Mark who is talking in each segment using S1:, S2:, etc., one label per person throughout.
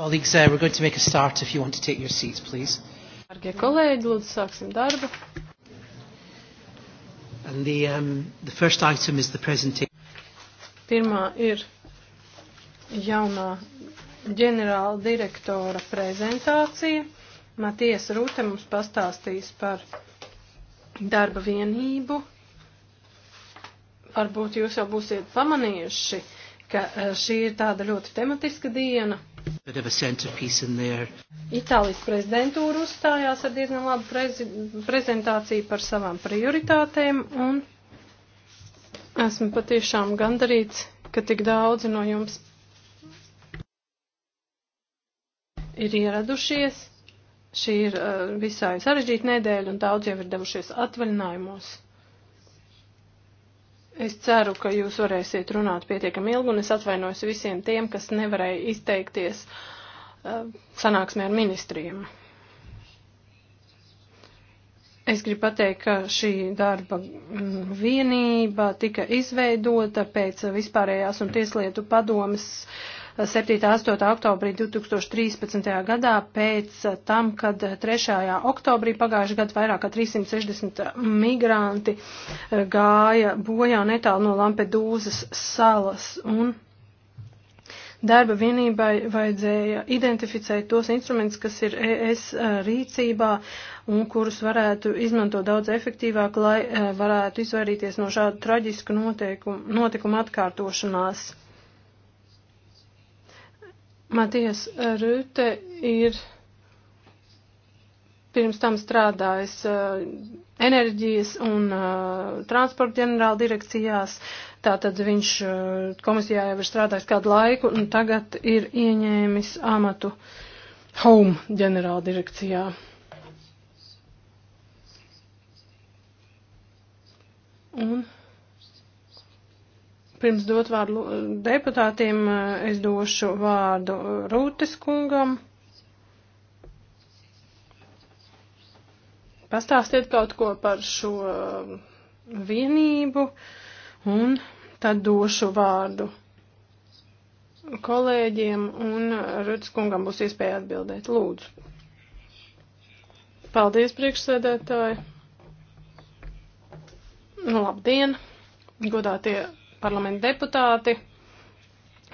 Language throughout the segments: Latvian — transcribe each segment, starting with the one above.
S1: Colleagues, uh, we're going to make a start if you want to take your seats, please.
S2: Dargie kolēģi, lūdzu, sāksim darbu.
S1: And the, um, the first item is the presentation.
S2: Pirmā ir jaunā ģenerāla direktora prezentācija. Matijas Rūte mums pastāstīs par darba vienību. Varbūt jūs jau būsiet pamanījuši, ka uh, šī ir tāda ļoti tematiska diena
S1: Itālijas
S2: prezidentūra uzstājās ar diezgan labu prezi prezentāciju par savām prioritātēm, un esmu patiešām gandarīts, ka tik daudzi no jums ir ieradušies. Šī ir uh, visai sarežģīta nedēļa, un daudz jau ir devušies atvaļinājumos. Es ceru, ka jūs varēsiet runāt pietiekami ilgi, un es atvainojos visiem tiem, kas nevarēja izteikties uh, sanāksmē ar ministriem. Es gribu pateikt, ka šī darba mm, vienība tika izveidota pēc vispārējās un tieslietu padomas uh, 7. un 8. oktobrī 2013. gadā pēc tam, kad 3. oktobrī pagājušajā gadā vairāk kā 360 migranti eh, gāja bojā netālu no Lampedūzas salas. Un darba vienībai vajadzēja identificēt tos instrumentus, kas ir ES eh, rīcībā un kurus varētu izmantot daudz efektīvāk, lai eh, varētu izvairīties no šādu traģisku notikumu atkārtošanās. Matijas Rūte ir pirms tam strādājis uh, enerģijas un uh, transporta ģenerāla direkcijās. Tātad viņš uh, komisijā jau ir strādājis kādu laiku un tagad ir ieņēmis amatu Home ģenerāla direkcijā. Un Pirms dot vārdu uh, deputātiem, uh, es došu vārdu uh, Rūtes kungam. Pastāstiet kaut ko par šo vienību un tad došu vārdu kolēģiem un Rūtes kungam būs iespēja atbildēt. Lūdzu. Paldies, priekšsēdētāji. Nu, labdien, godātie parlamenta deputāti.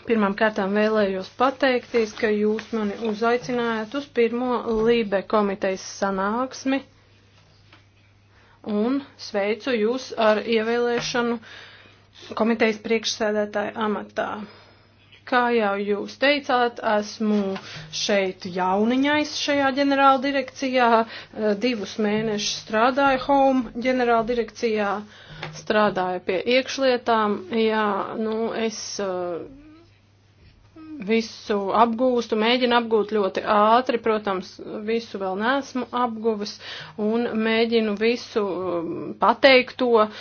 S2: Pirmām kārtām vēlējos pateikties, ka jūs mani uzaicinājāt uz pirmo Lībe komitejas sanāksmi un sveicu jūs ar ievēlēšanu komitejas priekšsēdētāja amatā. Kā jau jūs teicāt, esmu šeit jauniņais šajā ģenerāldirekcijā, eh, divus mēnešus strādāju Home ģenerāldirekcijā, strādāju pie iekšlietām. Jā, nu es. Uh, visu apgūstu, mēģinu apgūt ļoti ātri, protams, visu vēl neesmu apguvis un mēģinu visu um, pateikto uh,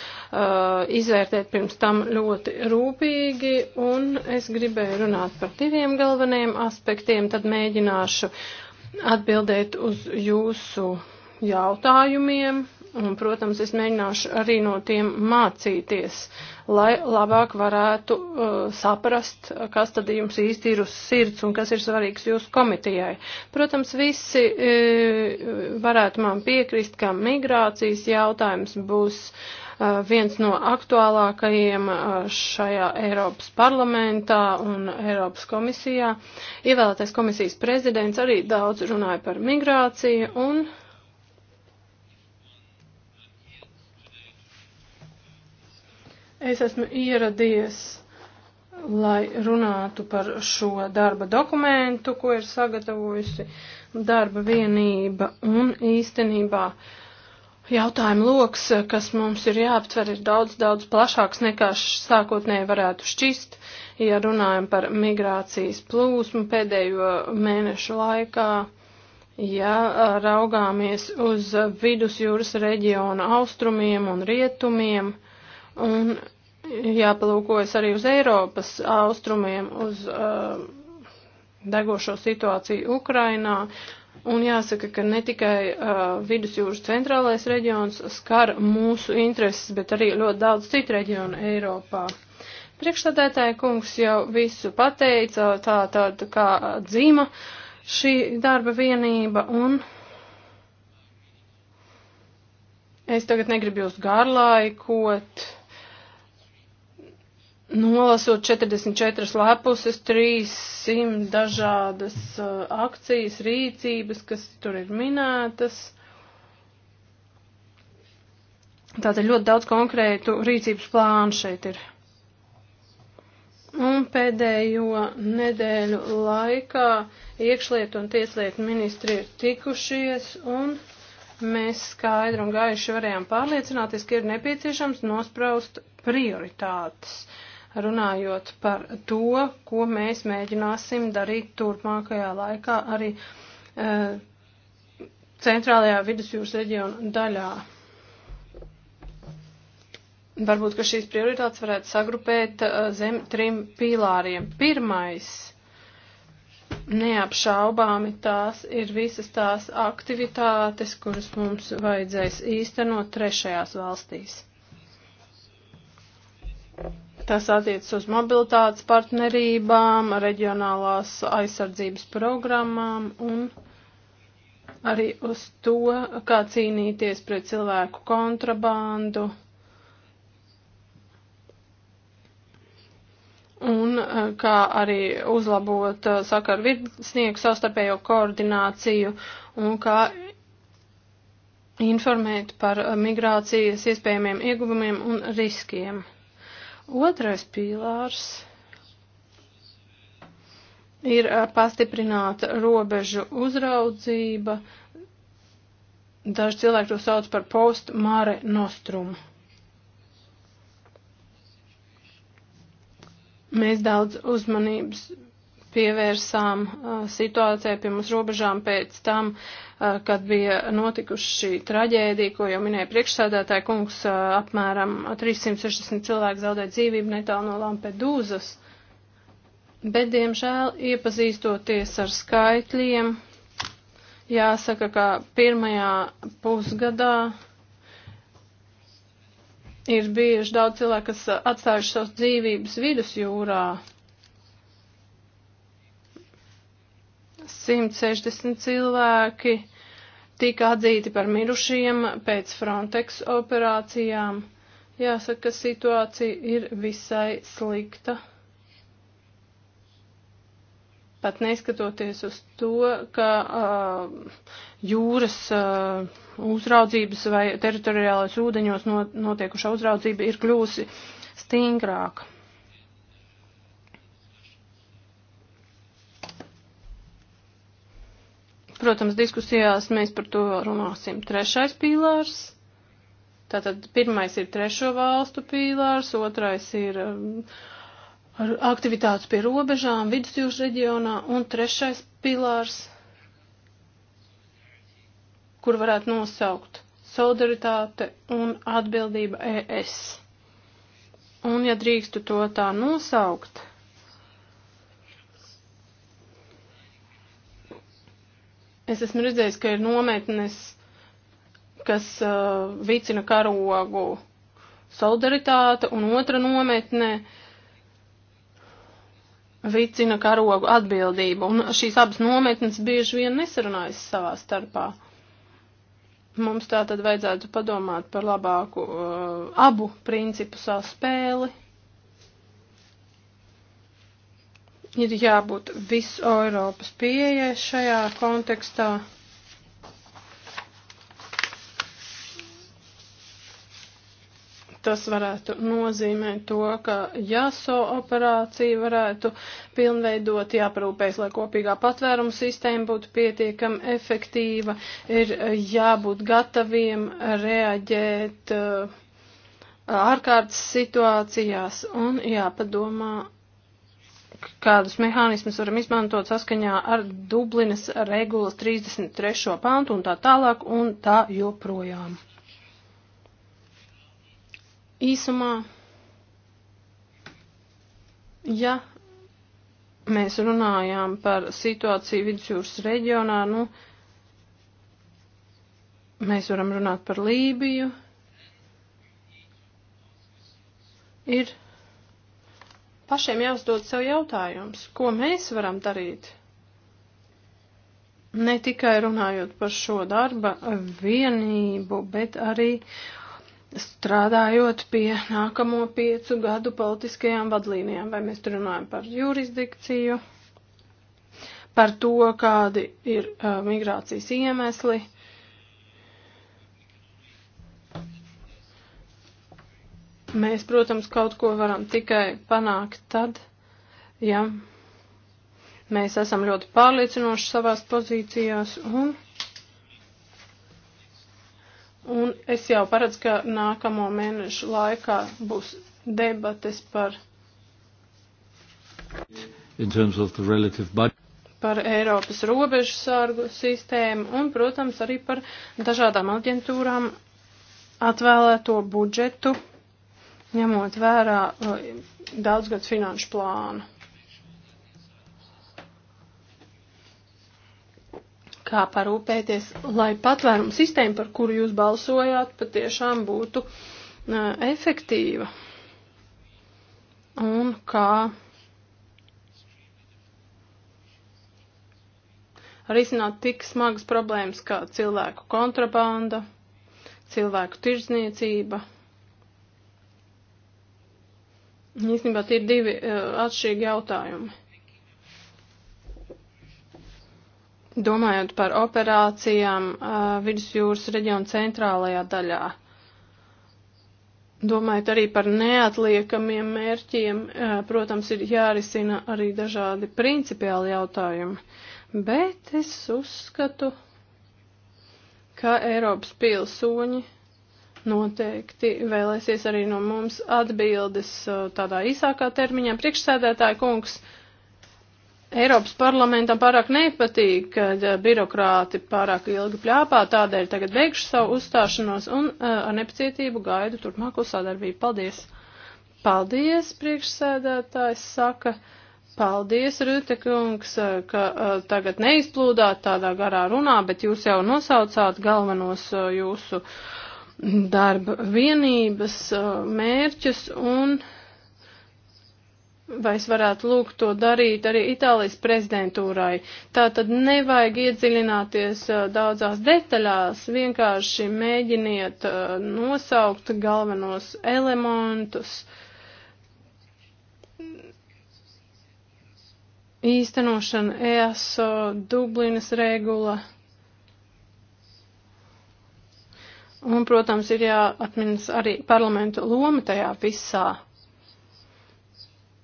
S2: izvērtēt pirms tam ļoti rūpīgi un es gribēju runāt par diviem galvenajiem aspektiem, tad mēģināšu atbildēt uz jūsu jautājumiem. Un, protams, es mēģināšu arī no tiem mācīties, lai labāk varētu uh, saprast, kas tad jums īsti ir uz sirds un kas ir svarīgs jūsu komitejai. Protams, visi uh, varētu man piekrist, ka migrācijas jautājums būs uh, viens no aktuālākajiem uh, šajā Eiropas parlamentā un Eiropas komisijā. Ievēlētais komisijas prezidents arī daudz runāja par migrāciju un Es esmu ieradies, lai runātu par šo darba dokumentu, ko ir sagatavojusi darba vienība un īstenībā jautājumu loks, kas mums ir jāaptver, ir daudz, daudz plašāks nekā sākotnēji varētu šķist. Ja runājam par migrācijas plūsmu pēdējo mēnešu laikā, Ja raugāmies uz vidusjūras reģiona austrumiem un rietumiem un jāpalūkojas arī uz Eiropas austrumiem, uz uh, degošo situāciju Ukrainā. Un jāsaka, ka ne tikai uh, vidusjūras centrālais reģions skar mūsu intereses, bet arī ļoti daudz citu reģionu Eiropā. Priekšstādētāja kungs jau visu pateica, tā tad tā, kā dzima šī darba vienība un es tagad negribu jūs garlaikot. Nu, nolasot 44 lapuses, 300 dažādas uh, akcijas, rīcības, kas tur ir minētas. Tātad ļoti daudz konkrētu rīcības plānu šeit ir. Un pēdējo nedēļu laikā iekšlietu un tieslietu ministri ir tikušies un mēs skaidri un gaiši varējām pārliecināties, ka ir nepieciešams nospraust prioritātes. Uh, runājot par to, ko mēs mēģināsim darīt turpmākajā laikā arī e, centrālajā vidusjūras reģiona daļā. Varbūt, ka šīs prioritātes varētu sagrupēt e, zem trim pīlāriem. Pirmais neapšaubāmi tās ir visas tās aktivitātes, kuras mums vajadzēs īstenot trešajās valstīs. Tas attiecas uz mobilitātes partnerībām, reģionālās aizsardzības programmām un arī uz to, kā cīnīties pret cilvēku kontrabandu. Un eh, kā arī uzlabot eh, sakaru virsnieku savstarpējo koordināciju un kā informēt par eh, migrācijas iespējamiem ieguvumiem un riskiem. Otrais pīlārs ir pastiprināta robežu uzraudzība. Daži cilvēki to sauc par postmare nostrumu. Mēs daudz uzmanības pievērsām uh, situācijai pie mums robežām pēc tam, Eh, kad bija notikuši šī traģēdija, ko jau minēja priekšsēdētāja kungs, eh, apmēram 360 cilvēki zaudēja dzīvību netālu no Lampedūzas. Bet, diemžēl, iepazīstoties ar skaitļiem, jāsaka, ka pirmajā pusgadā ir bijuši daudz cilvēku, kas atstājuši savus dzīvības vidusjūrā. jūrā. 160 cilvēki tika atzīti par mirušiem pēc Frontex operācijām. Jāsaka, situācija ir visai slikta. Pat neskatoties uz to, ka uh, jūras uh, uzraudzības vai teritoriālais ūdeņos not, notiekuša uzraudzība ir kļūsi stingrāka. Protams, diskusijās mēs par to runāsim. Trešais pīlārs. Tātad pirmais ir trešo valstu pīlārs, otrais ir um, aktivitātes pie robežām, vidusjūras reģionā, un trešais pīlārs, kur varētu nosaukt solidaritāte un atbildība ES. Un, ja drīkstu to tā nosaukt, Es esmu redzējis, ka ir nometnes, kas uh, vicina karogu solidaritāte, un otra nometne vicina karogu atbildību, un šīs abas nometnes bieži vien nesarunājas savā starpā. Mums tā tad vajadzētu padomāt par labāku uh, abu principu saspēli. spēli. ir jābūt visu Eiropas pieejai šajā kontekstā. Tas varētu nozīmēt to, ka jāso operācija varētu pilnveidot, jāparūpēs, lai kopīgā patvērumu sistēma būtu pietiekami efektīva, ir jābūt gataviem reaģēt uh, ārkārtas situācijās un jāpadomā kādus mehānismus varam izmantot saskaņā ar Dublinas regulas 33. pantu un tā tālāk un tā joprojām. Īsumā, ja mēs runājām par situāciju vidusjūras reģionā, nu, mēs varam runāt par Lībiju. Ir pašiem jāuzdod sev jautājums, ko mēs varam darīt. Ne tikai runājot par šo darba vienību, bet arī strādājot pie nākamo piecu gadu politiskajām vadlīnijām, vai mēs runājam par jurisdikciju, par to, kādi ir uh, migrācijas iemesli, Mēs, protams, kaut ko varam tikai panākt tad, ja mēs esam ļoti pārliecinoši savās pozīcijās un, un es jau paredzu, ka nākamo mēnešu laikā būs debates par, par Eiropas robežu sārgu sistēmu un, protams, arī par dažādām aģentūrām atvēlēto budžetu ņemot vērā uh, daudzgads finanšu plānu. Kā parūpēties, lai patvērumu sistēma, par kuru jūs balsojāt, patiešām būtu uh, efektīva. Un kā risināt tik smagas problēmas kā cilvēku kontrabanda, cilvēku tirdzniecība. Īstenībā tie ir divi uh, atšķirīgi jautājumi. Domājot par operācijām uh, vidusjūras reģiona centrālajā daļā, domājot arī par neatliekamiem mērķiem, uh, protams, ir jārisina arī dažādi principiāli jautājumi, bet es uzskatu, ka Eiropas pilsoņi noteikti vēlēsies arī no mums atbildes uh, tādā īsākā termiņā. Priekšsēdētāja kungs, Eiropas parlamentam pārāk nepatīk, ka uh, birokrāti pārāk ilgi pļāpā, tādēļ tagad beigšu savu uzstāšanos un uh, ar nepacietību gaidu turpmāko sadarbību. Paldies! Paldies, priekšsēdētājs saka. Paldies, Rūtekungs, ka uh, tagad neizplūdāt tādā garā runā, bet jūs jau nosaucāt galvenos uh, jūsu uh, darba vienības mērķus un vai es varētu lūgt to darīt arī Itālijas prezidentūrai. Tā tad nevajag iedziļināties daudzās detaļās, vienkārši mēģiniet nosaukt galvenos elementus. Īstenošana EASO, Dublinas regula. Un, protams, ir jāatminas arī parlamentu loma tajā visā.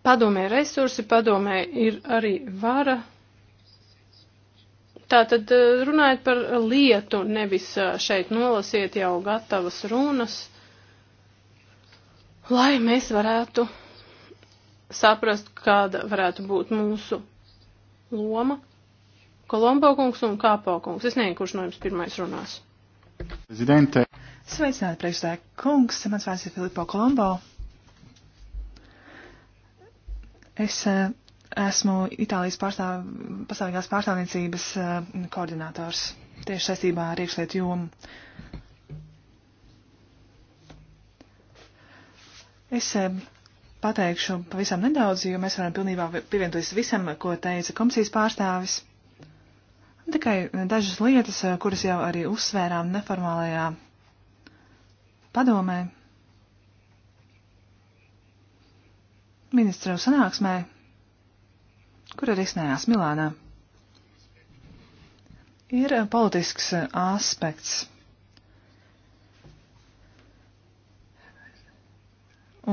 S2: Padomē resursi, padomē ir arī vara. Tātad eh, runājiet par lietu, nevis eh, šeit nolasiet jau gatavas runas, lai mēs varētu saprast, kāda varētu būt mūsu loma. Kolombo kungs un Kāpo kungs. Es nezinu, kurš no jums pirmais runās.
S3: Prezidente.
S4: Sveicināti, priekšstādā kungs. Mans vārds ir Filipo Kolombo. Es eh, esmu Itālijas pārstāv, pastāvīgās pārstāvniecības eh, koordinators tieši saistībā ar iekšlietu jomu. Es eh, pateikšu pavisam nedaudz, jo mēs varam pilnībā pievienoties visam, ko teica komisijas pārstāvis. Tikai dažas lietas, eh, kuras jau arī uzsvērām neformālajā padomē, ministru sanāksmē, kur arī snējās Milānā. Ir politisks aspekts.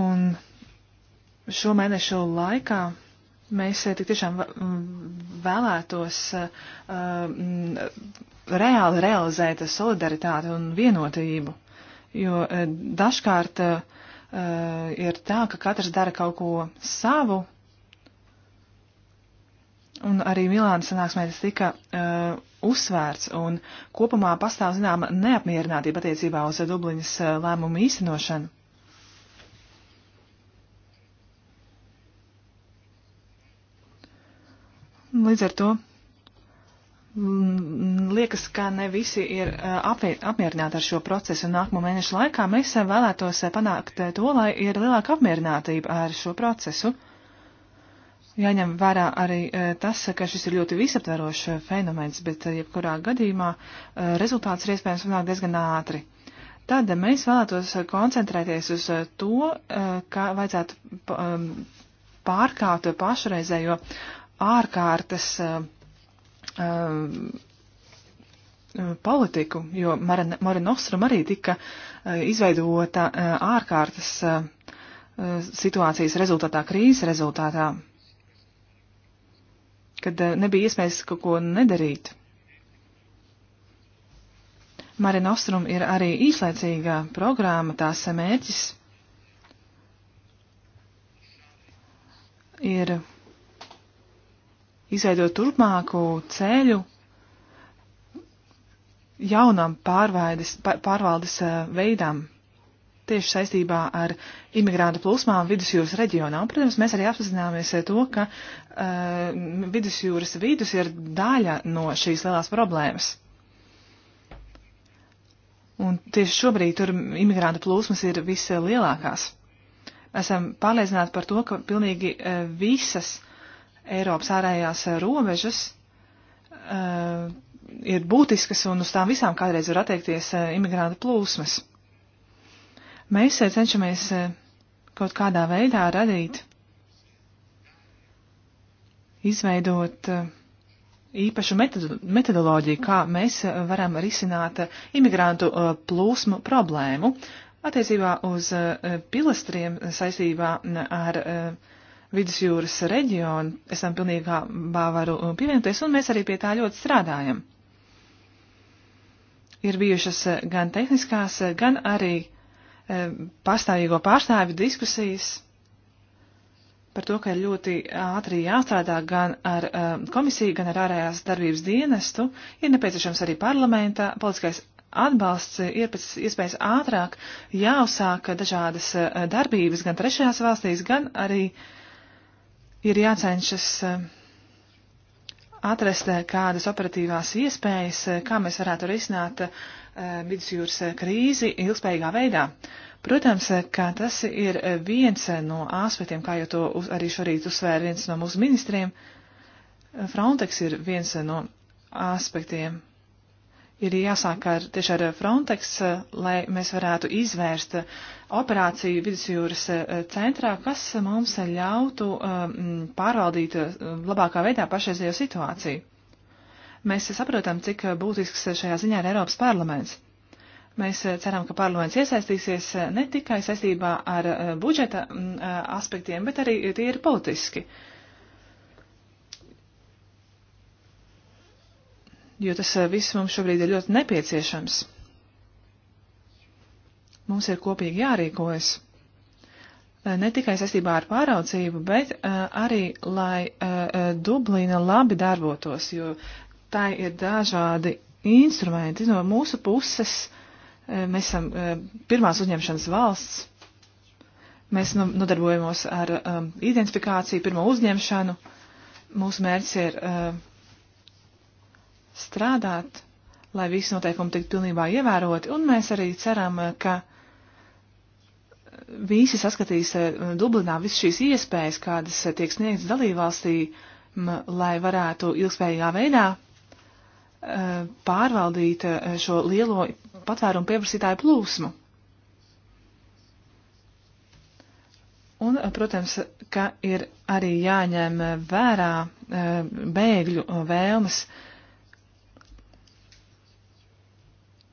S4: Un šo mēnešu laikā Mēs eh, tik tiešām vēlētos uh, reāli realizēt solidaritāti un vienotību, jo eh, dažkārt uh, ir tā, ka katrs dara kaut ko savu, un arī Milāna sanāksmē tas tika uh, uzsvērts, un kopumā pastāv zināma neapmierinātība attiecībā uz Dubliņas lēmumu īstenošanu. Līdz ar to mm, liekas, ka ne visi ir eh, apmierināti ar šo procesu. Nākamo mēnešu laikā mēs vēlētos panākt to, lai ir lielāka apmierinātība ar šo procesu. Jāņem vērā arī eh, tas, ka šis ir ļoti visaptverošs eh, fenomens, bet jebkurā gadījumā rezultāts ir iespējams panākt diezgan ātri. Tad mēs vēlētos koncentrēties uz to, ka vajadzētu pārkāpt pašreizējo ārkārtas eh, eh, eh, politiku, jo Mare Nostrum arī tika izveidota ārkārtas situācijas rezultātā, krīzes rezultātā, kad nebija iespējas kaut ko nedarīt. Mare Nostrum ir arī īslaicīga programma, tās mērķis ir izveidot turpmāku ceļu jaunam pārvaides, pārvaldes eh, veidam tieši saistībā ar imigrāntu plūsmām vidusjūras reģionā. Un, protams, mēs arī apzināmies eh, to, ka uh, vidusjūras vidus ir daļa no šīs lielās problēmas. Un tieši šobrīd tur imigrāntu plūsmas ir vislielākās. Esam pārliecināti par to, ka pilnīgi uh, visas Eiropas ārējās robežas uh, ir būtiskas un uz tām visām kādreiz var attiekties uh, eh, imigrāntu plūsmas. Mēs uh, cenšamies uh, kaut kādā veidā radīt, izveidot uh, īpašu metodu, metodoloģiju, kā mēs uh, varam risināt uh, imigrantu uh, plūsmu problēmu attiecībā uz uh, pilastriem saistībā ar uh, vidusjūras reģionu, esam pilnīgā varu pievienoties, un mēs arī pie tā ļoti strādājam. Ir bijušas gan tehniskās, gan arī e, pastāvīgo pārstāvju diskusijas par to, ka ir ļoti ātri jāstrādā gan ar e, komisiju, gan ar ārējās darbības dienestu, ir nepieciešams arī parlamentā, politiskais atbalsts ir pēc iespējas ātrāk jāuzsāk dažādas e, darbības gan trešajās valstīs, gan arī uh, ir jācenšas eh, atrast eh, kādas operatīvās iespējas, eh, kā mēs varētu risināt vidusjūras krīzi ilgspējīgā veidā. Protams, ka tas ir viens no aspektiem, kā jau to arī šorīt uzsvēra viens no mūsu ministriem. Frontex ir viens no aspektiem. Ir jāsāk ar, tieši ar Frontex, lai mēs varētu izvērst operāciju vidusjūras eh, centrā, kas mums ļautu eh, pārvaldīt eh, labākā veidā pašreizējo situāciju. Mēs saprotam, cik būtisks šajā ziņā ir Eiropas parlaments. Mēs ceram, ka parlaments iesaistīsies ne tikai saistībā ar budžeta aspektiem, bet arī tie ir politiski. Jo tas viss mums šobrīd ir ļoti nepieciešams. Mums ir kopīgi jārīkojas eh, ne tikai saistībā ar pāraudzību, bet eh, arī, lai eh, Dublīna labi darbotos, jo tā ir dažādi instrumenti no mūsu puses. Mēs esam pirmās uzņemšanas valsts. Mēs nu, nodarbojamies ar identifikāciju, pirmo uzņemšanu. Mūsu mērķis ir strādāt, lai visi noteikumi tiktu pilnībā ievēroti, un mēs arī ceram, ka visi saskatīs eh, Dublinā visas šīs iespējas, kādas eh, tiek sniegtas dalībvalstī, lai varētu ilgspējīgā veidā eh, pārvaldīt šo lielo patvērumu pieprasītāju plūsmu. Un, protams, ka ir arī jāņem vērā bēgļu vēlmes uh,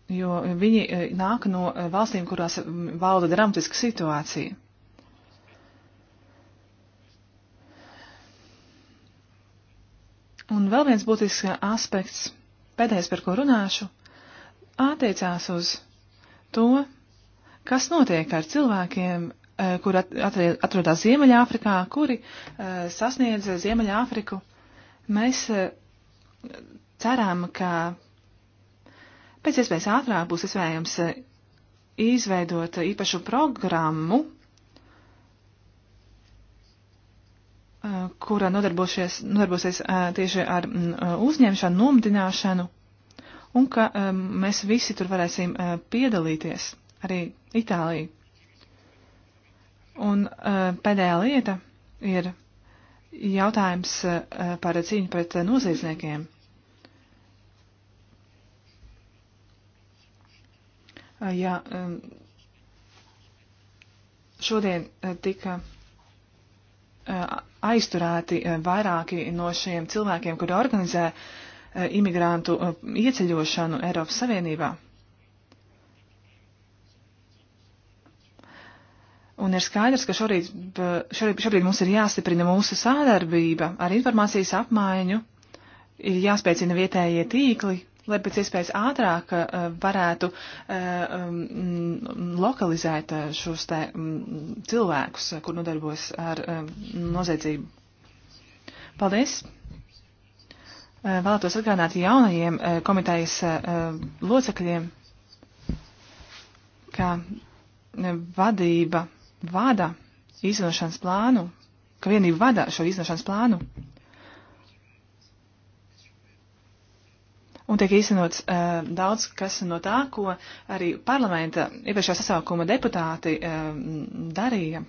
S4: jo viņi eh, nāk no eh, valstīm, kurās mm, valda dramatiska situācija. Un vēl viens būtisks aspekts, pēdējais, par ko runāšu, attiecās uz to, kas notiek ar cilvēkiem, eh, kuri atrodas Ziemeļāfrikā, kuri sasniedz Ziemeļāfriku. Mēs ceram, ka Pēc iespējas ātrāk būs iespējams eh, izveidot īpašu programmu, eh, kura nodarbosies eh, tieši ar mm, uzņemšanu, nomdināšanu, un ka mēs visi tur varēsim piedalīties, arī Itālija. Un pēdējā lieta ir jautājums par cīņu pret noziedzniekiem. ja um, šodien tika aizturēti vairāki no šiem cilvēkiem, kuri organizē imigrantu ieceļošanu Eiropas Savienībā. Un ir skaidrs, ka šorīt, šorīt, šobrīd mums ir jāstiprina mūsu sādarbība ar informācijas apmaiņu, ir jāspēcina vietējie tīkli, lai pēc iespējas ātrāk eh, varētu eh, um, lokalizēt eh, šos te mm, cilvēkus, kur nodarbojas ar noziedzību. Paldies! Vēlētos atgādināt jaunajiem komitejas locekļiem, ka vadība vada izdošanas plānu, ka vienība vada šo izdošanas plānu. un tiek īstenots uh, daudz kas no tā, ko arī parlamenta iepriekšējā sasaukuma deputāti uh, darīja.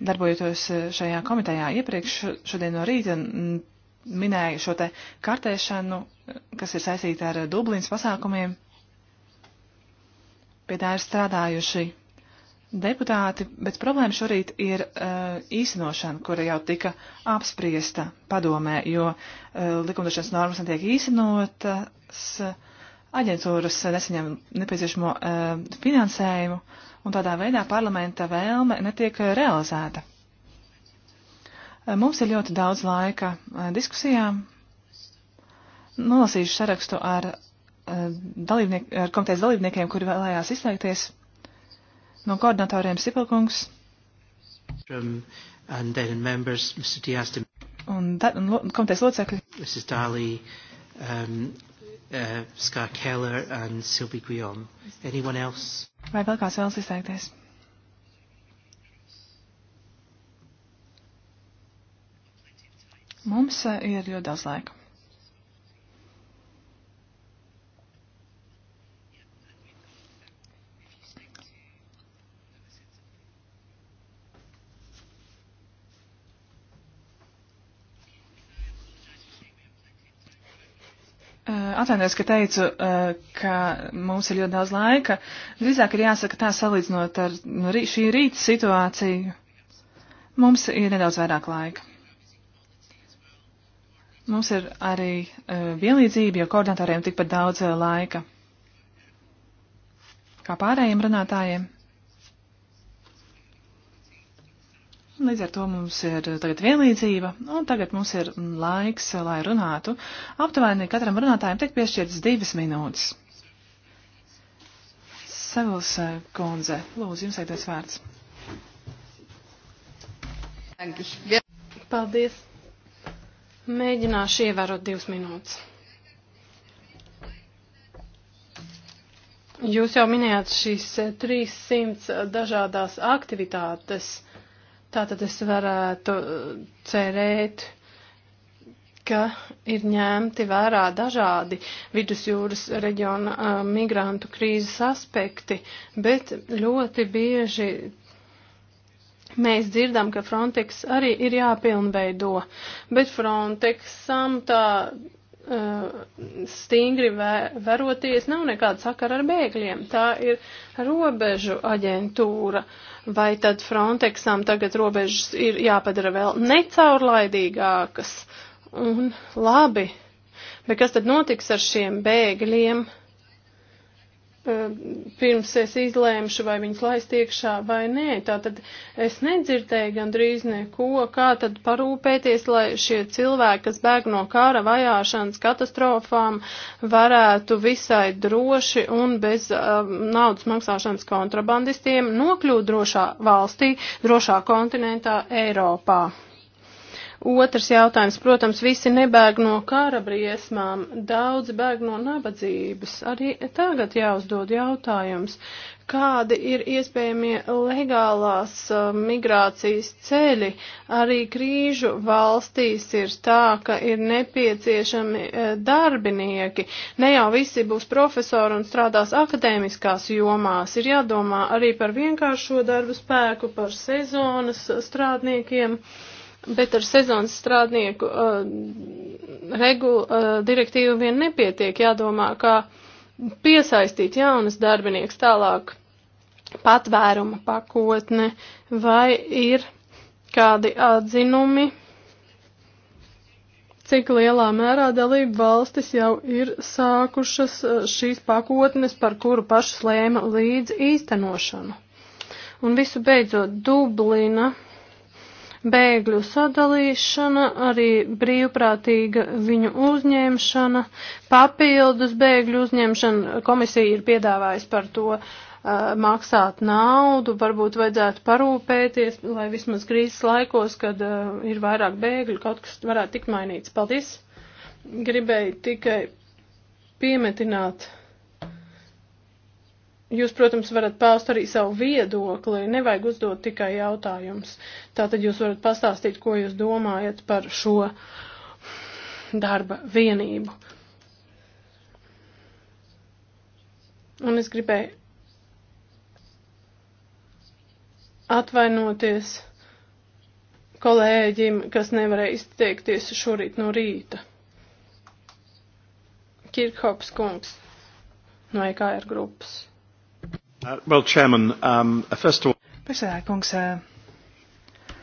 S4: Darbojoties eh, šajā komitejā iepriekš šodien no rīta minēju šo te kartēšanu, kas ir saistīta ar Dublīnas pasākumiem. Pie tā ir strādājuši deputāti, bet problēma šorīt ir uh, īstenošana, kura jau tika apspriesta padomē, jo uh, likumdošanas normas netiek īstenotas, aģentūras nesaņem nepieciešamo uh, finansējumu, un tādā veidā parlamenta vēlme netiek realizēta. Uh, mums ir ļoti daudz laika uh, diskusijām. Nolasīšu sarakstu ar, uh, dalībniek, ar komitejas dalībniekiem, kuri vēlējās izteikties no koordinatoriem Sipelkungs.
S1: Um, and then members, Mr. Diaz de...
S4: Un, da, un lo, komitejas
S1: locekļi. Mrs. Dali, um, uh, Ska Keller and Sylvie Guillaume. Anyone else?
S4: Vai vēl kāds vēlas izteikties? Mums uh, ir ļoti daudz laika. Atvainojos, ka teicu, eh, ka mums ir ļoti daudz laika. Drīzāk ir jāsaka tā salīdzinot ar nu, šī rīta situāciju. Mums ir nedaudz vairāk laika. Mums ir arī eh, vienlīdzība, jo koordinatoriem tikpat daudz eh, laika kā pārējiem runātājiem. Līdz ar to mums ir eh, tagad vienlīdzība, un tagad mums ir laiks, eh, lai runātu. Aptuveni katram runātājam tiek piešķirtas divas minūtes. Sevils eh, Konze, lūdzu, jums aizies vārds.
S2: Paldies. Mēģināšu ievērot divas minūtes. Jūs jau minējāt šīs 300 dažādās aktivitātes Tātad es varētu eh, cerēt, ka ir ņemti vērā dažādi vidusjūras reģiona a, eh, migrantu krīzes aspekti, bet ļoti bieži mēs dzirdam, ka Frontex arī ir jāpilnveido, bet Frontexam tā Eh, stingri vēroties, nav nekāda sakara ar bēgļiem. Tā ir robežu aģentūra. Vai tad Frontexam tagad robežas ir jāpadara vēl necaurlaidīgākas? Un labi, bet kas tad notiks ar šiem bēgļiem? Eh, pirms es izlēmšu, vai viņas laist iekšā vai nē. Tātad es nedzirdēju gandrīz neko, kā tad parūpēties, lai šie cilvēki, kas bēg no kara vajāšanas katastrofām, varētu visai droši un bez um, naudas maksāšanas kontrabandistiem nokļūt drošā valstī, drošā kontinentā Eiropā. Otrs jautājums, protams, visi nebēg no kara briesmām, daudz bēg no nabadzības. Arī tagad jāuzdod jautājums, kādi ir iespējamie legālās uh, migrācijas ceļi. Arī krīžu valstīs ir tā, ka ir nepieciešami uh, darbinieki. Ne jau visi būs profesori un strādās akadēmiskās jomās. Ir jādomā arī par vienkāršo darbu spēku, par sezonas strādniekiem. Uh, bet ar sezonas strādnieku uh, regulu uh, direktīvu vien nepietiek jādomā, kā piesaistīt jaunas darbinieks tālāk patvēruma pakotne vai ir kādi atzinumi, cik lielā mērā dalību valstis jau ir sākušas uh, šīs pakotnes, par kuru pašas lēma līdz īstenošanu. Un visu beidzot Dublina bēgļu sadalīšana, arī brīvprātīga viņu uzņemšana, papildus bēgļu uzņemšana. Komisija ir piedāvājusi par to uh, maksāt naudu, varbūt vajadzētu parūpēties, lai vismaz krīzes laikos, kad uh, ir vairāk bēgļu, kaut kas varētu tikt mainīts. Paldies! Gribēju tikai piemetināt Jūs, protams, varat paust arī savu viedokli, nevajag uzdot tikai jautājumus. Tātad jūs varat pastāstīt, ko jūs domājat par šo darba vienību. Un es gribēju atvainoties kolēģim, kas nevarēja izteikties šorīt no rīta. Kirkhops kungs no EKR grupas.
S1: Uh, well, Chairman, um, uh, first of all...
S4: Priekšsēdētāj, kungs, uh,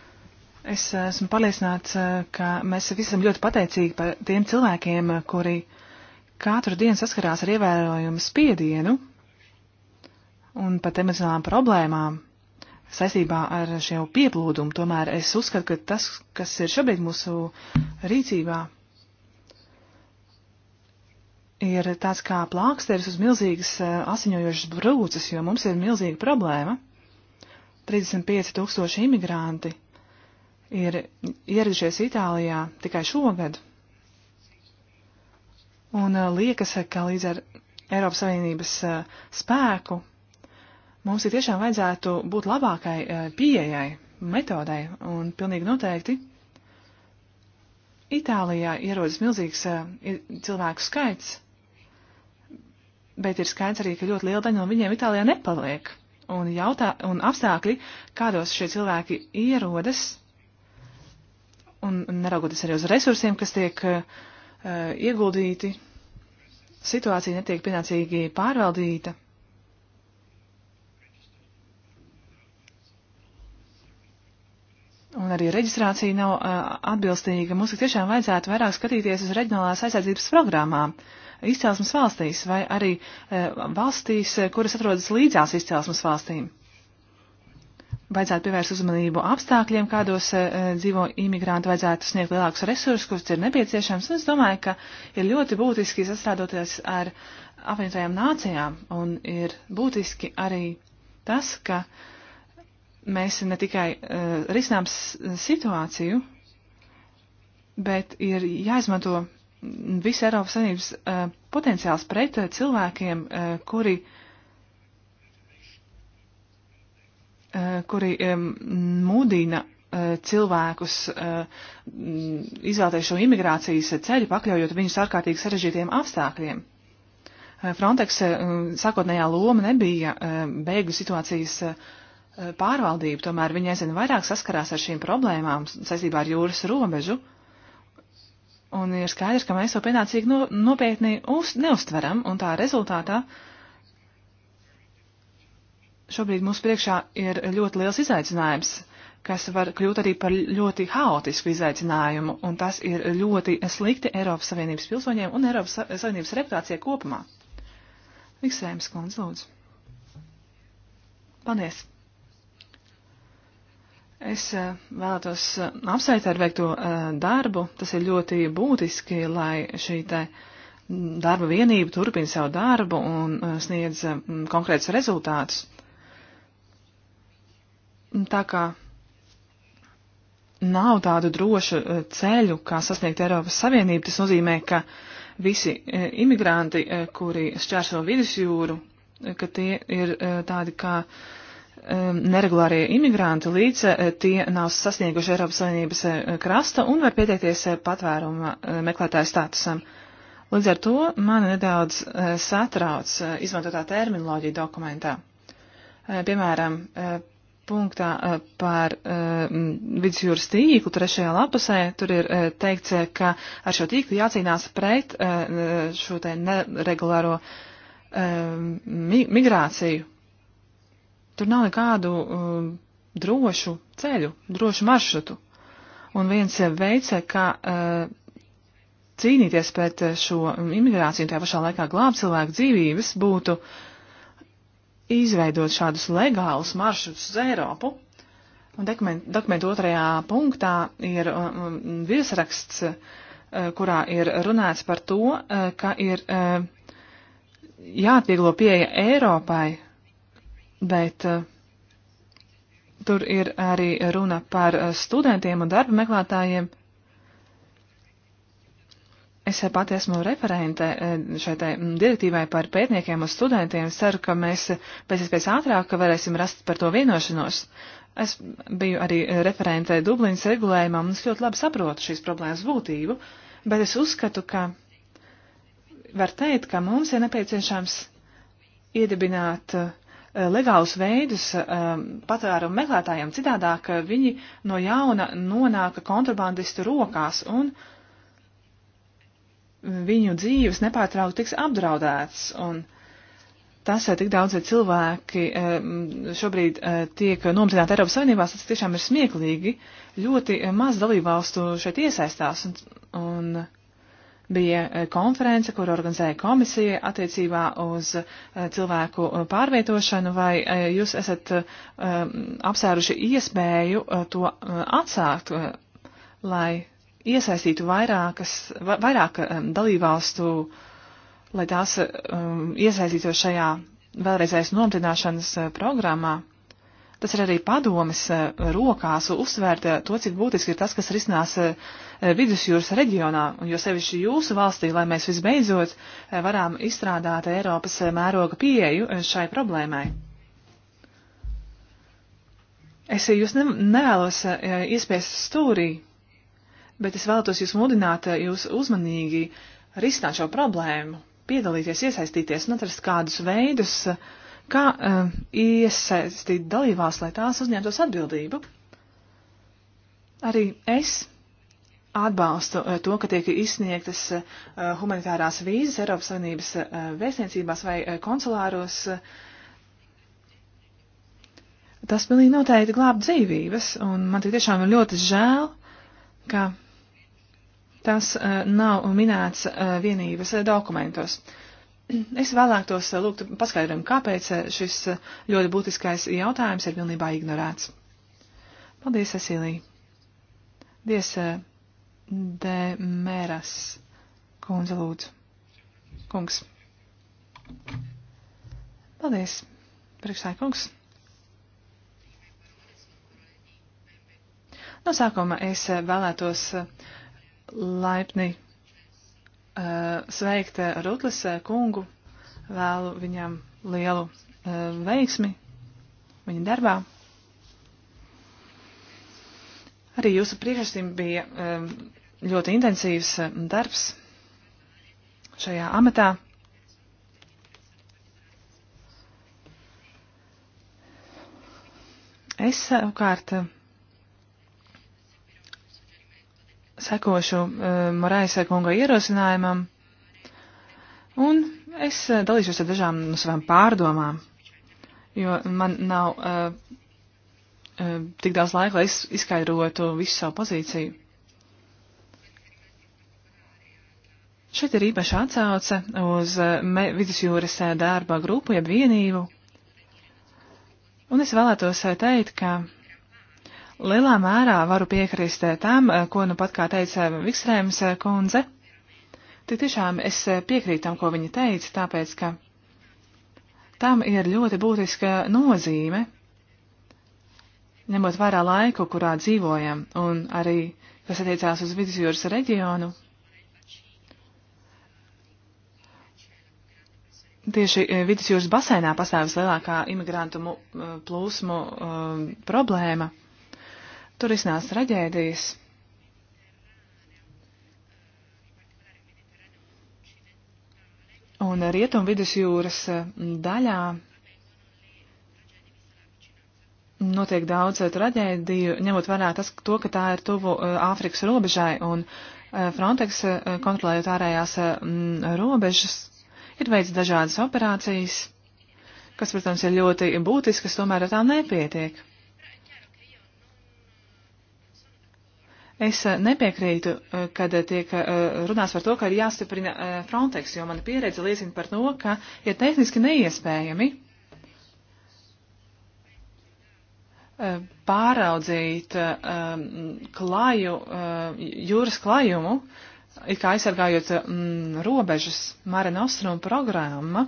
S4: es uh, esmu pārliecināts, ka mēs visi esam ļoti pateicīgi par tiem cilvēkiem, kuri katru dienu saskarās ar ievērojumu spiedienu un pat emocionālām problēmām saistībā ar šo pieplūdumu. Tomēr es uzskatu, ka tas, kas ir šobrīd mūsu rīcībā, ir tāds kā plāksteris uz milzīgas eh, asiņojošas brūces, jo mums ir milzīga problēma. 35 tūkstoši imigranti ir ieradušies Itālijā tikai šogad. Un eh, liekas, ka līdz ar Eiropas Savienības eh, spēku mums ir tiešām vajadzētu būt labākai pieejai, metodai un pilnīgi noteikti. Itālijā ierodas milzīgs cilvēku skaits, bet ir skaidrs arī, ka ļoti liela daļa no viņiem Itālijā nepaliek. Un, jautā, un apstākļi, kādos šie cilvēki ierodas, un neraugoties arī uz resursiem, kas tiek uh, ieguldīti, situācija netiek pienācīgi pārvaldīta. Un arī reģistrācija nav uh, atbilstīga. Mums tiešām vajadzētu vairāk skatīties uz reģionālās aizsardzības programmām. Uh, izcelsmes valstīs vai arī e, valstīs, e, kuras atrodas līdzās izcelsmes valstīm. Vajadzētu pievērst uzmanību apstākļiem, kādos e, dzīvo imigranti, vajadzētu sniegt lielākus resursus, kurus ir nepieciešams. Un es domāju, ka ir ļoti būtiski sastrādoties ar apvienotajām nācijām un ir būtiski arī tas, ka mēs ne tikai uh, risinām situāciju, bet ir jāizmanto visa Eiropas Savienības uh, potenciāls pret uh, cilvēkiem, uh, kuri, uh, kuri um, mudina uh, cilvēkus uh, izvēlēties šo imigrācijas ceļu, pakļaujot viņus ārkārtīgi sarežģītiem apstākļiem. Uh, Frontex uh, sākotnējā loma nebija uh, bēgļu situācijas uh, pārvaldība, tomēr viņi aizvien vairāk saskarās ar šīm problēmām saistībā ar jūras robežu. Uh, Un ir skaidrs, ka mēs to pienācīgi no, nopietni uz, neustveram, un tā rezultātā šobrīd mūsu priekšā ir ļoti liels izaicinājums, kas var kļūt arī par ļoti haotisku izaicinājumu, un tas ir ļoti slikti Eiropas Savienības pilsoņiem un Eiropas Savienības reputācijai kopumā. Viksēmas kundze, lūdzu. Paldies! Es eh, vēlētos eh, apsveikt ar veikto eh, darbu. Tas ir ļoti būtiski, lai šī te mm, darba vienība turpina savu darbu un sniedz mm, konkrētus rezultātus. Tā kā nav tādu drošu ceļu, kā sasniegt Eiropas Savienību, tas nozīmē, ka visi imigranti, kuri šķērso vidusjūru, ka tie ir tādi kā. Ka Um, neregulārie imigranti, līdz uh, tie nav sasnieguši Eiropas Savienības uh, krasta un var pieteikties uh, patvēruma meklētāju statusam. Līdz ar to mani nedaudz satrauc izmantotā terminoloģija dokumentā. Piemēram, punktā par vidusjūras tīklu trešajā lapusē, tur ir teikts, ka ar šo tīklu jācīnās pret šo te neregulāro migrāciju Tur nav nekādu uh, drošu ceļu, drošu maršrutu. Un viens veids, kā uh, cīnīties pret šo imigrāciju un tajā pašā laikā glābt cilvēku dzīvības, būtu izveidot šādus legālus maršrutus uz Eiropu. Un dokumentu dokument otrajā punktā ir um, um viesraksts, uh, kurā ir runāts par to, uh, ka ir uh, jāatvieglo pieeja Eiropai bet eh, tur ir arī runa par eh, studentiem un darba meklētājiem. Es pati esmu referente eh, šai mm, direktīvai par pētniekiem un studentiem. Ceru, ka mēs pēc iespējas ātrāk varēsim rast par to vienošanos. Es biju arī referente Dublinas regulējumā, un es ļoti labi saprotu šīs problēmas būtību, bet es uzskatu, ka var teikt, ka mums ir nepieciešams iedibināt uh, legālus veidus eh, patvērumu meklētājiem, citādāk eh, viņi no jauna nonāk kontrabandistu rokās un viņu dzīves nepārtraukti tiks apdraudēts. Un tas, eh, tik daudz cilvēki šobrīd tiek nomdzināti Eiropas Savienībās, tas tiešām ir smieklīgi. Ļoti maz dalībvalstu šeit iesaistās. Un, un bija eh, konference, kur organizēja komisija attiecībā uz eh, cilvēku eh, pārvietošanu, vai jūs esat apsēruši iespēju to atsākt, lai iesaistītu vairākas, vairāk dalībvalstu, lai tās iesaistītos šajā vēlreizējas nomtināšanas programmā? tas ir arī padomes eh, rokās uzsvērt eh, to, cik būtiski ir tas, kas risinās eh, vidusjūras reģionā, un jo sevišķi jūsu valstī, lai mēs visbeidzot varam izstrādāt Eiropas mēroga pieeju šai problēmai. Es jūs ne, nevēlos iespiest stūrī, bet es vēlētos jūs mudināt jūs uzmanīgi risināt šo problēmu, piedalīties, iesaistīties un atrast kādus veidus, uh, Kā uh, iesaistīt dalībās, lai tās uzņemtos atbildību? Arī es atbalstu uh, to, ka tiek izsniegtas uh, humanitārās vīzes Eiropas Savienības uh, vēstniecībās vai uh, konsulāros. Uh, tas pilnīgi noteikti glāb dzīvības, un man tik tiešām ir ļoti žēl, ka tas uh, nav minēts uh, vienības uh, dokumentos. Uh, Es vēlētos eh, lūgt paskaidrojumu, kāpēc eh, šis eh, ļoti būtiskais jautājums ir pilnībā ignorēts. Paldies, Cecīlija. Dies de mēras, kundze lūdzu. Kungs. Paldies, priekšstāja kungs. No sākuma es vēlētos laipni Eh, sveikt eh, Rutlis eh, kungu, vēlu viņam lielu veiksmi viņa darbā. Arī jūsu priekšstim bija ļoti intensīvs darbs šajā amatā. Es savukārt sekošu eh, Moraisa kunga ierosinājumam, un es eh, dalīšos ar dažām no savām pārdomām, jo man nav uh, uh, tik daudz laika, lai es izskaidrotu visu savu pozīciju. Šeit ir īpaša atsauce uz vidusjūras darba grupu, jeb vienību. Un es vēlētos teikt, ka Lielā mērā varu piekrist eh, tam, eh, ko nu pat kā teica eh, Vikstrēms kundze. Tik tiešām es piekrītu tam, ko viņa teica, tāpēc, ka tam ir ļoti būtiska nozīme, ņemot vērā laiku, kurā dzīvojam, un arī, kas attiecās uz vidusjūras reģionu. Tieši vidusjūras basēnā pastāvis lielākā imigrantu plūsmu um, problēma. Tur iznās traģēdijas. Un rietum vidusjūras eh, daļā notiek daudz eh, traģēdiju, ņemot vērā tas, to, ka tā ir tuvu eh, Āfrikas robežai un Frontex kontrolējot ārējās robežas, ir veids dažādas operācijas, kas, protams, ir ļoti būtiskas, tomēr ar tām nepietiek. Es eh, nepiekrītu, eh, kad eh, tiek runāts par to, ka ir jāstiprina Frontex, jo mana pieredze liecina par to, ka ir tehniski neiespējami pāraudzīt klaju, jūras klajumu, it kā aizsargājot mm, robežas Mare Nostrum programma,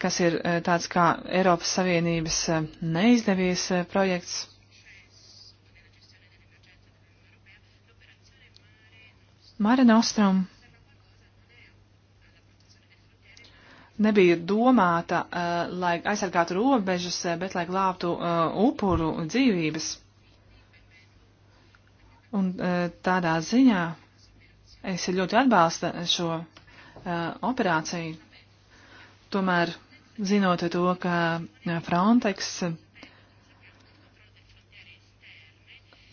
S4: kas ir tāds kā Eiropas Savienības neizdevies projekts Mare Nostrum nebija domāta, uh, lai aizsargātu robežas, eh, bet lai glābtu uh, upuru dzīvības. Un uh, tādā ziņā es ļoti atbalstu šo operāciju. Tomēr, zinot to, ka Frontex,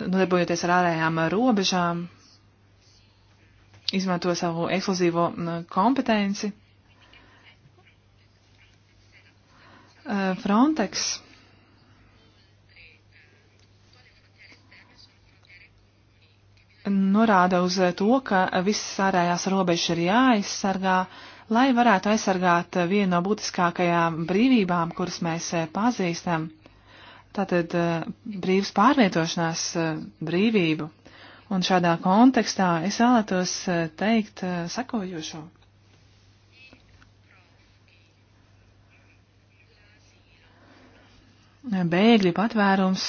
S4: nodarbojoties ar ārējām robežām, izmanto savu ekskluzīvo kompetenci. Frontex norāda uz to, ka visas ārējās robežas ir jāaizsargā, lai varētu aizsargāt vienu no būtiskākajām brīvībām, kuras mēs pazīstam. Tātad brīvs pārvietošanās brīvību. Un šādā kontekstā es vēlētos eh, teikt eh, sakojošo. Bēgļu patvērums.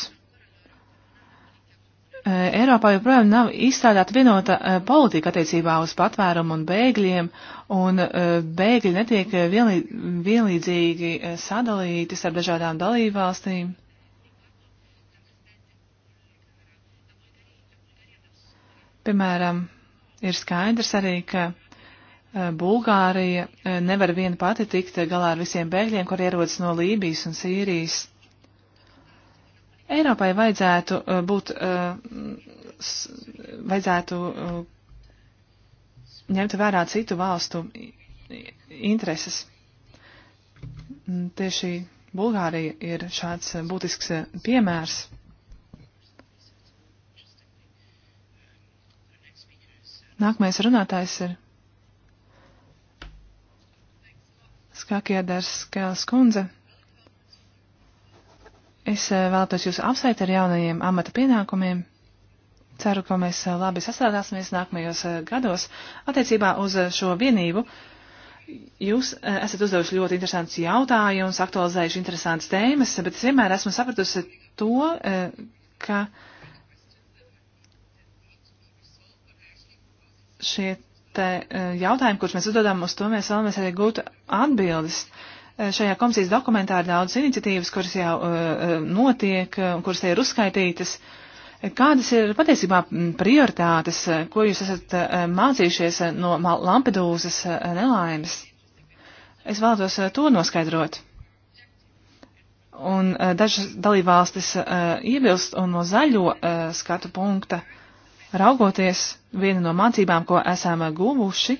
S4: Eh, Eiropā joprojām nav izstrādāta vienota politika attiecībā uz patvērumu un bēgļiem, un bēgļi netiek vienlīdzīgi sadalīti starp dažādām dalībvalstīm. Piemēram, ir skaidrs arī, ka eh, Bulgārija eh, nevar viena pati tikt galā ar visiem bēgļiem, kur ierodas no Lībijas un Sīrijas. Eiropai vajadzētu eh, būt, vajadzētu ņemt vērā citu valstu intereses. Tieši Bulgārija ir šāds būtisks piemērs. Nākamais runātājs ir Skakiedars Kēls Kundze. Es eh, vēlētos jūs apsveikt ar jaunajiem amata pienākumiem. Ceru, ka mēs eh, labi sastrādāsimies nākamajos eh, gados attiecībā uz šo vienību. Jūs esat uzdevuši ļoti interesants jautājums, aktualizējuši interesantas tēmas, bet es vienmēr esmu sapratusi to, ka šie te e, jautājumi, kurus mēs uzdodam, uz to mēs vēlamies arī gūt atbildes. E, šajā komisijas dokumentā ir daudz iniciatīvas, kuras jau uh, notiek, kuras te ir uzskaitītas. Kādas ir patiesībā prioritātes, ko jūs esat mācījušies no Lampedūzas nelaimes? Es vēlētos to noskaidrot. Un dažas dalībvalstis iebilst un no zaļo skatu punkta uh, Raugoties viena no mācībām, ko esam guvuši,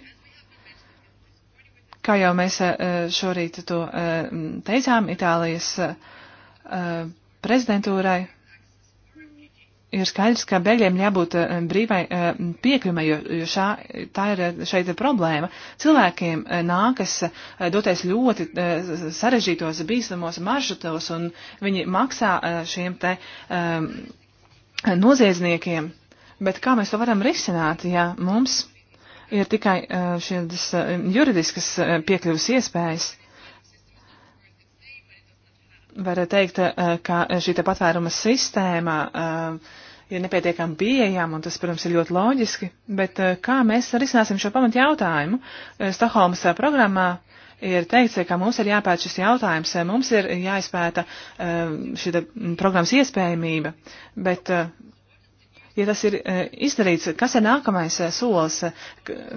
S4: kā jau mēs eh, šorīt to eh, teicām, Itālijas eh, prezidentūrai ir skaidrs, ka bēgļiem jābūt brīvai piekļumai, jo, jo šā, tā ir šeit problēma. Cilvēkiem nākas doties ļoti sarežģītos, bīstamos maršrutos, un viņi maksā šiem te noziedzniekiem. Bet kā mēs to varam risināt, ja mums ir tikai eh, šīs eh, juridiskas eh, piekļuvas iespējas? Var teikt, ka šī te patvēruma sistēma ir nepietiekami pieejama, un tas, protams, ir ļoti loģiski, bet kā mēs risināsim šo pamatu jautājumu? Stokholmas programmā ir teikts, ka mums ir jāpēta šis jautājums, mums ir jāizpēta šī programmas iespējamība, bet ja tas ir eh, izdarīts, kas ir nākamais eh, solis,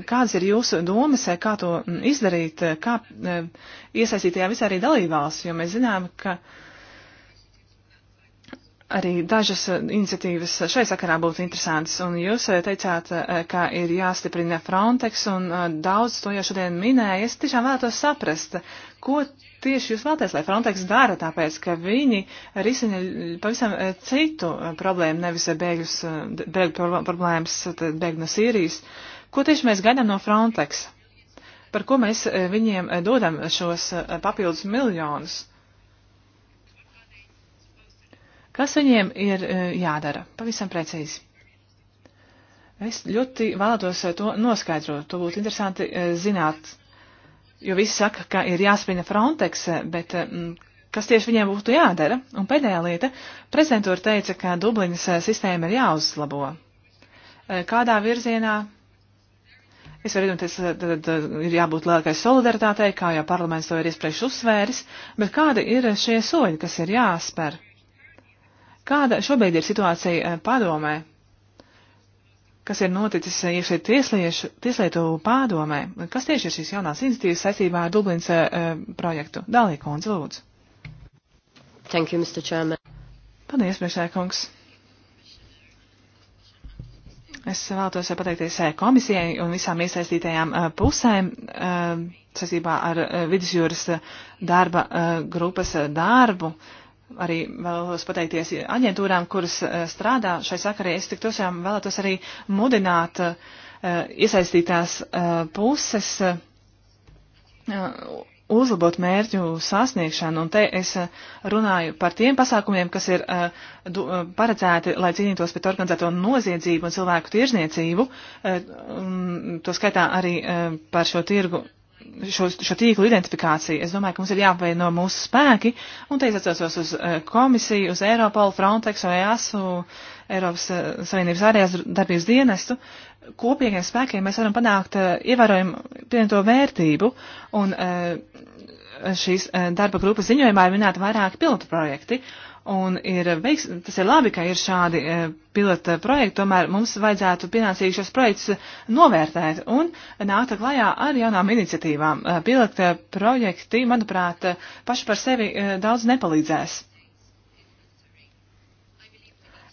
S4: kādas ir jūsu domas, eh, kā to izdarīt, kā iesaistīt tajā visā arī dalībvalsts, jo mēs zinām, ka arī dažas iniciatīvas šai sakarā būtu interesantas, un jūs teicāt, ka ir jāstiprina Frontex, un daudz to jau šodien minēja. Es tiešām vēlētos saprast, ko tieši jūs vēlaties, lai Frontex dara, tāpēc, ka viņi risina pavisam eh, citu eh, problēmu, nevis eh, bēgļus, bēgļu problēmas, bēgļu no Sīrijas. Ko tieši mēs gaidām no Frontex? Par ko mēs viņiem dodam šos papildus miljonus? Kas viņiem ir jādara? Pavisam precīzi. Es ļoti vēlētos to noskaidrot. To būtu interesanti zināt jo visi saka, ka ir jāspina Frontex, bet mm, kas tieši viņiem būtu jādara? Un pēdējā lieta, prezidentūra teica, ka Dublinas eh, sistēma ir jāuzlabo. Eh, kādā virzienā? Es varu iedomāties, eh, tad ir jābūt lielākai solidaritātei, kā jau parlaments to ir iepriekš uzsvēris, bet kādi ir šie soļi, kas ir jāspēr? Kāda šobrīd ir situācija padomē? kas ir noticis iekšēji tiesliešu, tieslietu pārdomē. Kas tieši ir šīs jaunās iniciatīvas saistībā ar Dublins uh, projektu? Dālī Kondze, lūdzu. Thank you, Mr. Chairman. Paldies, priekšsēkungs. Es vēlētos pateikties eh, komisijai un visām iesaistītajām eh, pusēm saistībā ar vidusjūras darba grupas darbu. Uh, arī vēlos pateikties aģentūrām, kuras eh, strādā šai sakarē. Es tik tiešām vēlētos arī mudināt eh, iesaistītās eh, puses uzlabot mērķu sasniegšanu, un te es runāju par tiem pasākumiem, kas ir paredzēti, lai cīnītos pret organizēto noziedzību un cilvēku tirzniecību, to skaitā arī par šo tirgu šo, šo tīklu identifikāciju. Es domāju, ka mums ir jāapvieno mūsu spēki, un te es atcaucos uz eh, komisiju, uz Eiropolu, Frontex, EASU, Eiropas eh, Savienības ārējās darbības dienestu. Kopīgiem spēkiem mēs varam panākt eh, ievērojumu pieņemto vērtību, un šīs darba grupas ziņojumā ir minēti vairāki pilotu projekti. Un ir veiks, tas ir labi, ka ir šādi e, pilota projekti, tomēr mums vajadzētu pienācīgi šos projektus novērtēt un nākt klajā ar jaunām iniciatīvām. E, pilota projekti, manuprāt, paši par sevi e, daudz nepalīdzēs.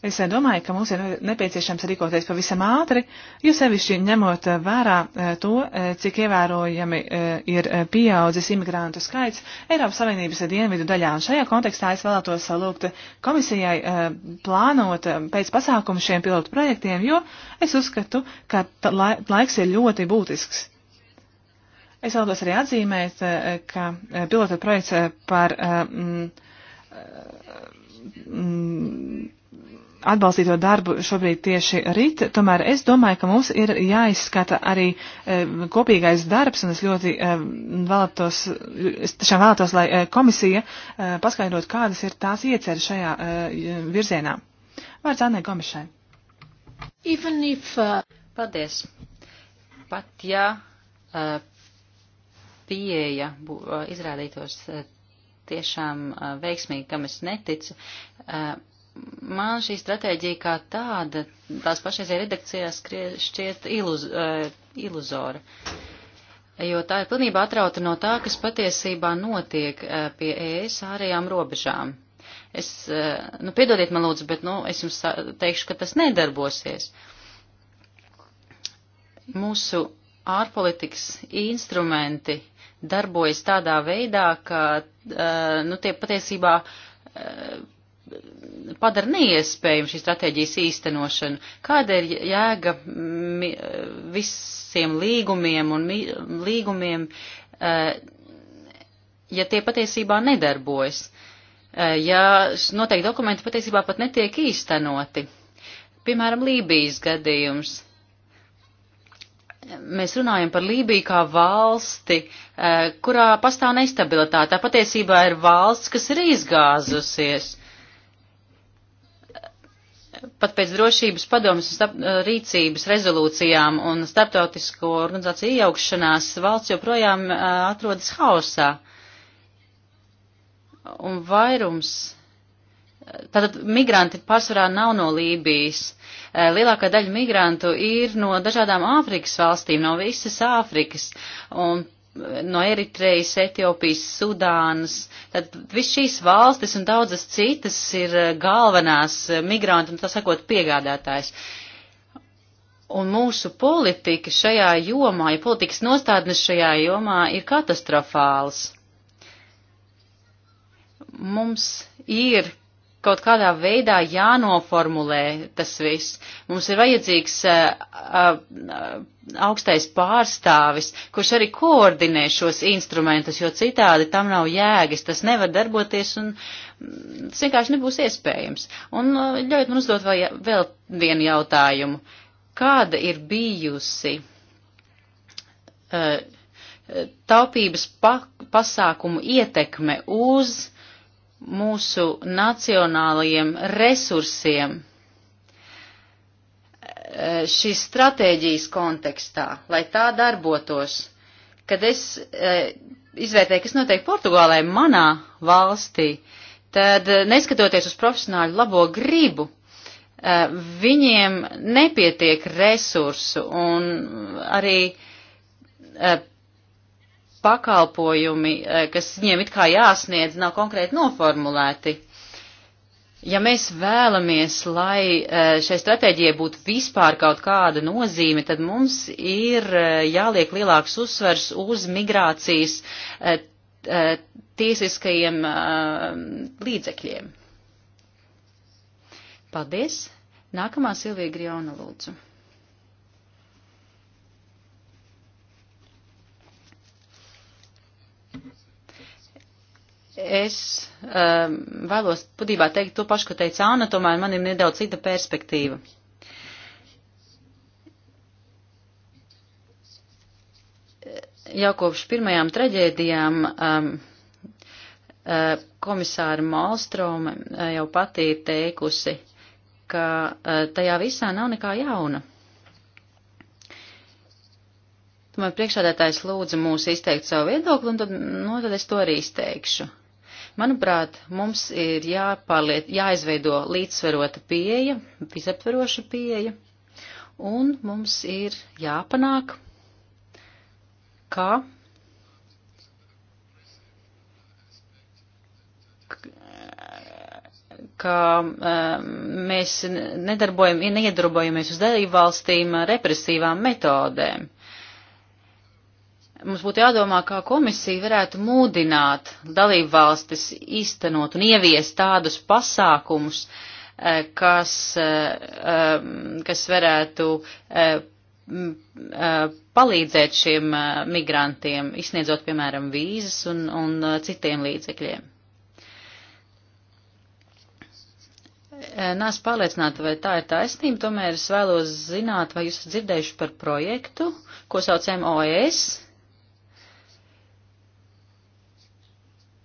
S4: Es domāju, ka mums ir nepieciešams rīkoties pavisam ātri, jo sevišķi ņemot vērā e, to, e, cik ievērojami e, ir pieaudzis imigrantu skaits Eiropas Savienības dienvidu daļā. Un šajā kontekstā es vēlētos lūgt komisijai plānot pēc pasākumu šiem pilotu projektiem, jo es uzskatu, ka laiks ir ļoti būtisks. Es vēlos arī atzīmēt, ka pilota projekts par mm, mm, atbalstīto darbu šobrīd tieši rīt, tomēr es domāju, ka mums ir jāizskata arī e, kopīgais darbs, un es ļoti e, vēlētos, es tiešām vēlētos, lai e, komisija paskaidrot, kādas ir tās ieceres šajā virzienā. Vārds Annai Komišai.
S3: Even if, uh... Paldies. Pat ja uh, pieeja uh, izrādītos uh, tiešām uh, veiksmīgi, kam es neticu, uh, man šī stratēģija kā tāda, tās pašreizē redakcijā šķiet iluz, eh, iluzora, jo tā ir pilnībā atrauta no tā, kas patiesībā notiek eh, pie ES ārējām robežām. Es, eh, nu, piedodiet man lūdzu, bet, nu, es jums teikšu, ka tas nedarbosies. Mūsu ārpolitikas instrumenti darbojas tādā veidā, ka, nu, tie patiesībā padara neiespējumu šīs stratēģijas īstenošanu. Kāda ir jēga visiem līgumiem un līgumiem, eh, ja tie patiesībā nedarbojas? Eh, ja noteikti dokumenti patiesībā pat netiek īstenoti. Piemēram, Lībijas gadījums mēs runājam par Lībiju kā valsti, eh, kurā pastāv nestabilitāte. Tā patiesībā ir valsts, kas ir izgāzusies pat pēc drošības padomas un eh, rīcības rezolūcijām un starptautisko organizāciju iejaukšanās valsts joprojām eh, atrodas haosā. Un vairums. Eh, tātad migranti pārsvarā nav no Lībijas. Lielākā daļa migrantu ir no dažādām Āfrikas valstīm, no visas Āfrikas. Un no Eritrejas, Etiopijas, Sudānas. Tad viss šīs valstis un daudzas citas ir eh, galvenās eh, migrantu un tā sakot piegādātājs. Un mūsu politika šajā jomā, ja politikas nostādnes šajā jomā ir katastrofāls. Mums ir kaut kādā veidā jānoformulē tas viss. Mums ir vajadzīgs uh, uh, augstais pārstāvis, kurš arī koordinē šos instrumentus, jo citādi tam nav jēgas, tas nevar darboties un tas mm, vienkārši nebūs iespējams. Un uh, ļaujiet man uzdot vēl, vēl vienu jautājumu. Kāda ir bijusi uh, taupības pa pasākumu ietekme uz uh, mūsu nacionālajiem resursiem šīs stratēģijas kontekstā, lai tā darbotos. Kad es e, izvērtēju, kas notiek Portugālē, manā valstī, tad e, neskatoties uz profesionāļu labo gribu, e, viņiem nepietiek resursu un arī pakalpojumi, e, kas viņiem it kā jāsniedz, nav konkrēti noformulēti. Ja mēs vēlamies, lai e, šai stratēģijai būtu vispār kaut kāda nozīme, tad mums ir e, jāliek lielāks uzsvers uz migrācijas tiesiskajiem līdzekļiem. Paldies! Nākamā Silvija Griona lūdzu. es um, vēlos būtībā teikt to pašu, ko teica Anna, tomēr man ir nedaudz cita perspektīva. Jau kopš pirmajām traģēdijām um, uh, komisāra Malstroma uh, jau pati ir teikusi, ka uh, tajā visā nav nekā jauna. Tomēr priekšādētājs lūdza mūs izteikt savu viedokli, un tad, nu, no, tad es to arī izteikšu. Manuprāt, mums ir jāpārliet, jāizveido līdzsverota pieeja, visaptveroša pieeja, un mums ir jāpanāk, kā ka um, mēs nedarbojam, neiedarbojamies uz dalību valstīm represīvām metodēm. Mums būtu jādomā, kā komisija varētu mūdināt dalību valstis īstenot un ieviest tādus pasākumus, eh, kas, eh, kas varētu eh, palīdzēt šiem migrantiem, izsniedzot, piemēram, vīzas un, un citiem līdzekļiem. Nāc pārliecināta, vai tā ir taisnība, tomēr es vēlos zināt, vai jūs dzirdējuši par projektu, ko sauc MOS, e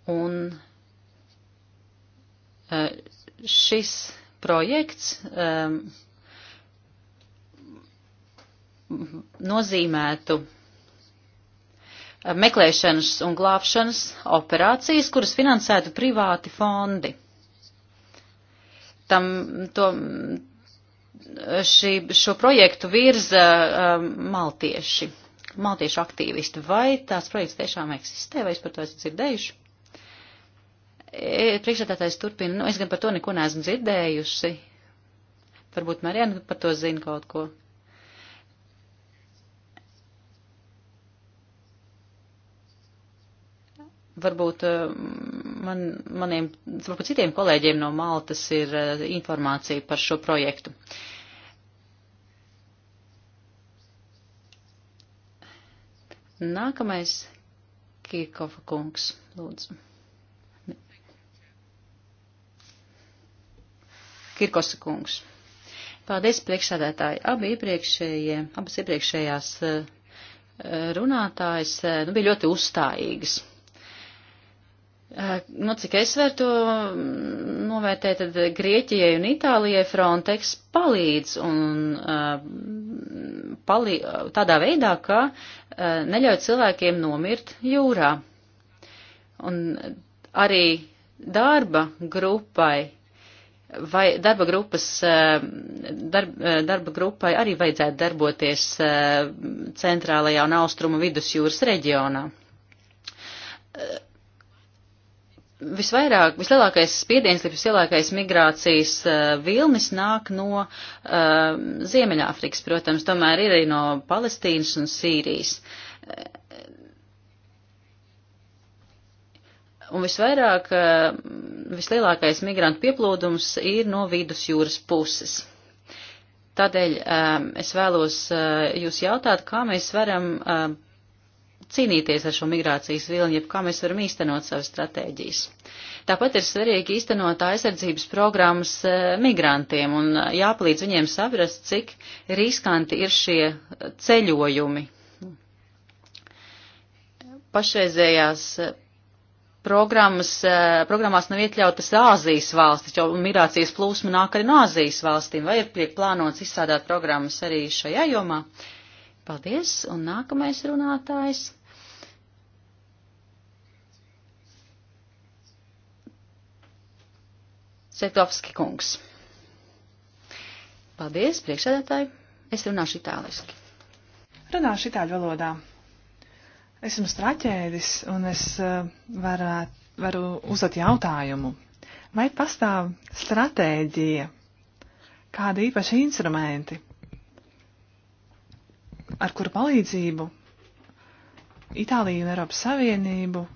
S3: Un e, šis projekts um, nozīmētu meklēšanas un glābšanas operācijas, kuras finansētu privāti fondi. Tam, to, šī, šo projektu virza um, maltieši, maltiešu aktīvisti. Vai tās projekts tiešām eksistē, vai es par to esmu dzirdējuši? Eh, priekšsēdētājs turpina, nu es gan par to neko neesmu dzirdējusi. Varbūt Marijana par to zina kaut ko. Varbūt eh, man, maniem, varbūt citiem kolēģiem no Maltas ir eh, informācija par šo projektu. Nākamais Kirkova kungs, lūdzu. Kirkosa kungs. Paldies priekšsēdētāji. Abi iepriekšējie, abas iepriekšējās eh, runātājs eh, nu, bija ļoti uzstājīgas. Eh, nu, cik es varu to mm, novērtēt, tad Grieķijai un Itālijai Frontex palīdz un uh, palī, tādā veidā, ka uh, neļauj cilvēkiem nomirt jūrā. Un arī darba grupai Vai darba, grupas, eh, darb, eh, darba grupai arī vajadzētu darboties eh, centrālajā un austrumu vidusjūras reģionā? Visvairāk, vislielākais spiediens, vislielākais migrācijas vilnis nāk no uh, Ziemeļāfrikas, protams, tomēr ir arī no Palestīnas un Sīrijas. Uh, Un visvairāk, eh, vislielākais migrantu pieplūdums ir no vidus jūras puses. Tādēļ eh, es vēlos eh, jūs jautāt, kā mēs varam cīnīties ar šo migrācijas vilni, jeb kā mēs varam īstenot savas stratēģijas. Tāpat ir svarīgi īstenot aizsardzības programmas migrantiem un jāpalīdz viņiem saprast, cik riskanti ir šie ceļojumi. Pašreizējās programmas, eh, programmās nav iekļautas Āzijas valstis, jo migrācijas plūsma nāk arī no Āzijas valstīm. Vai ir plānots izstrādāt programmas arī šajā jomā? Paldies, un nākamais runātājs. Cetovski kungs. Paldies, priekšsēdētāji. Es runāšu itāliski.
S4: Runāšu itāļu valodā. Esmu straķēdis un es eh, varētu, varu uzdot jautājumu. Vai pastāv stratēģija, kādi īpaši instrumenti, ar kuru palīdzību Itālija un Eiropas Savienību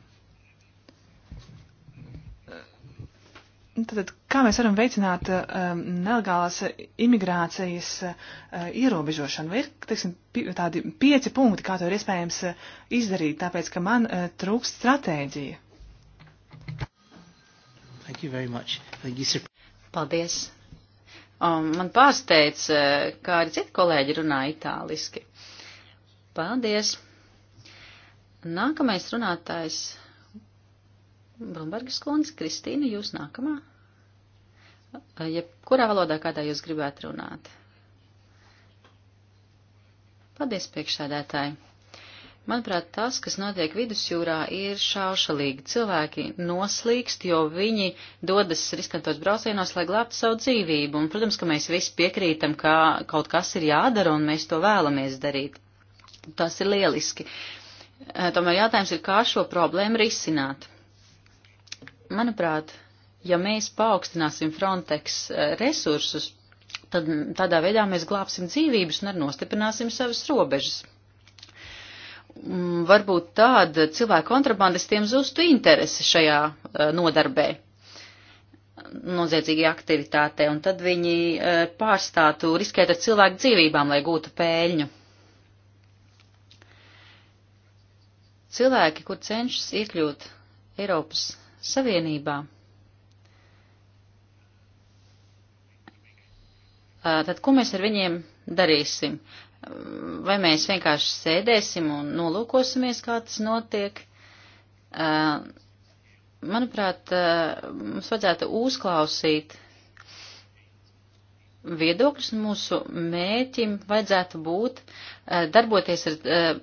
S4: Tātad, kā mēs varam veicināt um, nelegālās imigrācijas uh, ierobežošanu? Vai ir, teiksim, pi tādi pieci punkti, kā to ir iespējams uh, izdarīt, tāpēc, ka man uh, trūkst stratēģija?
S1: Thank you very much. Thank you, sir.
S3: Paldies. Um, man pārsteidz, uh, kā arī citi kolēģi runā itāliski. Paldies. Nākamais runātājs. Brunbergas kundze, Kristīna, jūs nākamā? Ja kurā valodā kādā jūs gribētu runāt? Paldies, priekšsēdētāji. Manuprāt, tas, kas notiek vidusjūrā, ir šaušalīgi. Cilvēki noslīkst, jo viņi dodas riskantos braucienos, lai glābtu savu dzīvību. Un, protams, ka mēs visi piekrītam, ka kaut kas ir jādara un mēs to vēlamies darīt. Tas ir lieliski. Eh, tomēr jātājums ir, kā šo problēmu risināt manuprāt, ja mēs paaugstināsim Frontex eh, resursus, tad tādā veidā mēs glābsim dzīvības un arī nostiprināsim savas robežas. Mm, varbūt tāda cilvēku kontrabandistiem zustu interesi šajā eh, nodarbē, noziedzīgajā aktivitātē, un tad viņi eh, pārstātu riskēt ar cilvēku dzīvībām, lai gūtu pēļņu. Cilvēki, kur cenšas iekļūt Eiropas Savienībā. Tad ko mēs ar viņiem darīsim? Vai mēs vienkārši sēdēsim un nolūkosimies, kā tas notiek? Manuprāt, mums vajadzētu uzklausīt viedokļus mūsu mēķim vajadzētu būt darboties ar,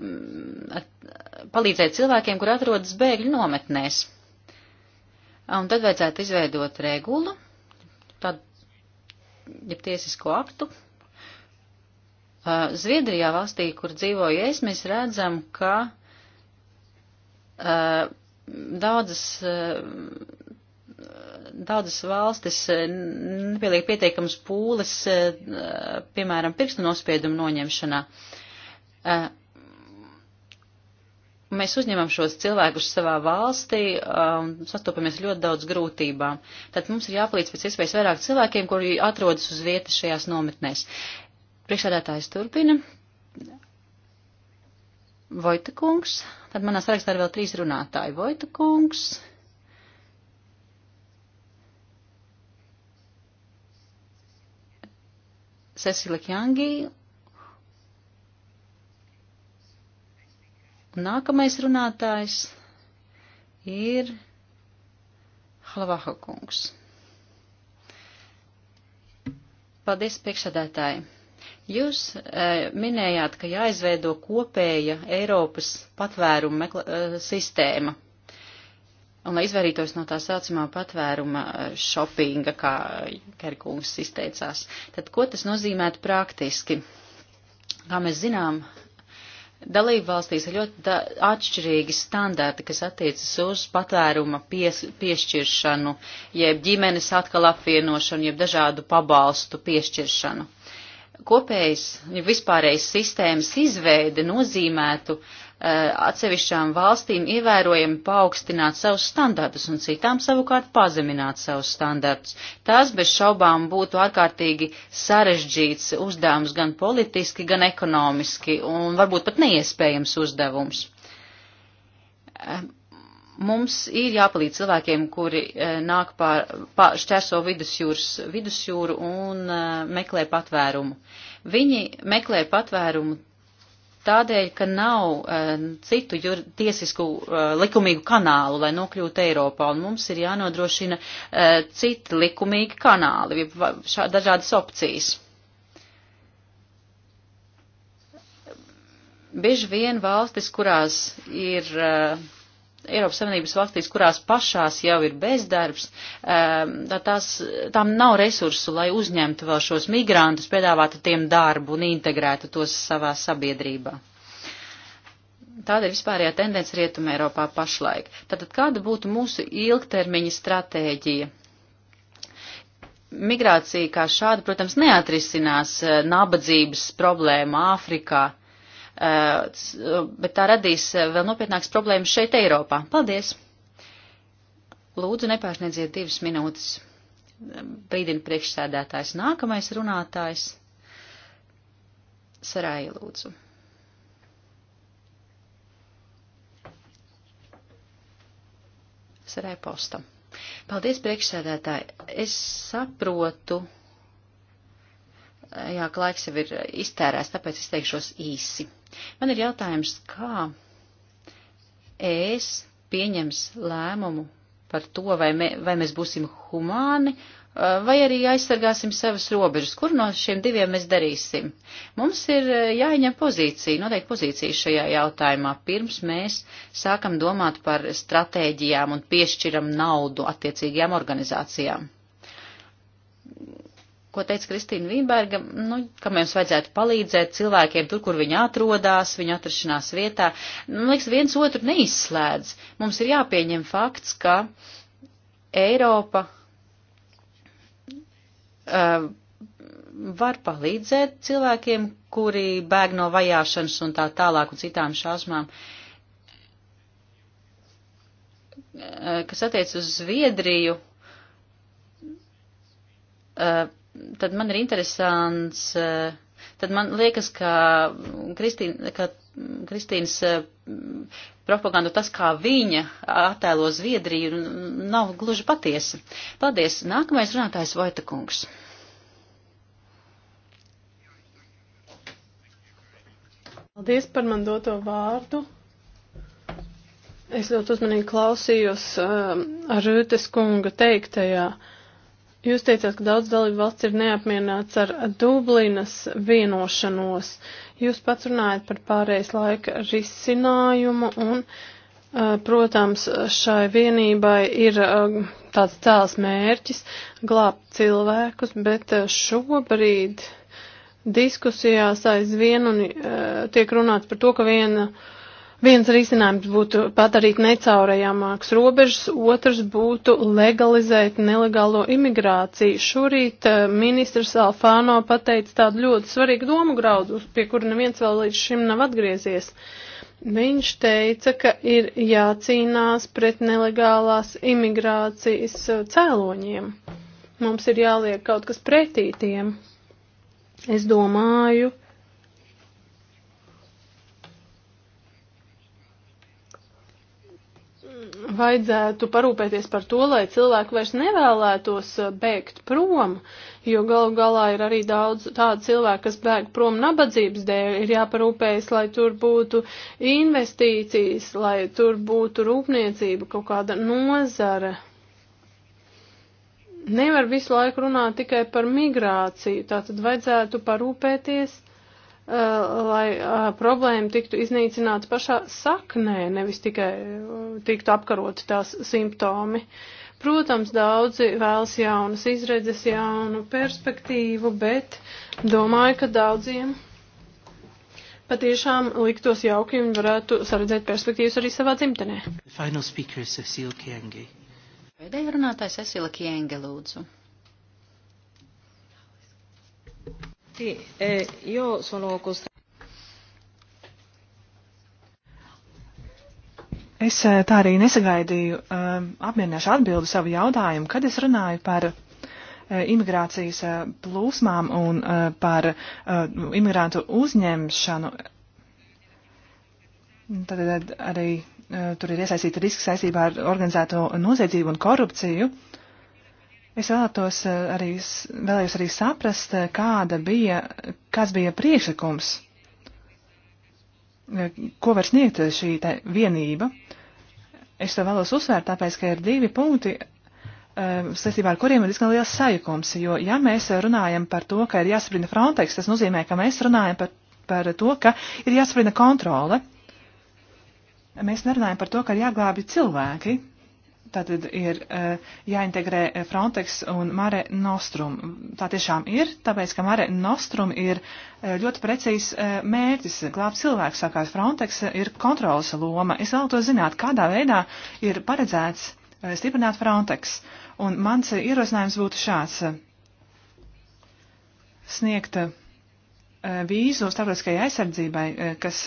S3: ar palīdzēt cilvēkiem, kur atrodas bēgļu nometnēs. Un tad vajadzētu izveidot regulu, tad, ja tiesisko aktu. Uh, Zviedrijā valstī, kur dzīvoju es, mēs redzam, ka uh, daudzas, uh, daudzas valstis nepieliek pietiekams pūles, piemēram, pirkstu nospiedumu noņemšanā mēs uzņemam šos cilvēkus savā valstī un um, sastopamies ļoti daudz grūtībām. Tad mums ir jāpalīdz pēc iespējas vairāk cilvēkiem, kuri atrodas uz vietas šajās nometnēs. Priekšsēdētājs turpina. Vojta kungs, tad manā sarakstā ir vēl trīs runātāji. Vojta kungs. Cecilia Kjangi Nākamais runātājs ir Halavaha kungs. Paldies, priekšsēdētāji! Jūs e, minējāt, ka jāizveido kopēja Eiropas patvērumu mekla, e, sistēma. Un, lai izvairītos no tā saucamā patvēruma e, šopinga, kā Kerkungs izteicās, tad ko tas nozīmētu praktiski? Kā mēs zinām, Dalību valstīs ir ļoti da atšķirīgi standarti, kas attiecas uz patvēruma pies piešķiršanu, jeb ģimenes atkal apvienošanu, jeb dažādu pabalstu piešķiršanu. Kopējas, ja vispārējas sistēmas izveide nozīmētu uh, Eh, atsevišķām valstīm ievērojami paaugstināt savus standartus un citām savukārt pazemināt savus standartus. Tas bez šaubām būtu ārkārtīgi sarežģīts uzdevums gan politiski, gan ekonomiski un varbūt pat neiespējams uzdevums. Eh, mums ir jāpalīdz cilvēkiem, kuri eh, nāk pār, pār šķērso vidusjūras, vidusjūru un meklē patvērumu. Viņi meklē patvērumu tādēļ, ka nav uh, citu jur, tiesisku uh, likumīgu kanālu, lai nokļūtu Eiropā, un mums ir jānodrošina uh, citi likumīgi kanāli, šā, dažādas opcijas. Bieži vien valstis, kurās ir uh, Eiropas Savienības valstīs, kurās pašās jau ir bezdarbs, ehm, tā tās, tām nav resursu, lai uzņemtu vēl šos migrantus, piedāvātu tiem darbu un integrētu tos savā sabiedrībā. Tāda ir vispārējā tendence Rietuma Eiropā pašlaik. Tātad kāda būtu mūsu ilgtermiņa stratēģija? Migrācija kā šāda, protams, neatrisinās eh, nabadzības problēmu Āfrikā. Uh, Eh, bet tā radīs eh, vēl nopietnākas problēmas šeit Eiropā. Paldies! Lūdzu, nepārsniedziet divas minūtes. Brīdina priekšsēdētājs. Nākamais runātājs. Sarāja, lūdzu. Sarāja posta. Paldies, priekšsēdētāji. Es saprotu, jā, ka laiks jau ir iztērēts, tāpēc es teikšos īsi. Man ir jautājums, kā es pieņems lēmumu par to, vai, me, vai mēs būsim humāni, vai arī aizsargāsim savas robežas. Kur no šiem diviem mēs darīsim? Mums ir jāieņem pozīcija, noteikti pozīcija šajā jautājumā, pirms mēs sākam domāt par stratēģijām un piešķiram naudu attiecīgajām organizācijām ko teica Kristīna Vīnberga, nu, ka mums vajadzētu palīdzēt cilvēkiem tur, kur viņi atrodas, viņu atrašanās vietā. Man liekas, viens otru neizslēdz. Mums ir jāpieņem fakts, ka Eiropa uh, var palīdzēt cilvēkiem, kuri bēg no vajāšanas un tā tālāk un citām šausmām. Uh, kas attiec uz Zviedriju, uh, tad man ir interesants, eh, tad man liekas, ka, Kristīna, ka Kristīnas eh, propagandu tas, kā viņa attēlo Zviedriju, nav gluži patiesa. Paldies. Nākamais runātājs Vojtakungs.
S2: Paldies par man doto vārdu. Es ļoti uzmanīgi klausījos um, Rūtes kunga teiktajā. Ja Jūs teicāt, ka daudz dalību valsts ir neapmierināts ar Dublinas vienošanos. Jūs pats runājat par pārējais laika risinājumu un, protams, šai vienībai ir tāds cēls mērķis glābt cilvēkus, bet šobrīd diskusijās aizvien un tiek runāts par to, ka viena uh, Viens risinājums būtu padarīt necaurējāmāks robežas, otrs būtu legalizēt nelegālo imigrāciju. Šorīt eh, ministrs Alfāno pateica tādu ļoti svarīgu domu graudu, pie kura neviens vēl līdz šim nav atgriezies. Viņš teica, ka ir jācīnās pret nelegālās imigrācijas eh, cēloņiem. Mums ir jāliek kaut kas pretī tiem. Es domāju, ka vajadzētu parūpēties par to, lai cilvēki vairs nevēlētos eh, bēgt prom, jo galu galā ir arī daudz tādu cilvēku, kas bēg prom nabadzības dēļ, ir jāparūpējas, lai tur būtu investīcijas, lai tur būtu rūpniecība, kaut kāda nozara. Nevar visu laiku runāt tikai par migrāciju, tātad vajadzētu parūpēties Uh, lai uh, problēma tiktu iznīcināta pašā saknē, nevis tikai uh, tiktu apkaroti tās simptomi. Protams, daudzi vēlas jaunas izredzes, jaunu perspektīvu, bet domāju, ka daudziem patiešām liktos jauki un varētu saredzēt perspektīvas arī savā dzimtenē.
S3: Pēdējā runātāja Cecila Kienge, lūdzu. Sì, eh, io sono costretto.
S4: Es eh, tā arī nesagaidīju um, apmierināšu atbildu savu jautājumu, kad es runāju par eh, imigrācijas plūsmām un par imigrantu uzņemšanu. Tad arī tur ir iesaistīta riska saistībā ar organizēto noziedzību un korupciju. Uh, Es vēlētos eh, arī, vēlējos arī saprast, eh, kāda bija, kāds bija priekšlikums, eh, ko var sniegt šī vienība. Es to vēlos uzsvērt, tāpēc, ka ir divi punkti, saistībā ar kuriem ir diezgan liels sajukums, jo, ja mēs runājam par to, ka ir jāsaprina Frontex, tas nozīmē, ka mēs runājam par, par to, ka ir jāsaprina kontrole. Mēs nerunājam par to, ka ir jāglābi cilvēki, Tātad ir e, jāintegrē Frontex un Mare Nostrum. Tā tiešām ir, tāpēc, ka Mare Nostrum ir e, ļoti precīzs e, mērķis glābt cilvēku, sakās Frontex ir kontrolas loma. Es vēlētos zināt, kādā veidā ir paredzēts stiprināt Frontex. Un mans ierosinājums būtu šāds sniegt vīzu starptautiskajai aizsardzībai, kas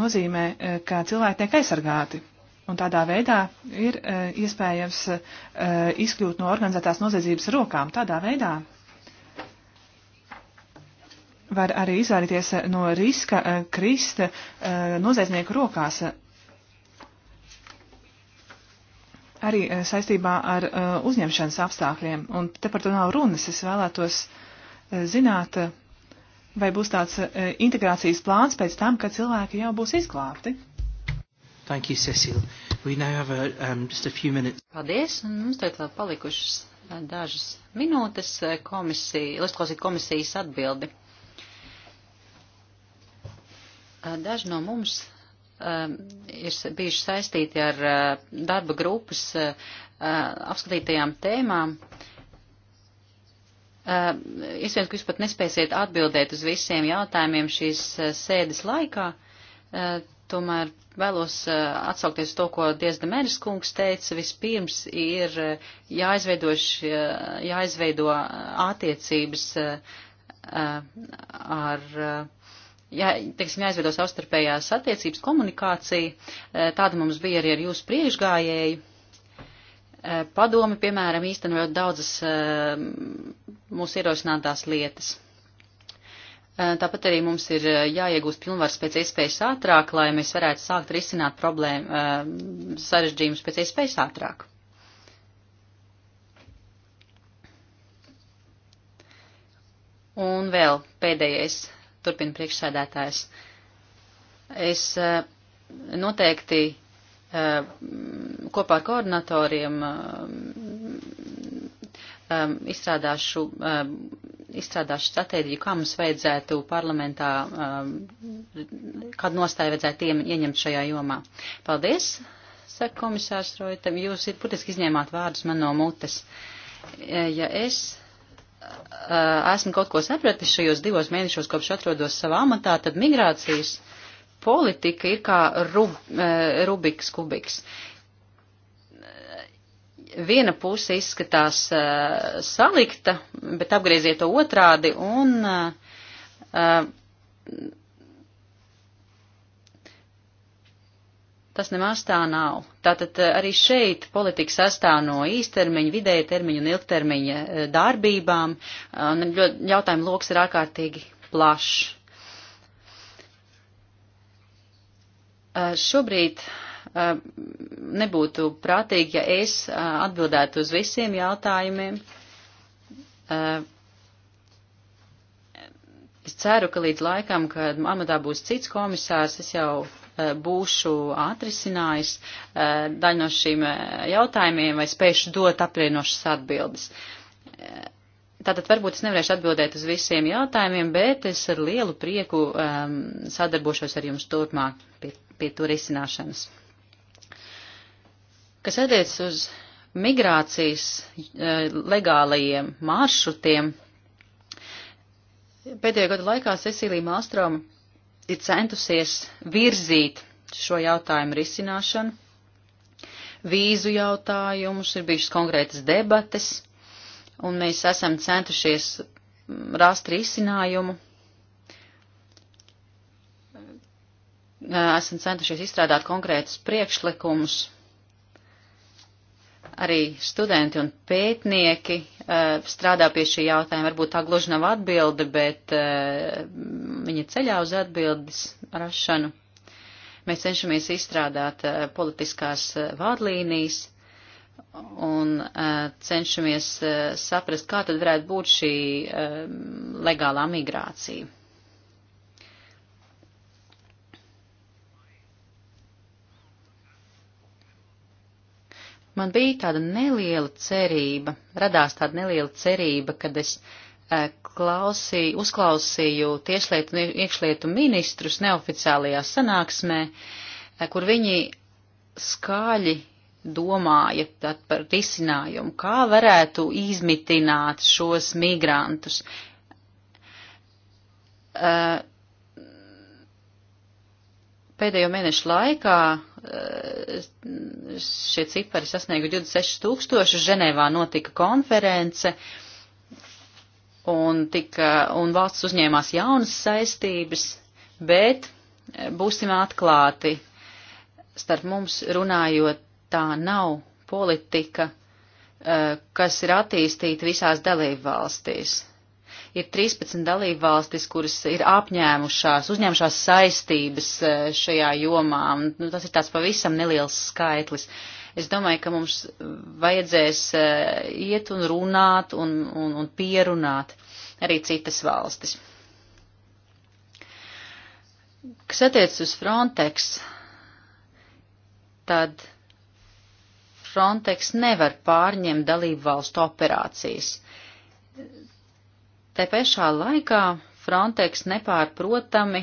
S4: nozīmē, ka cilvēki tiek aizsargāti. Un tādā veidā ir e, iespējams e, izkļūt no organizētās noziedzības rokām. Tādā veidā var arī izvairīties no riska e, krist noziedznieku rokās. Arī saistībā ar uzņemšanas apstākļiem. Un te par to nav runas. Es vēlētos zināt, vai būs tāds integrācijas plāns pēc
S3: tam, kad cilvēki jau būs izglābti.
S1: Thank you, Cecil. We now have a, um, just a few minutes.
S3: Paldies, un mums tagad vēl palikušas uh, dažas minūtes uh, komisija, ilustrazīt komisijas atbildi. Uh, daži no mums um, ir bijuši saistīti ar uh, darba grupas uh, apskatītajām tēmām. Uh, Iespējams, ka jūs pat nespēsiet atbildēt uz visiem jautājumiem šīs sēdes laikā. Uh, Tomēr vēlos eh, atsaukties to, ko Diezda Mēris kungs teica. Vispirms ir eh, jāizveido, eh, jāizveido attiecības ar, jā, teiksim, jāizveido savstarpējās attiecības komunikācija. Tāda mums bija arī ar jūsu priekšgājēju. Padomi, piemēram, īstenojot daudzas mūsu ierosinātās lietas. Eh, tāpat arī mums ir eh, jāiegūst pilnvars pēc iespējas ātrāk, lai mēs varētu sākt risināt problēmu eh, sarežģījumus pēc iespējas ātrāk. Un vēl pēdējais, turpina priekšsēdētājs. Es noteikti kopā ar koordinatoriem izstrādāšu izstrādāšu stratēģiju, kā mums vajadzētu parlamentā, um, kādu nostāju vajadzētu ieņemt šajā jomā. Paldies, saka komisārs Roitam, jūs ir būtiski izņēmāt vārdus man no mutes. E, ja es e, esmu kaut ko sapratis šajos divos mēnešos, kopš atrodos savā amatā, tad migrācijas politika ir kā rub, e, Rubiks kubiks viena puse izskatās uh, salikta, bet apgrieziet to otrādi un uh, tas nemaz tā nav. Tātad arī šeit politika sastāv no īstermiņa, vidēja termiņa un ilgtermiņa darbībām, un jautājumu loks ir ārkārtīgi plašs. Šobrīd uh, Eh, nebūtu prātīgi, ja es eh, atbildētu uz visiem jautājumiem. Eh, es ceru, ka līdz laikam, kad amatā būs cits komisārs, es jau būšu atrisinājis daļu no šīm jautājumiem vai spēšu dot aplienošas atbildes. Tātad varbūt es nevarēšu atbildēt uz visiem jautājumiem, bet es ar lielu prieku um, sadarbošos ar jums turpmāk pie, pie to risināšanas. Kas attiec uz migrācijas e, legālajiem maršrutiem, pēdējo gadu laikā Cecīlija Mālstroma ir centusies virzīt šo jautājumu risināšanu. Vīzu jautājumus ir bijušas konkrētas debates, un mēs esam centušies rast risinājumu. E, esam centušies izstrādāt konkrētus priekšlikumus arī studenti un pētnieki uh, strādā pie šī jautājuma. Varbūt tā gluži nav atbilde, bet uh, eh, viņa ceļā uz atbildes rašanu. Mēs cenšamies izstrādāt uh, politiskās uh, vādlīnijas un uh, cenšamies uh, saprast, kā tad varētu būt šī uh, legālā migrācija. man bija tāda neliela cerība, radās tāda neliela cerība, kad es eh, klausī, uzklausīju tiešlietu un iekšlietu ministrus neoficiālajā sanāksmē, eh, kur viņi skaļi domāja par risinājumu, kā varētu izmitināt šos migrantus. Uh, pēdējo mēnešu laikā eh, šie cipari sasniegu 26 tūkstoši. Ženēvā notika konference un, tika, un valsts uzņēmās jaunas saistības, bet eh, būsim atklāti. Starp mums runājot, tā nav politika, eh, kas ir attīstīta visās dalību valstīs ir 13 dalībvalstis, kuras ir apņēmušās, uzņemšās saistības e, šajā jomā. Nu, tas ir tāds pavisam neliels skaitlis. Es domāju, ka mums vajadzēs e, iet un runāt un, un, un pierunāt arī citas valstis. Kas attiecas uz Frontex, tad Frontex nevar pārņemt dalību valstu operācijas. Te pašā laikā Frontex nepārprotami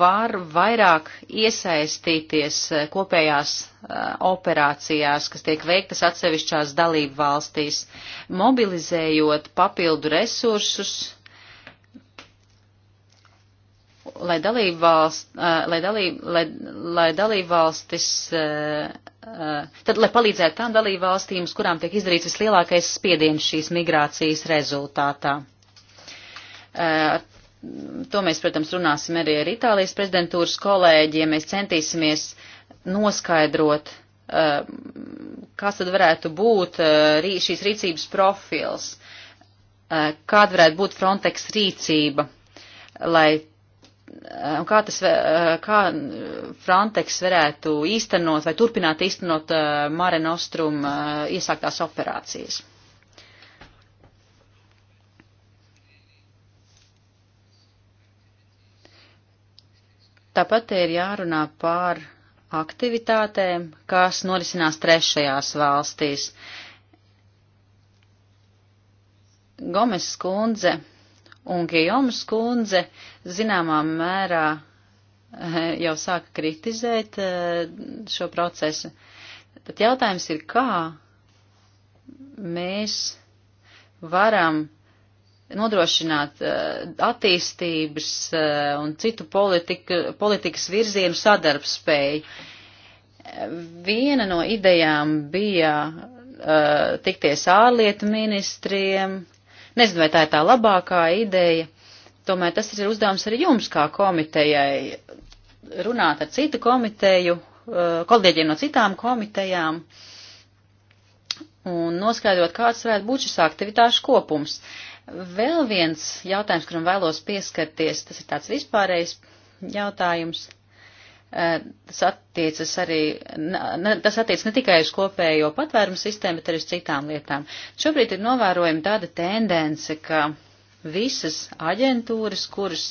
S3: var vairāk iesaistīties eh, kopējās eh, operācijās, kas tiek veiktas atsevišķās dalību valstīs, mobilizējot papildu resursus, lai dalību, valst, eh, lai dalību, lai, lai dalību valstis, tad, lai palīdzētu tām dalību valstīm, uz kurām tiek izdarīts vislielākais spiediens šīs migrācijas rezultātā. Eh, to mēs, protams, runāsim arī ar Itālijas prezidentūras kolēģiem. Mēs centīsimies noskaidrot, eh, kas tad varētu būt eh, šīs rīcības profils, kāda varētu būt Frontex rīcība, lai un kā, tas, kā Frontex varētu īstenot vai turpināt īstenot Mare Nostrum iesāktās operācijas. Tāpat ir jārunā par aktivitātēm, kas norisinās trešajās valstīs. Gomes skundze un Gijomas skundze zināmā mērā eh, jau sāka kritizēt eh, šo procesu. Tad jautājums ir, kā mēs varam nodrošināt eh, attīstības eh, un citu politika, politikas virzienu sadarbspēju. Viena no idejām bija uh, tikties ārlietu ministriem. Nezinu, vai tā ir tā labākā ideja. Tomēr tas ir uzdevums arī jums, kā komitejai, runāt ar citu komiteju, uh, kolēģiem no citām komitejām un noskaidrot, kāds varētu būt šis aktivitāšu kopums. Uh, Vēl viens jautājums, kuram vēlos pieskarties, tas ir tāds vispārējs jautājums. Tas attiecas arī, ne, tas attiecas ne tikai uz kopējo patvērumu sistēmu, bet arī uz citām lietām. Šobrīd ir novērojama tāda tendence, ka visas aģentūras, kuras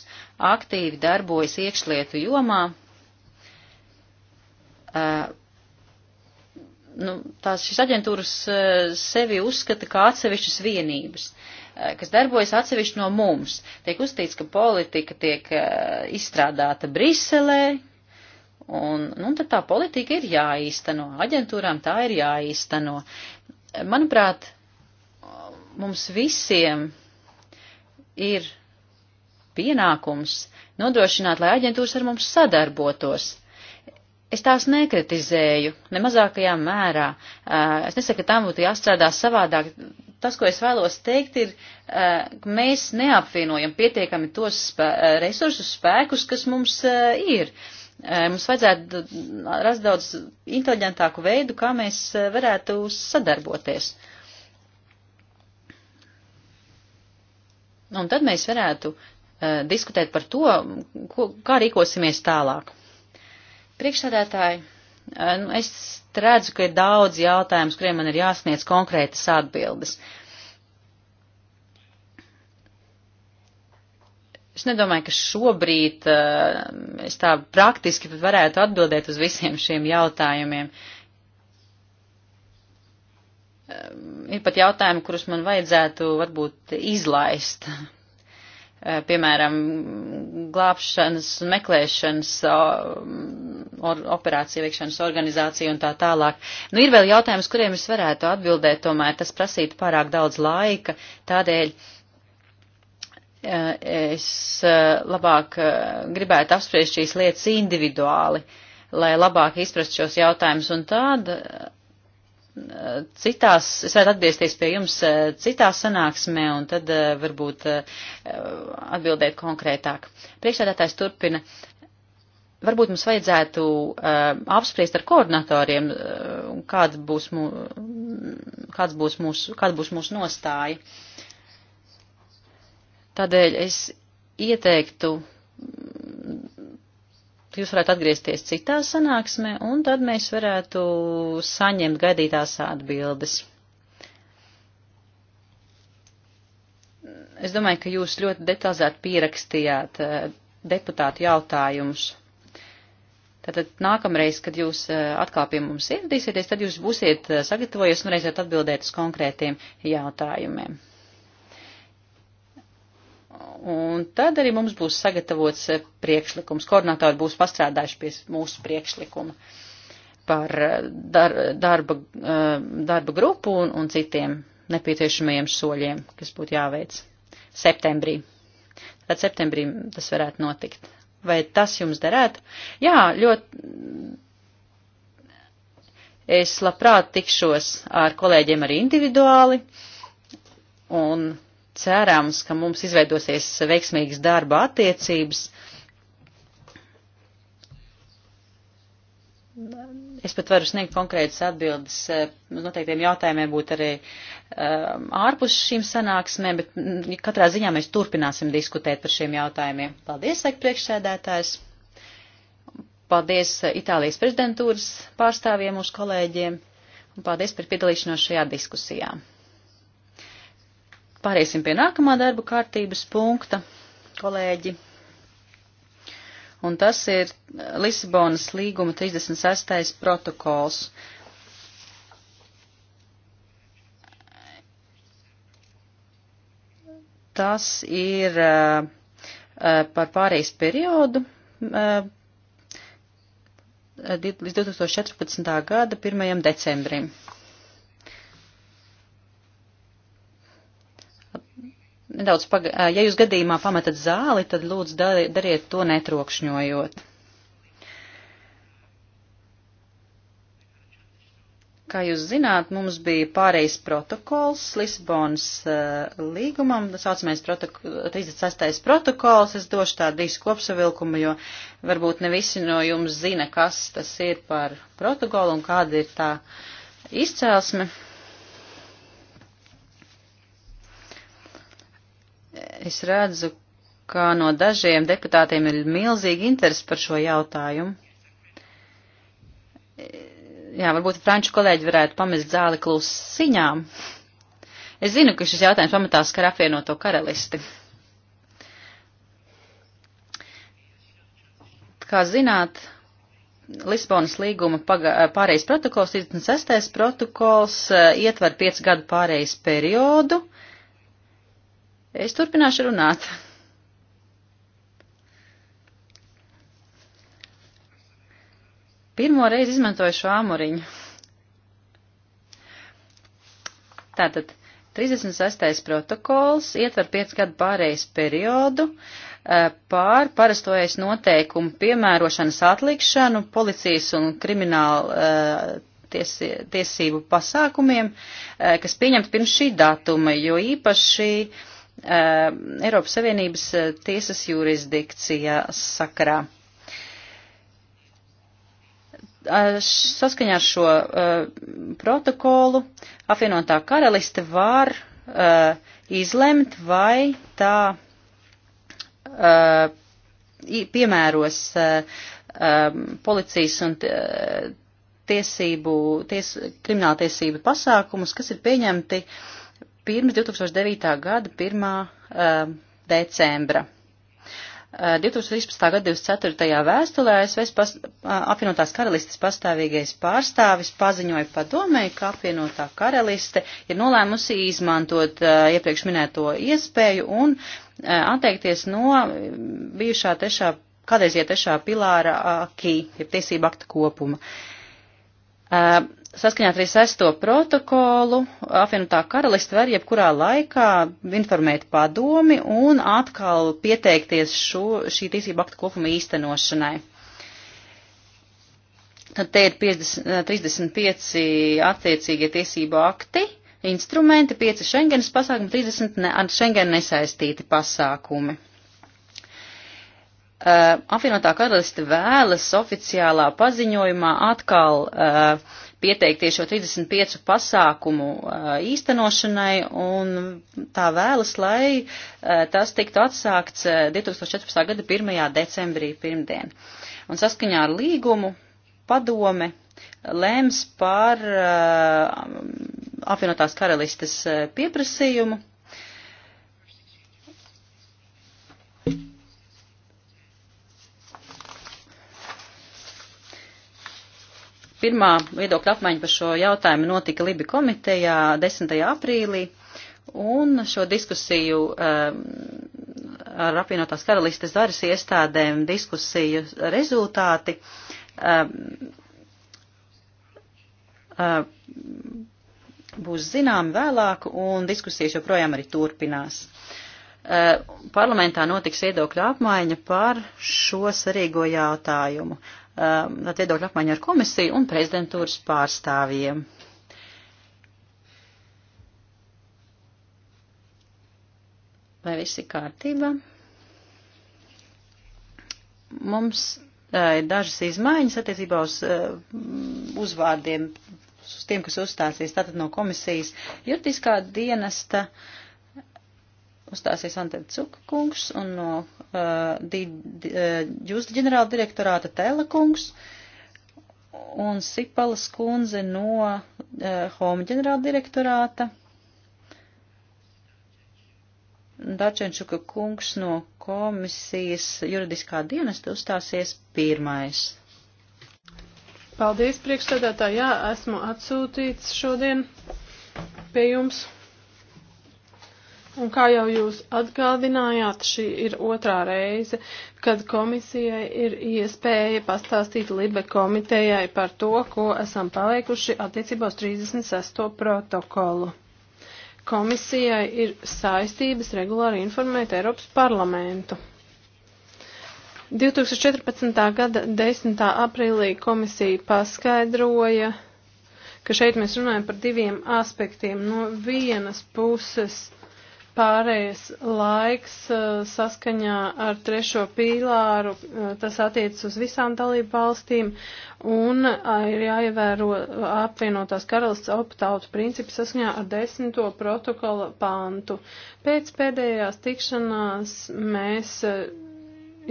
S3: aktīvi darbojas iekšlietu jomā, nu, tās šīs aģentūras sevi uzskata kā atsevišķas vienības. Uh, Eh, kas darbojas atsevišķi no mums. Tiek uzstīts, ka politika tiek eh, izstrādāta Briselē, un, nu, tad tā politika ir jāīsteno, aģentūrām tā ir jāīsteno. Manuprāt, mums visiem ir pienākums nodrošināt, lai aģentūras ar mums sadarbotos. Es tās nekritizēju, ne mazākajā mērā. Eh, es nesaku, ka tām būtu jāstrādā savādāk, tas, ko es vēlos teikt, ir, eh, ka mēs neapvienojam pietiekami tos spē, eh, resursus, spēkus, kas mums eh, ir. Mums vajadzētu rast daudz inteliģentāku veidu, kā mēs varētu sadarboties. Un tad mēs varētu diskutēt par to, ko, kā rīkosimies tālāk. Priekšsēdētāji Eh, nu, es redzu, ka ir daudz jautājumus, kuriem man ir jāsniedz konkrētas atbildes. Es nedomāju, ka šobrīd eh, es tā praktiski varētu atbildēt uz visiem šiem jautājumiem. Eh, ir pat jautājumi, kurus man vajadzētu varbūt izlaist Eh, piemēram, glābšanas un meklēšanas or, operācija veikšanas organizācija un tā tālāk. Nu, ir vēl jautājums, kuriem es varētu atbildēt, tomēr tas prasītu pārāk daudz laika, tādēļ eh, es eh, labāk gribētu apspriest šīs lietas individuāli, lai labāk izprast šos jautājumus un tādu citās, es varētu atgriezties pie jums eh, citā sanāksmē un tad eh, varbūt eh, atbildēt konkrētāk. Priekšsēdētājs turpina. Varbūt mums vajadzētu uh, apspriest ar koordinatoriem, uh, kāda būs, mū, kāds būs mūsu, kāda būs mūsu nostāja. Tādēļ es ieteiktu jūs varētu atgriezties citā sanāksmē, un tad mēs varētu saņemt gaidītās atbildes. Es domāju, ka jūs ļoti detalizēti pierakstījāt eh, deputātu jautājumus. Tātad nākamreiz, kad jūs eh, atkal pie mums ieradīsieties, tad jūs būsiet eh, sagatavojies un reizēt atbildēt uz konkrētiem jautājumiem. Un tad arī mums būs sagatavots eh, priekšlikums. Koordinātori būs pastrādājuši pie mūsu priekšlikuma par eh, dar, darba, eh, darba grupu un, un citiem nepieciešamajiem soļiem, kas būtu jāveic septembrī. Tad septembrī tas varētu notikt. Vai tas jums derētu? Jā, ļoti. Es labprāt tikšos ar kolēģiem arī individuāli un cerams, ka mums izveidosies veiksmīgas darba attiecības. Es pat varu sniegt konkrētas atbildes. Eh, noteiktiem jautājumiem būtu arī um, ārpus šīm sanāksmēm, bet mm, katrā ziņā mēs turpināsim diskutēt par šiem jautājumiem. Paldies, saka priekšsēdētājs. Paldies eh, Itālijas prezidentūras pārstāvjiem, mūsu kolēģiem. Un paldies par piedalīšanos šajā diskusijā. Pāriesim pie nākamā darba kārtības punkta, kolēģi. Un tas ir Lisabonas līguma 36. protokols. Tas ir uh, par pārejas periodu uh, līdz 2014. gada 1. decembrim. nedaudz, paga... ja jūs gadījumā pametat zāli, tad lūdzu dariet to netrokšņojot. Kā jūs zināt, mums bija pārejas protokols Lisabonas uh, līgumam, saucamais protok 36. protokols. Es došu tādu īsu kopsavilkumu, jo varbūt ne visi no jums zina, kas tas ir par protokolu un kāda ir tā izcelsme. Uh, Es redzu, ka no dažiem deputātiem ir milzīgi interesi par šo jautājumu. Jā, varbūt franču kolēģi varētu pamest zāli klusiņām. Es zinu, ka šis jautājums pamatā skar apvienoto karalisti. Kā zināt, Lisbonas līguma pārējais protokols, 36. protokols, eh, ietver 5 gadu pārējais periodu Es turpināšu runāt. Pirmo reizi izmantoju šo āmuriņu. Tātad 36. protokols ietver 5 gadu pārējais periodu e, pār parastojas noteikumu piemērošanas atlikšanu policijas un krimināla e, ties, tiesību pasākumiem, e, kas pieņemti pirms šī datuma, jo īpaši uh, Uh, Eiropas Savienības uh, tiesas jurisdikcijā sakarā. Uh, saskaņā ar šo protokolu apvienotā karaliste var izlemt, vai tā piemēros um, policijas un tiesību, ties, krimināltiesību pasākumus, kas ir pieņemti uh, pirms 2009. gada 1. Eh, decembra. 2013. Eh, gada 24. vēstulē ASV pas, eh, apvienotās karalistes pastāvīgais pārstāvis paziņoja padomēji, ka apvienotā karaliste ir nolēmusi izmantot iepriekš minēto iespēju un atteikties no mm, bijušā trešā, kādreizie trešā pilāra akī, jeb tiesība akta kopuma. Uh, Saskaņā 36. protokolu apvienotā karalista var jebkurā laikā informēt padomi un atkal pieteikties šo, šī tiesība akta kopuma īstenošanai. Tad te ir 50, 35 eh, attiecīgie tiesību akti, instrumenti, 5 Schengenas pasākumi, 30 ne, ar Schengen nesaistīti pasākumi. Uh, apvienotā karaliste vēlas oficiālā paziņojumā atkal uh, pieteikties šo 35 pasākumu īstenošanai un tā vēlas, lai tas tiktu atsākts 2014. gada 1. decembrī pirmdien. Un saskaņā ar līgumu padome lēms par apvienotās karalistes pieprasījumu Pirmā viedokļa apmaiņa par šo jautājumu notika Libi komitejā 10. aprīlī, un šo diskusiju um, ar apvienotās karalistes varas iestādēm diskusiju rezultāti um, um, būs zināmi vēlāk, un diskusijas joprojām arī turpinās. Uh, parlamentā notiks viedokļu apmaiņa par šo svarīgo jautājumu. Um, viedokļu apmaiņu ar komisiju un prezidentūras pārstāvjiem. Vai viss ir kārtībā? Mums uh, ir dažas izmaiņas attiecībā uz uh, uzvārdiem, uz tiem, kas uzstāsies tātad no komisijas juridiskā dienesta. Uh, uzstāsies Antena Cukakungs un no uh, di, di, uh, Just ģenerāla direktorāta Telekungs un Sipalas kundze no uh, Home ģenerāla direktorāta. Dačenčuka kungs no komisijas juridiskā dienesta uzstāsies pirmais. Paldies, priekšstādātā. Jā, esmu atsūtīts šodien
S2: pie jums. Un kā jau jūs atgādinājāt, šī ir otrā reize, kad komisijai ir iespēja pastāstīt Libe komitejai par to, ko esam paveikuši attiecībā uz 36. protokolu. Komisijai ir saistības regulāri informēt Eiropas parlamentu. 2014. gada 10. aprīlī komisija paskaidroja, ka šeit mēs runājam par diviem aspektiem. No vienas puses pārējais laiks uh, saskaņā ar trešo pīlāru, uh, tas attiecas uz visām dalību valstīm, un uh, ir jāievēro apvienotās karalists optautu principu saskaņā ar desmito protokola pāntu. Pēc pēdējās tikšanās mēs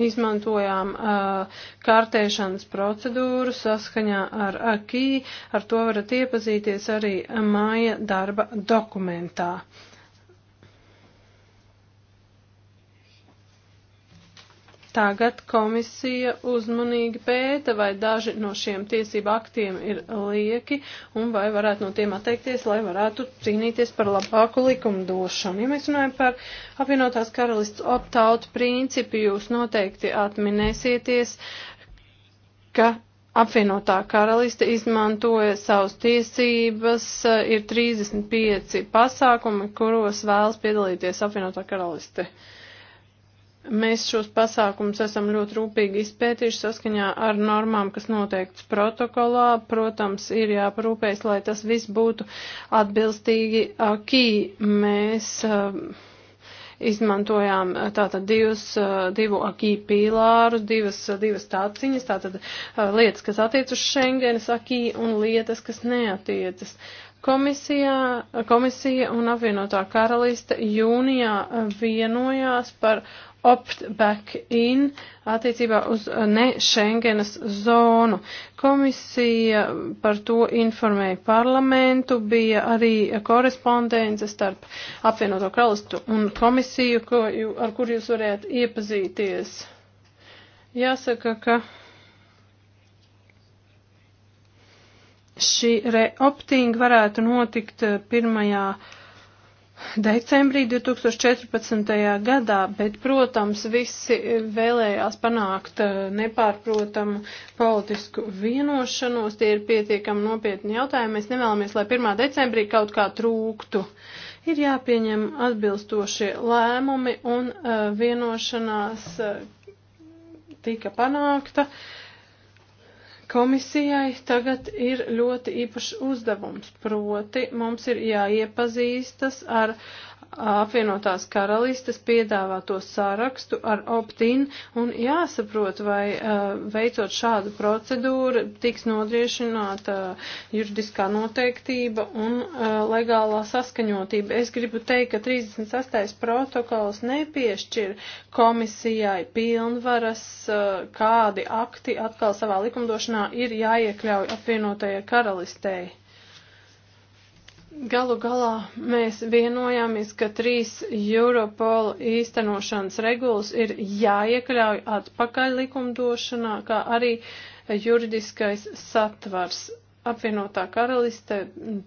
S2: izmantojām uh, kārtēšanas procedūru saskaņā ar AKI, ar to varat iepazīties arī māja darba dokumentā. Uh, Tagad komisija uzmanīgi pēta, vai daži no šiem tiesību aktiem ir lieki un vai varētu no tiem atteikties, lai varētu cīnīties par labāku likumdošanu. Ja mēs runājam par apvienotās karalists opt-out principu, jūs noteikti atminēsieties, ka apvienotā karaliste izmantoja savas tiesības, ir 35 pasākumi, kuros vēlas piedalīties apvienotā karaliste. Uh, Mēs šos pasākumus esam ļoti rūpīgi izpētījuši saskaņā ar normām, kas noteikts protokolā. Protams, ir jāparūpējas, lai tas viss būtu atbilstīgi akī. Mēs um, uh, izmantojām tātad divus, uh, divu akī pīlārus, divas, uh, divas tāciņas, tātad uh, lietas, kas attiec uz Schengenes akī un lietas, kas neatiecas. Komisijā, komisija un apvienotā karaliste jūnijā vienojās par opt-back in attiecībā uz eh, ne Schengenas zonu. Komisija par to informēja parlamentu, bija arī korespondence starp apvienoto kralistu un komisiju, ko, ar kur jūs varētu iepazīties. Jāsaka, ka šī reopting varētu notikt eh, pirmajā decembrī 2014. gadā, bet, protams, visi vēlējās panākt eh, nepārprotamu politisku vienošanos. Tie ir pietiekami nopietni jautājumi. Mēs nevēlamies, lai 1. decembrī kaut kā trūktu. Ir jāpieņem atbilstošie lēmumi un eh, vienošanās eh, tika panākta. Uh, Komisijai tagad ir ļoti īpašs uzdevums, proti mums ir jāiepazīstas ar uh, apvienotās karalistes piedāvāto sārakstu ar opt-in un jāsaprot, vai uh, veicot šādu procedūru tiks nodriešināta uh, juridiskā noteiktība un uh, legālā saskaņotība. Es gribu teikt, ka 36. protokols nepiešķir komisijai pilnvaras, kādi akti atkal savā likumdošanā ir jāiekļauj apvienotajai karalistei. Galu galā mēs vienojāmies, ka trīs Europol īstenošanas regulas ir jāiekļauj atpakaļ likumdošanā, kā arī juridiskais satvars. Apvienotā karaliste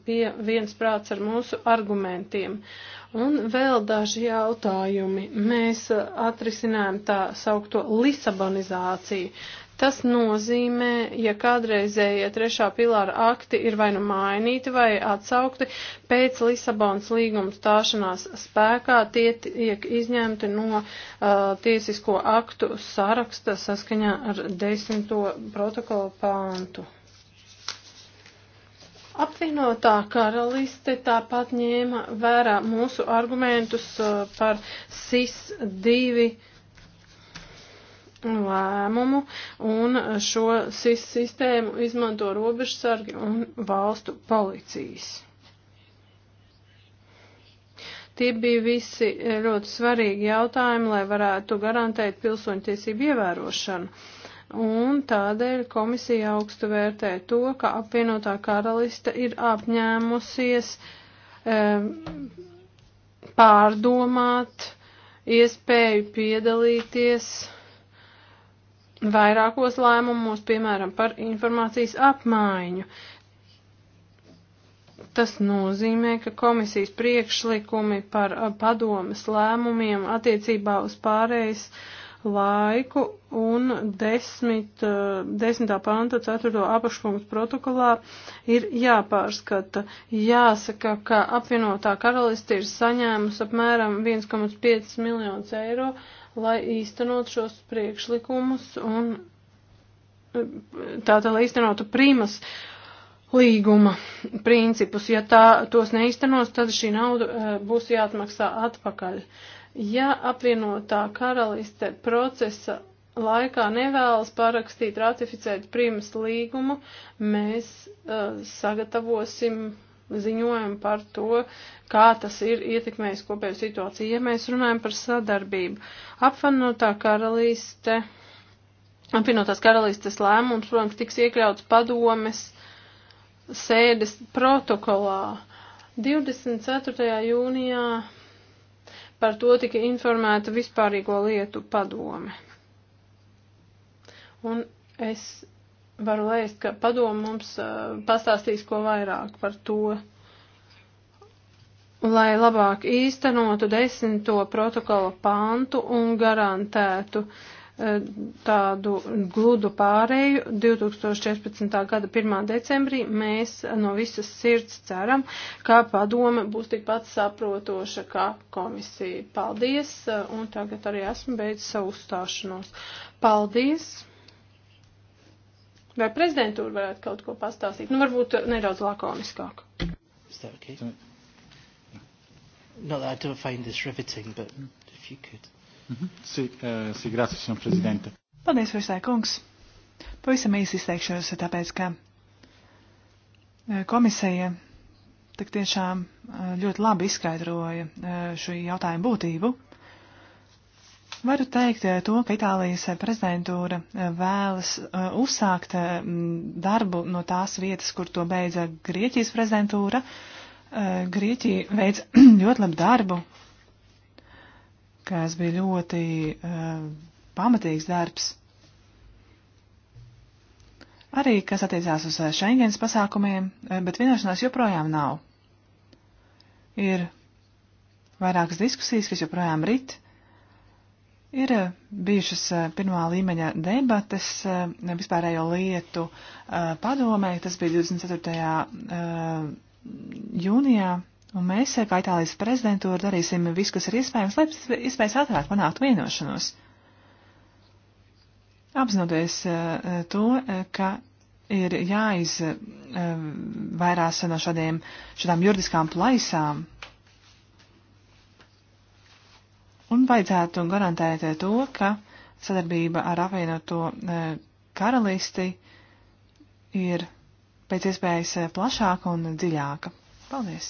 S2: bija viens prāts ar mūsu argumentiem. Uh, Un vēl daži jautājumi. Mēs uh, atrisinājām tā saukto Lisabonizāciju. Tas nozīmē, ja kādreizējie trešā pilāra akti ir vai nu mainīti vai atsaukti, pēc Lisabonas līguma stāšanās spēkā tie tiek izņemti no uh, tiesisko aktu saraksta saskaņā ar desmito protokolu pāntu. Apvienotā karaliste tāpat ņēma vērā mūsu argumentus uh, par SIS 2 lēmumu un šo SIS sistēmu izmanto robežsargi un valstu policijas. Tie bija visi ļoti svarīgi jautājumi, lai varētu garantēt pilsoņtiesību ievērošanu un tādēļ komisija augstu vērtē to, ka apvienotā karaliste ir apņēmusies um, pārdomāt iespēju piedalīties vairākos lēmumos, piemēram, par informācijas apmaiņu. Tas nozīmē, ka komisijas priekšlikumi par eh, padomas lēmumiem attiecībā uz pārējais uh, laiku un 10. 10. Eh, panta 4. apašpunktu protokolā ir jāpārskata. Jāsaka, ka apvienotā karalisti ir saņēmusi apmēram 1,5 miljonus eiro, lai īstenot šos priekšlikumus un eh, tātad, lai īstenotu prīmas līguma principus. Ja tā tos neīstenos, tad šī nauda eh, būs jāatmaksā atpakaļ. Uh, Ja apvienotā karaliste procesa laikā nevēlas parakstīt, ratificēt prīmas līgumu, mēs uh, sagatavosim ziņojumu par to, kā tas ir ietekmējis kopēju situāciju. Ja mēs runājam par sadarbību, apvienotā karaliste, apvienotās karalistes lēmums, protams, tiks iekļauts padomes sēdes protokolā. 24. jūnijā Par to tika informēta vispārīgo lietu padome. Un es varu lēst, ka padome mums uh, pastāstīs ko vairāk par to, lai labāk īstenotu desmito protokola pantu un garantētu uh, tādu gludu pārēju. 2014. gada 1. decembrī mēs no visas sirds ceram, ka padome būs tikpat saprotoša kā komisija. Paldies, un tagad arī esmu beidz savu uzstāšanos. Paldies! Vai prezidentūra varētu kaut ko pastāstīt? Nu, varbūt nedaudz lakoniskāk.
S1: Okay? Not that I don't find this riveting, but if you could.
S4: Sí, uh, sí, grazie, signor Presidente. Paldies, Virsē kungs. Pavisam īsi izteikšos, tāpēc, ka eh, komisija tik tiešām eh, ļoti labi izskaidroja eh, šī jautājuma būtību. Varu teikt to, ka Itālijas prezidentūra vēlas uzsākt darbu no tās vietas, kur to beidza Grieķijas prezidentūra. Grieķija veids ļoti labu darbu kas bija ļoti uh, pamatīgs darbs. Arī kas attiecās uz eh, Schengens pasākumiem, eh, bet vienošanās joprojām nav. Ir vairākas diskusijas, kas joprojām rit. Ir bijušas pirmā līmeņa debates vispārējo lietu padomē, tas bija 24. jūnijā Un mēs, kā Itālijas prezidentūra, darīsim visu, kas ir iespējams, lai iespējas ātrāk panāktu vienošanos. Apzinoties eh, to, eh, ka ir jāizvairās eh, no šādiem, šādām juridiskām plaisām. Un vajadzētu garantēt to, ka sadarbība ar apvienoto karalisti ir pēc iespējas plašāka un dziļāka. Paldies!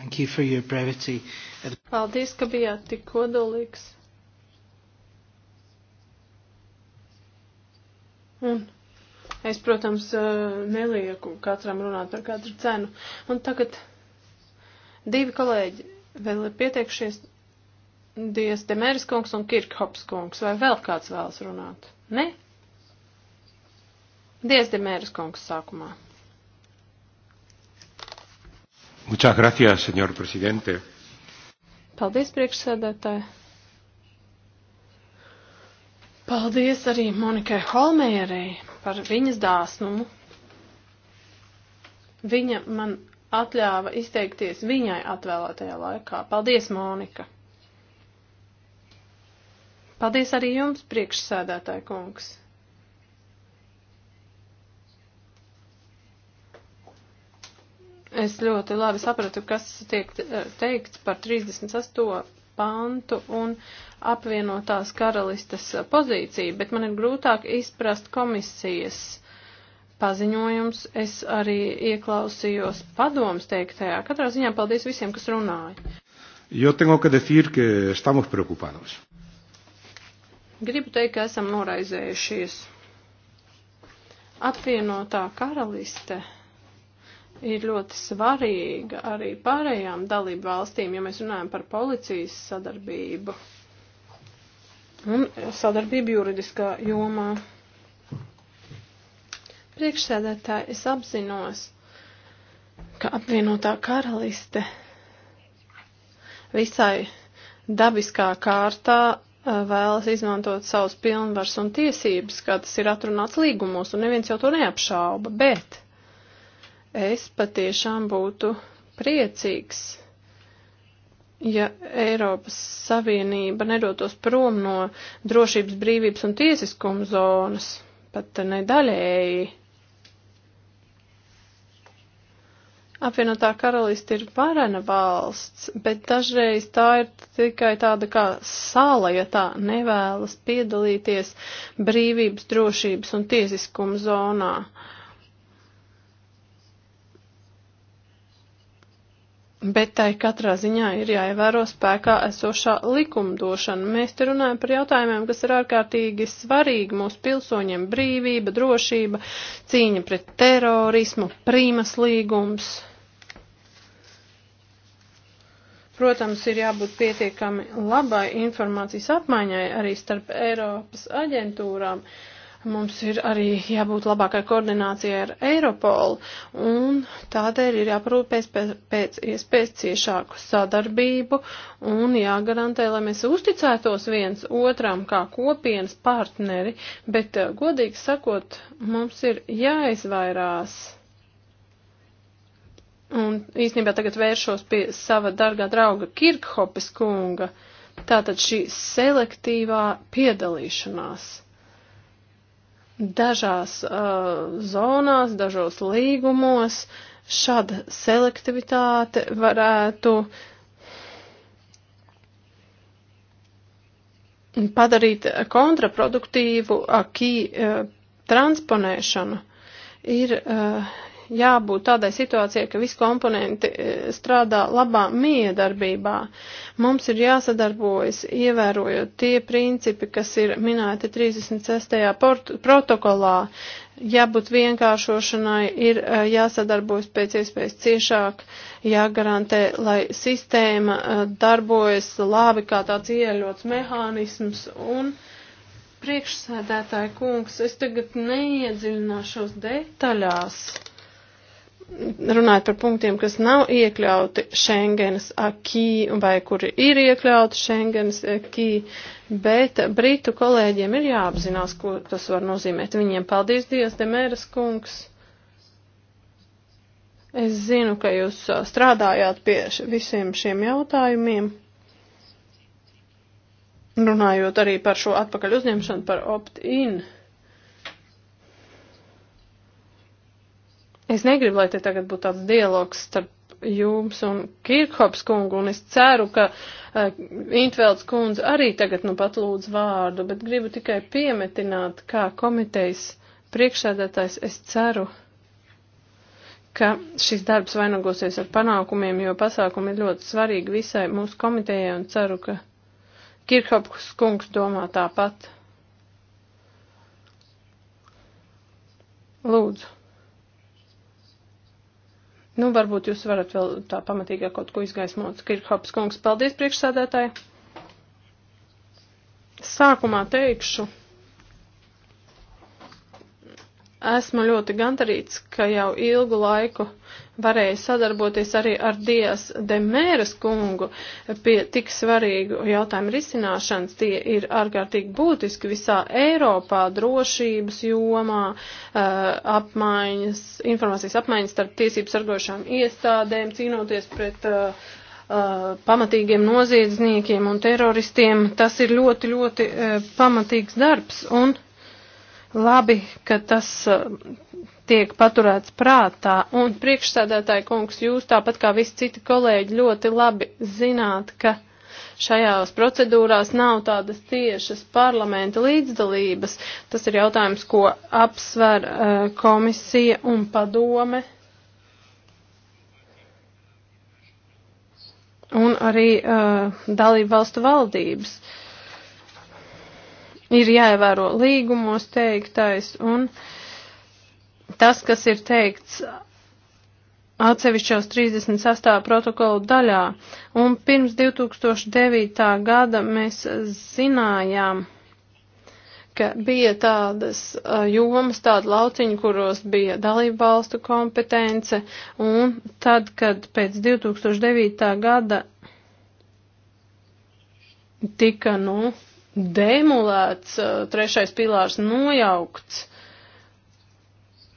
S1: Thank you for your brevity.
S2: Paldies, ka bijāt tik kodolīgs. Un es, protams, eh, nelieku katram runāt par katru cenu. Un tagad divi kolēģi vēl ir pieteikušies. Dievs Demēris kungs un Kirkhops kungs. Vai vēl kāds vēlas runāt? Ne? Dievs Demēris kungs sākumā.
S1: Muchas gracias, señor presidente.
S2: Paldies, priekšsēdētāji. Paldies arī Monikai Holmērei par viņas dāsnumu. Viņa man atļāva izteikties viņai atvēlētajā laikā. Paldies, Monika! Paldies arī jums, priekšsēdētāji kungs! Es ļoti labi sapratu, kas tiek eh, teikts par 38 pantu un apvienotās karalistes pozīciju, bet man ir grūtāk izprast komisijas paziņojums. Es arī ieklausījos padoms teiktajā. Katrā ziņā paldies visiem, kas runāja.
S1: Yo tengo que decir que estamos preocupados.
S2: Gribu teikt, ka esam noraizējušies. Apvienotā karaliste ir ļoti svarīga arī pārējām dalību valstīm, ja mēs runājam par policijas sadarbību un sadarbību juridiskā jomā. Priekšsēdētāji, es apzinos, ka apvienotā karaliste visai dabiskā kārtā eh, vēlas izmantot savus pilnvars un tiesības, kā tas ir atrunāts līgumos, un neviens jau to neapšauba, bet Es patiešām būtu priecīgs, ja Eiropas Savienība nedotos prom no drošības, brīvības un tiesiskuma zonas, pat nedaļēji. Apvienotā karaliste ir varena valsts, bet dažreiz tā ir tikai tāda kā sala, ja tā nevēlas piedalīties brīvības, drošības un tiesiskuma zonā. Uh, Bet tai katrā ziņā ir jāievēro spēkā esošā likumdošana. Mēs te runājam par jautājumiem, kas ir ārkārtīgi svarīgi mūsu pilsoņiem - brīvība, drošība, cīņa pret terorismu, prīmas līgums. Protams, ir jābūt pietiekami labai informācijas apmaiņai arī starp Eiropas aģentūrām. Uh, Mums ir arī jābūt labākai koordinācijai ar Eiropolu, un tādēļ ir jāparūpēs pēc, pēc iespējas ciešāku sadarbību un jāgarantē, lai mēs uzticētos viens otram kā kopienas partneri, bet eh, godīgi sakot, mums ir jāizvairās. Un īstenībā tagad vēršos pie sava dargā drauga Kirkhopes kunga. Tātad šī selektīvā piedalīšanās. Dažās uh, zonās, dažos līgumos šāda selektivitāte varētu uh, padarīt kontraproduktīvu akī uh, transponēšanu. Ir uh, jābūt tādai situācijai, ka visi komponenti e, strādā labā miedarbībā. Mums ir jāsadarbojas, ievērojot tie principi, kas ir minēti 36. protokolā. Jābūt vienkāršošanai, ir e, jāsadarbojas pēc iespējas ciešāk, jāgarantē, lai sistēma e, darbojas labi kā tāds ieļots mehānisms un priekšsēdētāja kungs, es tagad neiedziļināšos detaļās runājot par punktiem, kas nav iekļauti Schengenas akī vai kuri ir iekļauti Schengenas akī, bet Britu kolēģiem ir jāapzinās, ko tas var nozīmēt. Viņiem paldies Dievs, Demēras kungs. Es zinu, ka jūs strādājāt pie visiem šiem jautājumiem. Runājot arī par šo atpakaļ uzņemšanu, par opt-in. Uh, Es negribu, lai te tagad būtu tāds dialogs starp jums un Kirkhops kungu, un es ceru, ka uh, Intvelds kundze arī tagad nu pat lūdz vārdu, bet gribu tikai piemetināt, kā komitejas priekšsēdētājs es ceru, ka šis darbs vainagosies ar panākumiem, jo pasākumi ir ļoti svarīgi visai mūsu komitejai, un ceru, ka Kirkhops kungs domā tāpat. Lūdzu. Nu, varbūt jūs varat vēl tā pamatīgāk kaut ko izgaismot. Kirkhops kungs, paldies priekšsādātāji. Sākumā teikšu Esmu ļoti gandarīts, ka jau ilgu laiku varēja sadarboties arī ar Dijas Demēras kungu pie tik svarīgu jautājumu risināšanas. Tie ir ārkārtīgi būtiski visā Eiropā, drošības jomā, eh, apmaiņas, informācijas apmaiņas starp tiesības sargošām iestādēm, cīnoties pret uh, pamatīgiem noziedzniekiem un teroristiem. Tas ir ļoti, ļoti uh, pamatīgs darbs. Un Labi, ka tas uh, tiek paturēts prātā, un priekšstādātāji kungs, jūs tāpat kā visi citi kolēģi ļoti labi zināt, ka šajās procedūrās nav tādas tiešas parlamenta līdzdalības. Tas ir jautājums, ko apsver uh, komisija un padome. Un arī uh, dalību valstu valdības. Uh, ir jāievēro līgumos teiktais un tas, kas ir teikts atsevišķos 38. protokolu daļā. Un pirms 2009. gada mēs zinājām, ka bija tādas jomas, tāda lauciņa, kuros bija dalība valstu kompetence, un tad, kad pēc 2009. gada tika, nu, demolēts, trešais pilārs nojaukts.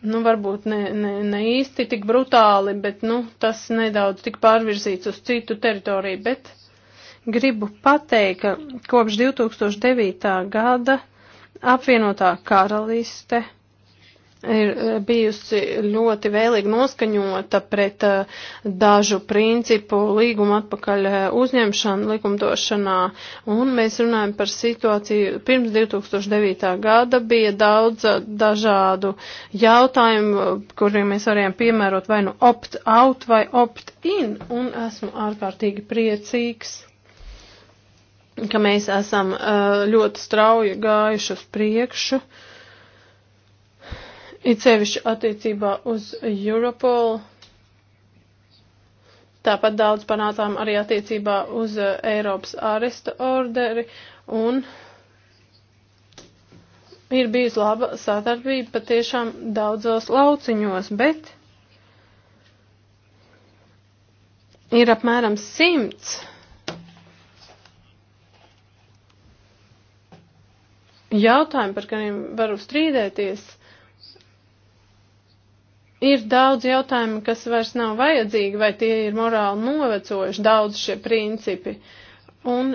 S2: Nu, varbūt ne, ne, ne īsti tik brutāli, bet, nu, tas nedaudz tik pārvirzīts uz citu teritoriju, bet gribu pateikt, ka kopš 2009. gada apvienotā karaliste ir e, bijusi ļoti vēlīgi noskaņota pret e, dažu principu līgumu atpakaļ e, uzņemšanu likumdošanā, un mēs runājam par situāciju pirms 2009. gada bija daudz dažādu jautājumu, kuriem mēs varējām piemērot vai nu opt-out vai opt-in, un esmu ārkārtīgi priecīgs ka mēs esam ļoti strauji gājuši uz priekšu. Uh, It sevišķi attiecībā uz Europolu. Tāpat daudz panācām arī attiecībā uz eh, Eiropas āresta orderi un ir bijusi laba sadarbība patiešām daudzos lauciņos, bet ir apmēram simts jautājumu, par kuriem varu strīdēties. Ir daudz jautājumu, kas vairs nav vajadzīgi, vai tie ir morāli novecojuši, daudz šie principi. Un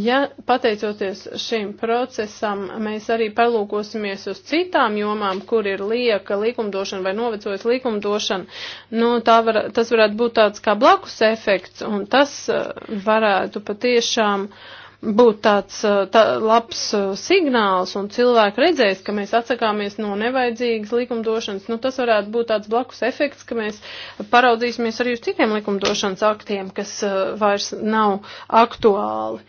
S2: Ja pateicoties šim procesam mēs arī palūkosimies uz citām jomām, kur ir lieka likumdošana vai novecojas likumdošana, nu, var, tas varētu būt tāds kā blakus efekts, un tas eh, varētu patiešām uh, būt tāds tā, labs signāls un cilvēki redzēs, ka mēs atsakāmies no nevajadzīgas likumdošanas. Nu, tas varētu būt tāds blakus efekts, ka mēs paraudzīsimies arī uz citiem likumdošanas aktiem, kas vairs nav aktuāli.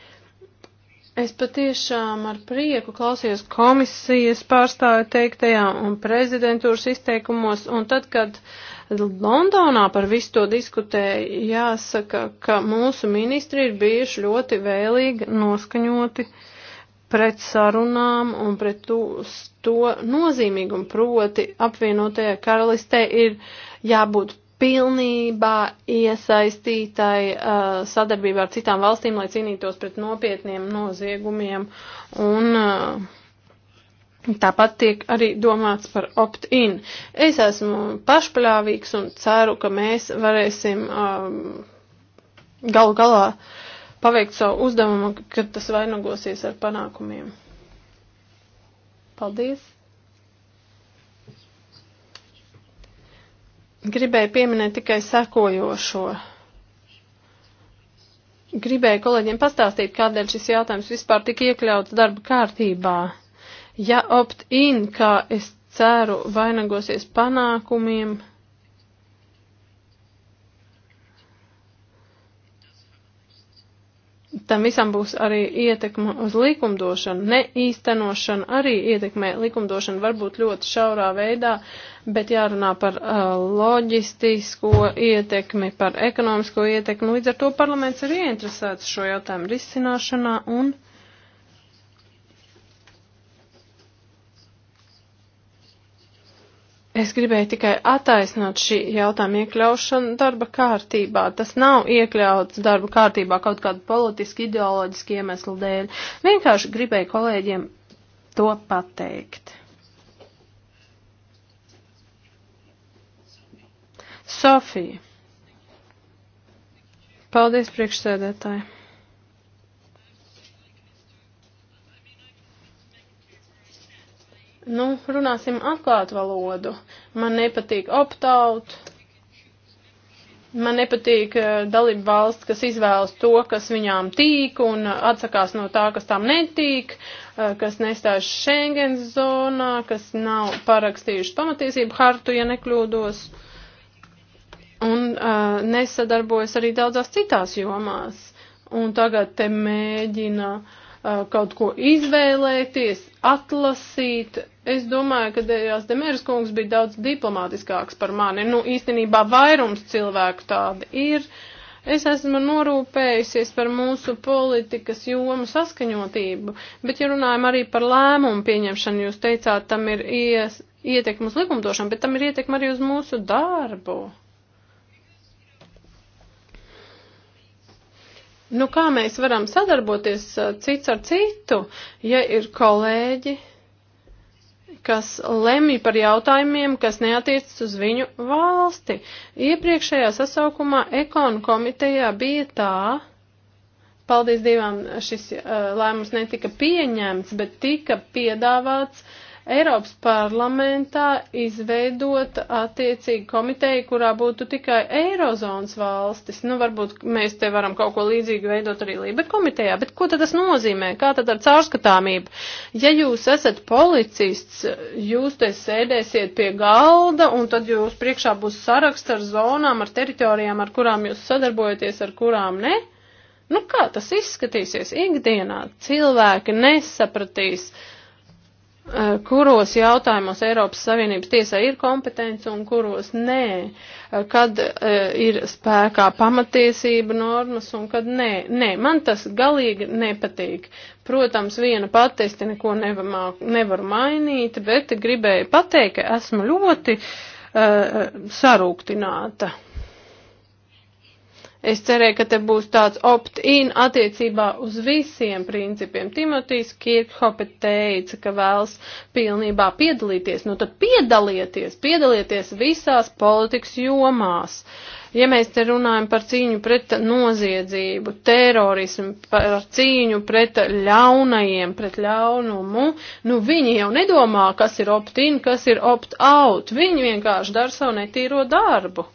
S2: Es patiešām ar prieku klausījos komisijas pārstāju teiktajā un prezidentūras izteikumos, un tad, kad Londonā par visu to diskutēja, jāsaka, ka mūsu ministri ir bijuši ļoti vēlīgi noskaņoti pret sarunām un pret to, to nozīmīgumu, proti apvienotajā karalistē ir jābūt pilnībā iesaistītai uh, sadarbībā ar citām valstīm, lai cīnītos pret nopietniem noziegumiem. Un, uh, Tāpat tiek arī domāts par opt-in. Es esmu pašpaļāvīgs un ceru, ka mēs varēsim um, galu galā paveikt savu uzdevumu, kad tas vainagosies ar panākumiem. Paldies! gribēju pieminēt tikai sekojošo. Gribēju kolēģiem pastāstīt, kādēļ šis jautājums vispār tik iekļauts darba kārtībā. Ja opt-in, kā es ceru, vainagosies panākumiem, tam visam būs arī ietekme uz likumdošanu. Neīstenošana arī ietekmē likumdošanu varbūt ļoti šaurā veidā, bet jārunā par uh, loģistisko ietekmi, par ekonomisko ietekmi. Līdz ar to parlaments ir ieinteresēts šo jautājumu risināšanā un. Uh, Es gribēju tikai attaisnot šī jautājuma iekļaušanu darba kārtībā. Tas nav iekļauts darba kārtībā kaut kādu politisku, ideoloģisku iemeslu dēļ. Vienkārši gribēju kolēģiem to pateikt. Sofija. Paldies priekšsēdētāji. Nu, runāsim atklātu valodu. Man nepatīk opt-out. Man nepatīk eh, dalība valsts, kas izvēlas to, kas viņām tīk un atsakās no tā, kas tām netīk, eh, kas nestājas Schengens zonā, kas nav parakstījuši pamatiesību hartu, ja nekļūdos, un uh, nesadarbojas arī daudzās citās jomās. Un tagad te mēģina uh, kaut ko izvēlēties, atlasīt, Es domāju, ka Dējās Demēras kungs bija daudz diplomātiskāks par mani. Nu, īstenībā vairums cilvēku tādi ir. Es esmu norūpējusies par mūsu politikas jomu saskaņotību, bet ja runājam arī par lēmumu pieņemšanu, jūs teicāt, tam ir ies, ietekme uz likumdošanu, bet tam ir ietekme arī uz mūsu darbu. Nu, kā mēs varam sadarboties uh, cits ar citu, ja ir kolēģi, kas lemj par jautājumiem, kas neatiecas uz viņu valsti. Iepriekšējā sasaukumā ekonu komitejā bija tā, paldies Dievam, šis uh, lēmums netika pieņemts, bet tika piedāvāts uh, Eiropas parlamentā izveidot attiecīgu komiteju, kurā būtu tikai Eirozonas valstis. Nu, varbūt mēs te varam kaut ko līdzīgu veidot arī Lība komitejā, bet ko tad tas nozīmē? Kā tad ar caurskatāmību? Ja jūs esat policists, jūs te sēdēsiet pie galda un tad jūs priekšā būs saraksts ar zonām, ar teritorijām, ar kurām jūs sadarbojaties, ar kurām ne. Nu, kā tas izskatīsies ikdienā? Cilvēki nesapratīs. Uh, Eh, kuros jautājumos Eiropas Savienības tiesā ir kompetence un kuros nē, eh, kad eh, ir spēkā pamatiesība normas un kad nē. Nē, man tas galīgi nepatīk. Protams, viena patesti neko nevaru mainīt, bet gribēju pateikt, ka esmu ļoti uh, sarūktināta. Es cerēju, ka te būs tāds opt-in attiecībā uz visiem principiem. Timotīs Kirkhope teica, ka vēlas pilnībā piedalīties. Nu tad piedalieties, piedalieties visās politikas jomās. Ja mēs te runājam par cīņu pret noziedzību, terorismu, par cīņu pret ļaunajiem, pret ļaunumu, nu viņi jau nedomā, kas ir opt-in, kas ir opt-out. Viņi vienkārši dara savu netīro darbu.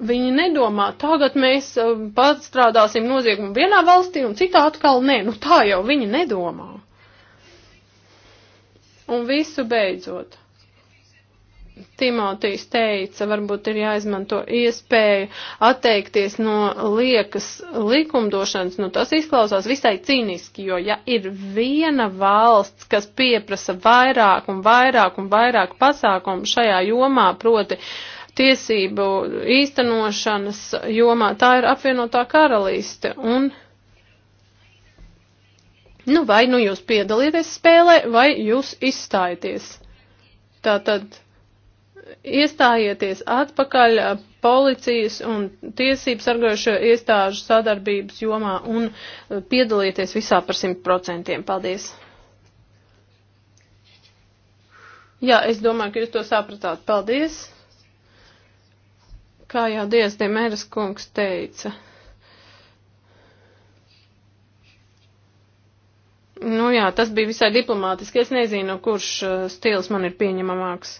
S2: Viņi nedomā, tagad mēs um, pastrādāsim noziegumu vienā valstī un citā atkal nē. Nu tā jau viņi nedomā. Un visu beidzot. Timotejs teica, varbūt ir jāizmanto iespēju atteikties no liekas likumdošanas. Nu, tas izklausās visai cīniski, jo ja ir viena valsts, kas pieprasa vairāk un vairāk un vairāk pasākumu šajā jomā, proti uh, tiesību īstenošanas jomā. Tā ir apvienotā karaliste. Un, nu, vai nu jūs piedalieties spēlē, vai jūs izstājieties. Tātad iestājieties atpakaļ policijas un tiesības sargojušo iestāžu sadarbības jomā un piedalieties visā par 100%. Paldies! Jā, es domāju, ka jūs to sapratāt. Paldies! Kā jau Dievs Demēras kungs teica, Nu jā, tas bija visai diplomātiski. Es nezinu, kurš uh, stils man ir pieņemamāks.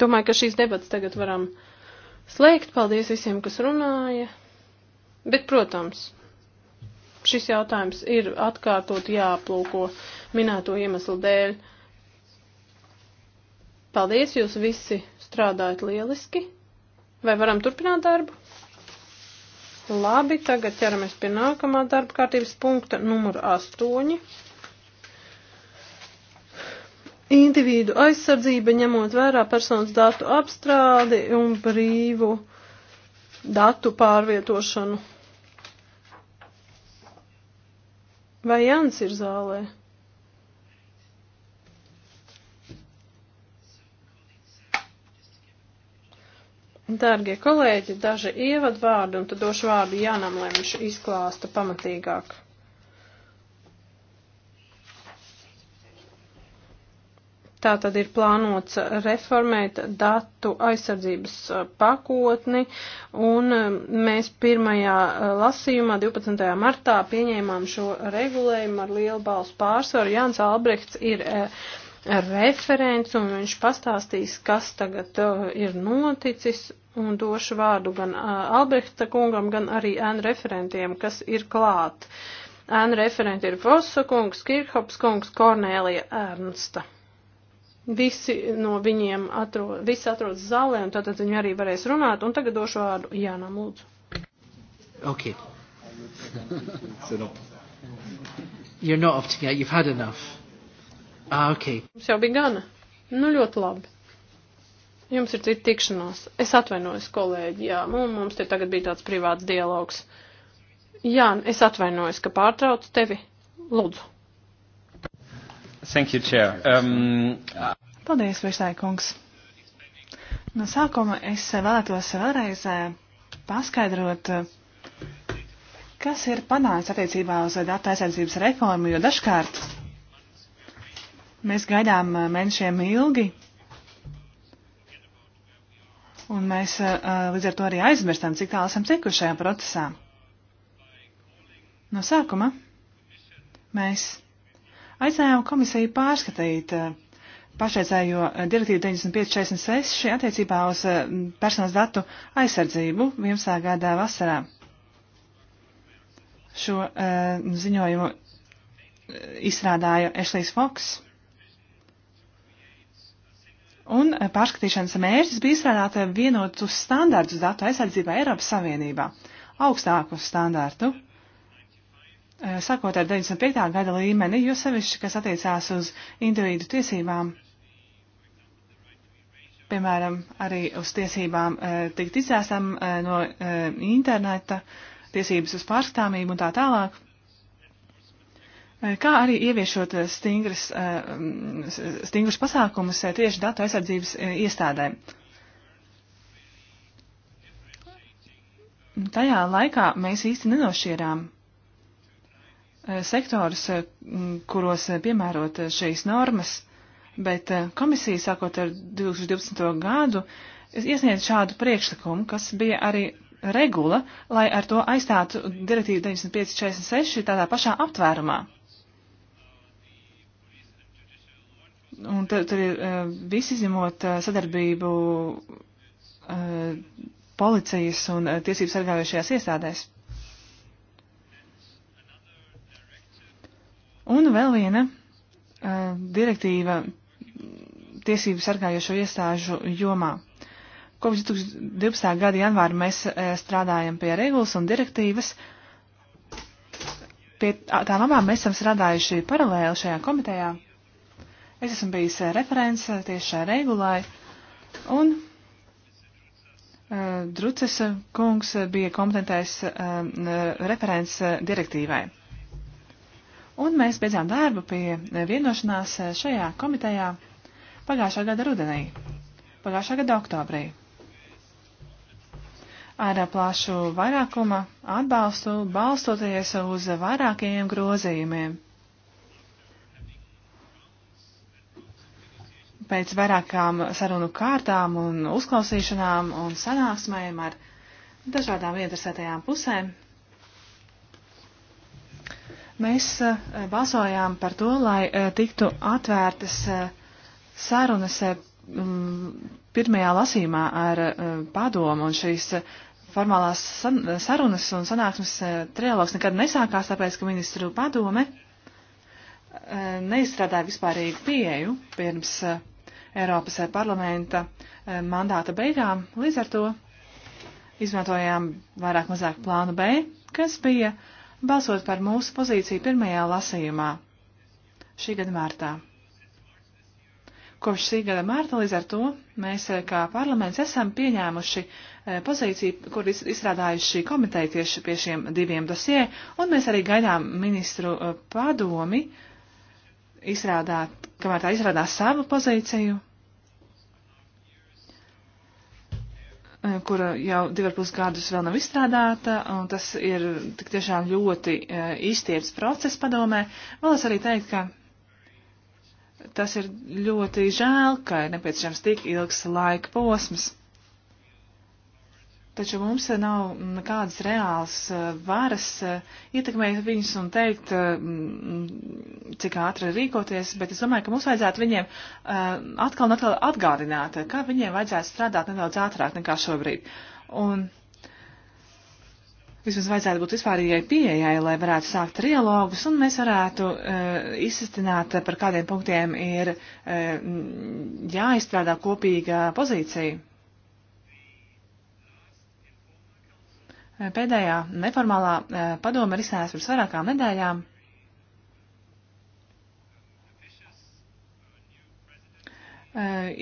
S2: Domāju, ka šīs debats tagad varam slēgt. Paldies visiem, kas runāja. Bet, protams, šis jautājums ir atkārtot jāaplūko minēto iemeslu dēļ. Paldies, jūs visi strādājat lieliski. Vai varam turpināt darbu? Labi, tagad ķeramies pie nākamā darba kārtības punkta, numur 8. Individu aizsardzība ņemot vērā personas datu apstrādi un brīvu datu pārvietošanu. Vai Jans ir zālē? Dārgie kolēģi, daži ievadvārdi, un tad došu vārdu Janam, lai viņš izklāsta pamatīgāk. Tā tad ir plānots reformēt datu aizsardzības pakotni, un mēs pirmajā lasījumā 12. martā pieņēmām šo regulējumu ar lielu balsu pārsvaru. Jānis Albrechts ir referents, un viņš pastāstīs, kas tagad ir noticis, un došu vārdu gan uh, Albrehta kungam, gan arī ēnu referentiem, kas ir klāt. Ēnu referenti ir Vossa kungs, Kirhops kungs, Kornēlija Ernsta. Visi no viņiem atro, visi atrodas zālē, un tātad viņi arī varēs runāt, un tagad došu vārdu Jānam Lūdzu.
S1: Ok. You're not up to get, you've had enough. Ah, ok.
S2: Mums jau bija gana. Nu, ļoti labi. Jums ir cita tikšanās. Es atvainojos, kolēģi, jā, nu, mums te tagad bija tāds privāts dialogs. Jā, es atvainojos, ka pārtraucu tevi. Lūdzu. Thank you, Chair. Um,
S4: Paldies, Virsai kungs. No sākuma es vēlētos vēlreiz eh, paskaidrot, kas ir panācis attiecībā uz datu aizsardzības reformu, jo dažkārt mēs gaidām eh, mēnešiem ilgi, Un mēs eh, eh, līdz ar to arī aizmirstam, cik tālu esam tikuši šajā procesā. No sākuma mēs aicinājām komisiju pārskatīt eh, pašreizējo direktīvu 9546 attiecībā uz personas datu aizsardzību 11. gadā vasarā. Šo uh, ziņojumu izstrādāja Ešlijs Foks. Un eh, pārskatīšanas mērķis bija izstrādāt eh, vienotus standārtus datu aizsardzībā Eiropas Savienībā, augstāku standārtu, eh, sākot ar 95. gada līmeni, jo sevišķi, kas attiecās uz individu tiesībām, piemēram, arī uz tiesībām tikt izsēstam no interneta, tiesības uz pārskatāmību un tā tālāk. Kā arī ieviešot eh, stingras, eh, stingrus pasākumus eh, tieši datu aizsardzības iestādēm. Tajā laikā mēs īsti nenošķirām sektorus, kuros piemērot šīs normas, bet komisija sākot ar 2012. gadu iesniedz šādu priekšlikumu, kas bija arī regula, lai ar to aizstātu direktīvu 9546 tādā pašā aptvērumā. un tur, tur ir eh, visi izņemot eh, sadarbību eh, policijas un tiesības sargājošajās iestādēs. Un vēl viena direktīva tiesību sargājošo iestāžu jomā. Kopš 2012. gada janvāra mēs strādājam pie regulas un direktīvas. Pie tām abām mēs esam strādājuši paralēli šajā komitejā. Es esmu bijis eh, referents eh, tieši šai regulai, un uh, eh, Druces kungs bija kompetentais uh, referents direktīvai. Un mēs beidzām darbu pie vienošanās šajā komitejā pagājušā gada rudenī, pagājušā gada oktobrī ar plašu vairākuma atbalstu, balstoties uz vairākajiem grozījumiem. pēc vairākām sarunu kārtām un uzklausīšanām un sanāksmēm ar dažādām interesētajām pusēm. Mēs eh, balsojām par to, lai eh, tiktu atvērtas eh, sarunas pirmajā lasīmā ar padomu, un šīs formālās sarunas un sanāksmes trialogs nekad nesākās, tāpēc, ka ministru padome neizstrādāja vispārīgu pieeju pirms Eiropas eh, parlamenta eh, mandāta beigām. Līdz ar to izmantojām vairāk mazāk plānu B, kas bija balsot par mūsu pozīciju pirmajā lasījumā šī gada mārtā. Kopš šī gada mārta līdz ar to mēs eh, kā parlaments esam pieņēmuši pozīciju, kur izstrādājuši komiteju tieši pie šiem diviem dosie, un mēs arī gaidām ministru padomi, uh, izrādā, kamēr tā izrādā savu pozīciju, eh, kura jau divarpus gadus vēl nav izstrādāta, un tas ir tik tiešām ļoti eh, izstieps process padomē. Vēlos arī teikt, ka tas ir ļoti žēl, ka ir nepieciešams tik ilgs laika posms. Taču mums nav nekādas reālas eh, varas eh, ietekmēt viņus un teikt, eh, mm, cik ātri rīkoties, bet es domāju, ka mums vajadzētu viņiem atkal un atkal atgādināt, kā viņiem vajadzētu strādāt nedaudz ātrāk nekā šobrīd. Un vismaz vajadzētu būt vispārīgai pieejai, lai varētu sākt trialogus un mēs varētu izsastināt, par kādiem punktiem ir jāizstrādā kopīga pozīcija Pēdējā neformālā e, padoma ir izsnēs pirms vairākām nedēļām. E,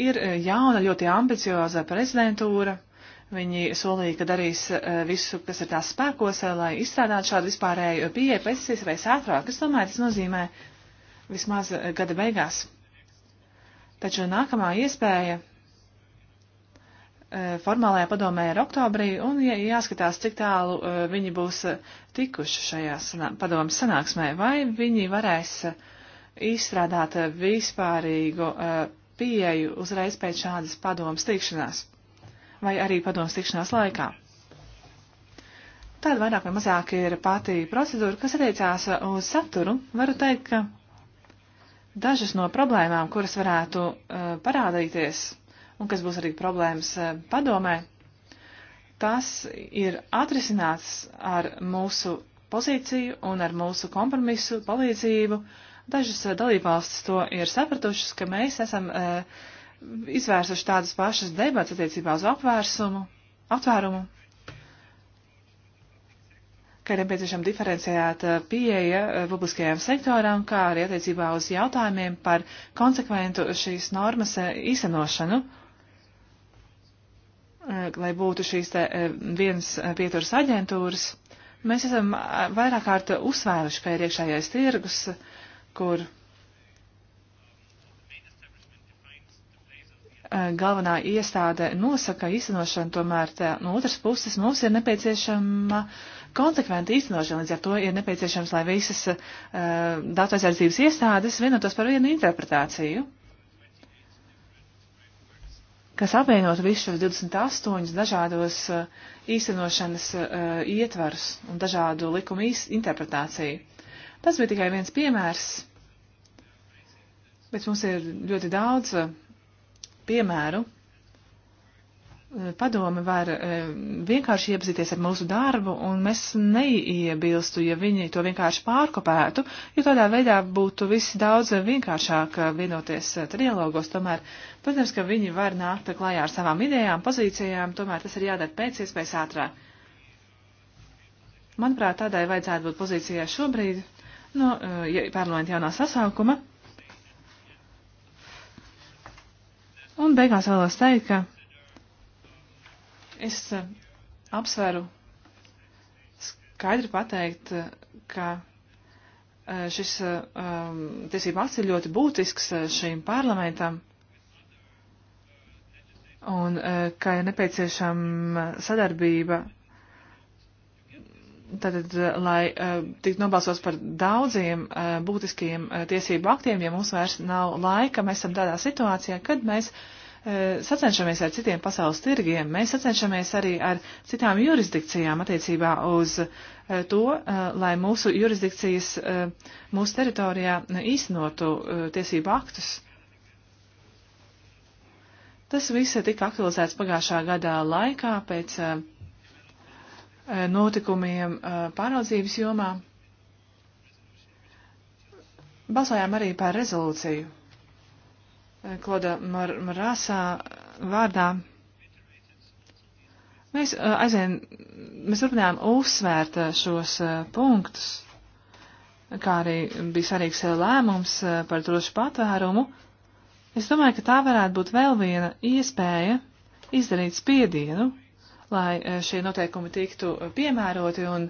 S4: ir jauna, ļoti ambicioza prezidentūra. Viņi solīja, ka darīs e, visu, kas ir tās spēkos, lai izstrādātu šādu vispārēju pieeju pēc iespējas ātrāk, kas tomēr tas nozīmē vismaz gada beigās. Taču nākamā iespēja E, formālajā padomē ir oktobrī, un jāskatās, cik tālu e, viņi būs e, tikuši šajā sanā, padomas sanāksmē, vai viņi varēs izstrādāt vispārīgu pieeju uzreiz pēc šādas padomas tikšanās, vai arī padomas tikšanās laikā. Tāda vairāk vai mazāk ir pati procedūra, kas attiecās uz saturu. Varu teikt, ka dažas no problēmām, kuras varētu parādīties, un kas būs arī problēmas eh, padomē, tas ir atrisināts ar mūsu pozīciju un ar mūsu kompromisu palīdzību. Dažas eh, dalībvalstis to ir sapratušas, ka mēs esam e, izvērsuši tādas pašas debats attiecībā uz apvērsumu, aptvērumu, ka ir nepieciešama diferenciēta pieeja publiskajām sektorām, kā arī attiecībā uz jautājumiem par konsekventu šīs normas īstenošanu. E, Eh, lai būtu šīs te eh, vienas eh, pieturas aģentūras, mēs esam vairāk kārt uzsvēruši, ka ir iekšējais tirgus, kur galvenā iestāde nosaka īstenošanu, tomēr tā, no otras puses mums ir nepieciešama konsekventa īstenošana, līdz ar to ir nepieciešams, lai visas uh, datu aizsardzības iestādes vienotos par vienu interpretāciju. Uh, kas apvienot visus šos 28 dažādos eh, īstenošanas eh, ietvarus un dažādu likumu interpretāciju. Tas bija tikai viens piemērs, bet mums ir ļoti daudz eh, piemēru padome var eh, vienkārši iepazīties ar mūsu darbu, un mēs neiebilstu, ja viņi to vienkārši pārkopētu, jo tādā veidā būtu viss daudz vienkāršāk eh, vienoties eh, trialogos. Tomēr, protams, ka viņi var nākt klajā ar savām idejām, pozīcijām, tomēr tas ir jādara pēc iespējas ātrāk. Manuprāt, tādai vajadzētu būt pozīcijai šobrīd, no ja parlamenta jaunā sasaukuma. Un beigās vēlos teikt, ka Es eh, apsveru skaidri pateikt, eh, ka eh, šis um, tiesība akts ir ļoti būtisks šīm parlamentam un ka ir nepieciešama sadarbība. Tātad, lai tik nobalsos par daudziem būtiskiem tiesību aktiem, ja mums vairs nav laika, mēs esam tādā situācijā, kad mēs uh, Eh, sacenšamies ar citiem pasaules tirgiem, mēs sacenšamies arī ar citām jurisdikcijām attiecībā uz eh, to, eh, lai mūsu jurisdikcijas, mūsu teritorijā īstenotu tiesību aktus. Tas viss tika aktualizēts pagājušā gadā laikā pēc notikumiem pāraudzības jomā. Balsojām arī par rezolūciju Eh, Kloda Mar Marāsā vārdā. Mēs eh, aizvien, mēs turpinājām uzsvērt eh, šos punktus, kā arī bija svarīgs lēmums par drošu patvērumu. Es domāju, ka tā varētu būt vēl viena iespēja izdarīt spiedienu, lai šie noteikumi tiktu piemēroti un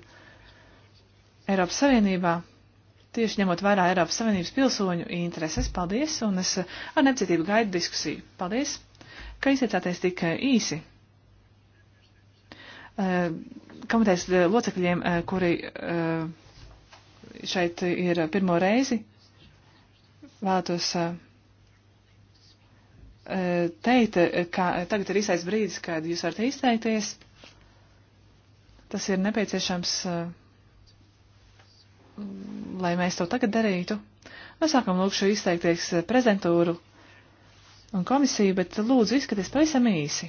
S4: Eiropas Savienībā tieši ņemot vērā Eiropas Savienības pilsoņu intereses. Paldies, un es ar nepacietību gaidu diskusiju. Paldies, ka izteicāties tik eh, īsi. Eh, komitejas eh, locekļiem, kuri šeit ir pirmo reizi, vēlētos teikt, ka tagad ir īsais brīdis, kad jūs varat izteikties. Tas ir nepieciešams. Uh, lai mēs to tagad darītu. Mēs sākam lūkšu izteikties eh, prezentūru un komisiju, bet lūdzu izskaties pavisam īsi.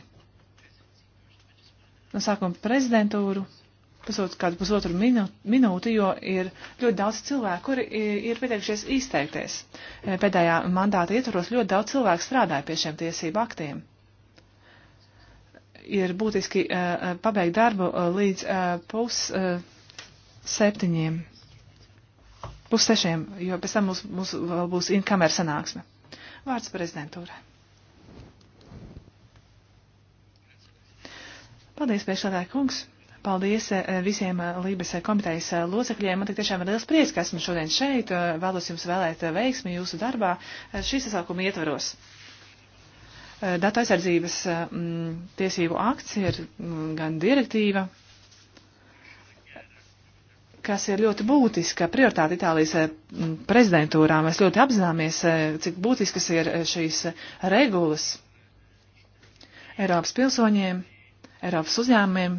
S4: No sākuma prezidentūru, pusot, kādu pusotru minu, minūti, jo ir ļoti daudz cilvēku, kuri ir pieteikušies izteikties. Eh, pēdējā mandāta ietvaros ļoti daudz cilvēku strādāja pie šiem tiesību aktiem. Ir būtiski uh, pabeigt darbu uh, līdz uh, pus uh, septiņiem pussešiem, jo pēc tam mums, mums vēl būs inkamēra sanāksme. Vārds prezidentūrai. Paldies, priekšsādāja kungs. Paldies eh, visiem eh, Lībijas eh, komitejas locekļiem. Man tik tiešām ir liels prieks, ka esmu šodien šeit. Vēlos jums vēlēt veiksmi jūsu darbā šī sasākuma ietvaros. Data aizsardzības tiesību akts ir gan direktīva, kas ir ļoti būtiska prioritāte Itālijas eh, prezidentūrā. Mēs ļoti apzināmies, eh, cik būtiskas ir eh, šīs regulas Eiropas pilsoņiem, Eiropas uzņēmumiem,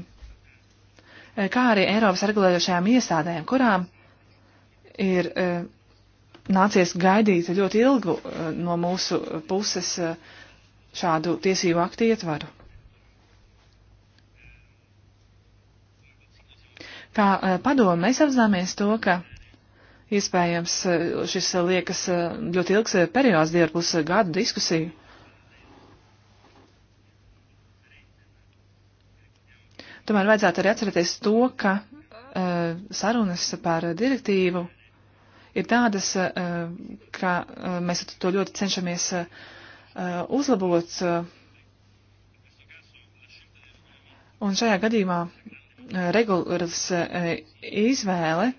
S4: kā arī Eiropas regulējošajām iestādēm, kurām ir nācies gaidīt ļoti ilgu no mūsu puses šādu tiesību aktu ietvaru. Kā padome mēs apzināmies to, ka iespējams šis liekas ļoti ilgs periods, divi ar pus gadu diskusiju. Tomēr vajadzētu arī atcerēties to, ka uh, sarunas par direktīvu ir tādas, uh, ka uh, mēs to ļoti cenšamies uh, uzlabot. Uh, un šajā gadījumā regulas e, izvēle,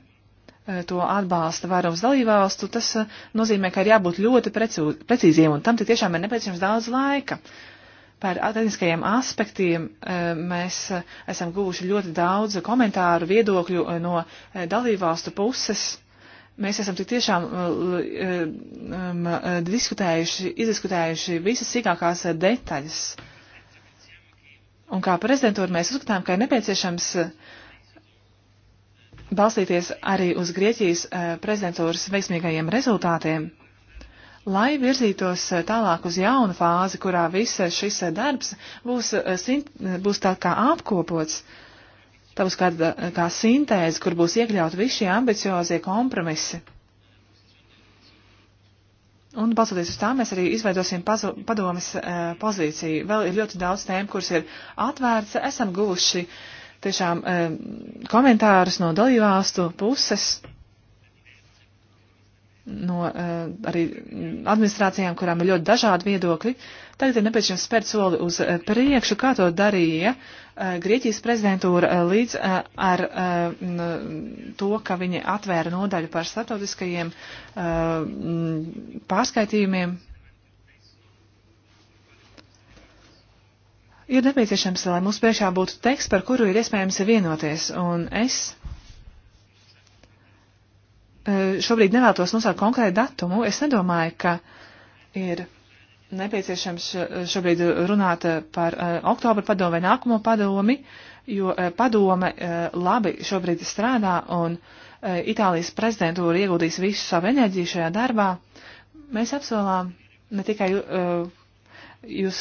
S4: e, to atbalsta vairums dalībvalstu, tas e, nozīmē, ka ir jābūt ļoti precīziem, un tam tiešām ir nepieciešams daudz laika. Par tehniskajiem aspektiem mēs esam guvuši ļoti daudz komentāru, viedokļu no dalībvalstu puses. Mēs esam tik tiešām diskutējuši, izdiskutējuši visas sīkākās detaļas Un kā prezidentūra mēs uzskatām, ka ir nepieciešams eh, balstīties arī uz Grieķijas eh, prezidentūras veiksmīgajiem rezultātiem, lai virzītos eh, tālāk uz jaunu fāzi, kurā viss šis darbs būs, būs tā kā apkopots, tavs kā, kā sintēze, kur būs iekļaut visi šie ambiciozie kompromisi Un balsoties uz tām, mēs arī izveidosim pazu, padomas e, eh, pozīciju. Vēl ir ļoti daudz tēmu, kuras ir atvērts. Esam guvuši tiešām e, komentārus no dalībvalstu puses no uh, arī administrācijām, kurām ir ļoti dažādi viedokļi. Tagad ir nepieciešams spērt soli uz eh, priekšu, kā to darīja uh, Grieķijas prezidentūra uh, līdz uh, ar uh, to, ka viņi atvēra nodaļu par starptautiskajiem uh, pārskaitījumiem. Ir nepieciešams, lai mums priekšā būtu teksts, par kuru ir iespējams vienoties, un es Eh, šobrīd nevēlos nosaukt konkrētu datumu. Es nedomāju, ka ir nepieciešams šobrīd runāt par eh, oktobra padomu vai nākamo padomi, jo eh, padome labi šobrīd strādā un Itālijas prezidentūra ieguldīs visu savu enerģiju šajā darbā. Mēs apsolām ne tikai jūs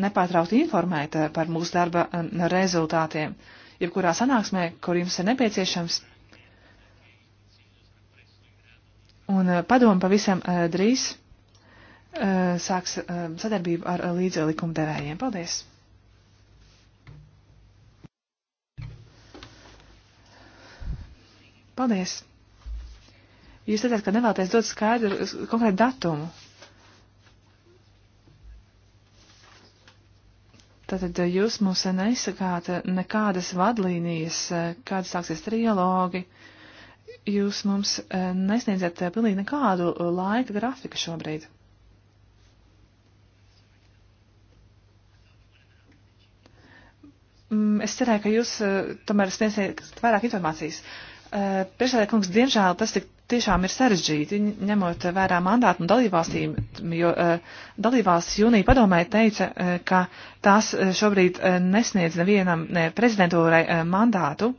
S4: nepārtraukti informēt par mūsu darba rezultātiem, jebkurā sanāksmē, kur jums ir nepieciešams Un eh, padomu pavisam eh, drīz eh, sāks sadarbību ar līdzlikumdevējiem. Paldies! Paldies! Jūs teicāt, ka nevēlaties dot skaidru konkrētu datumu. Tātad jūs mums nesakāt nekādas vadlīnijas, kādas sāksies trilogi, uh, jūs mums e, nesniedzat e, pilnīgi nekādu e, laika grafika šobrīd. Mm, es cerēju, ka jūs tomēr sniegsiet vairāk informācijas. Priekšsēdē, kungs, diemžēl tas tik tiešām ir sarežģīti, ņemot vērā mandātu un dalībvalstīm, jo dalībvalstis jūnija padomē teica, ka tās šobrīd nesniedz nevienam ne prezidentūrai mandātu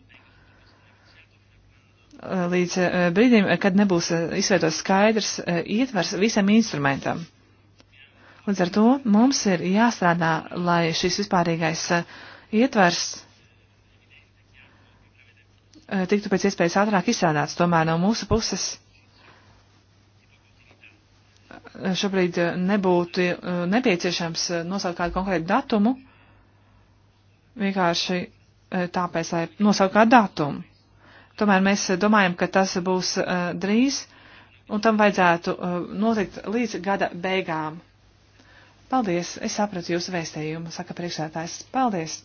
S4: Eh, līdz eh, brīdim, eh, kad nebūs izveidots skaidrs ietvers visam instrumentam. Līdz ar to mums ir jāstrādā, lai šis vispārīgais ietvers tiktu pēc iespējas ātrāk izstrādāts. Tomēr no mūsu puses šobrīd nebūtu nepieciešams nosaukt kādu konkrētu datumu, vienkārši tāpēc, lai nosaukt kādu datumu. Tomēr mēs eh, domājam, ka tas būs eh, drīz, un tam vajadzētu eh, notikt līdz gada beigām. Paldies, es sapratu jūsu vēstījumu, saka priekšsētājs. Paldies!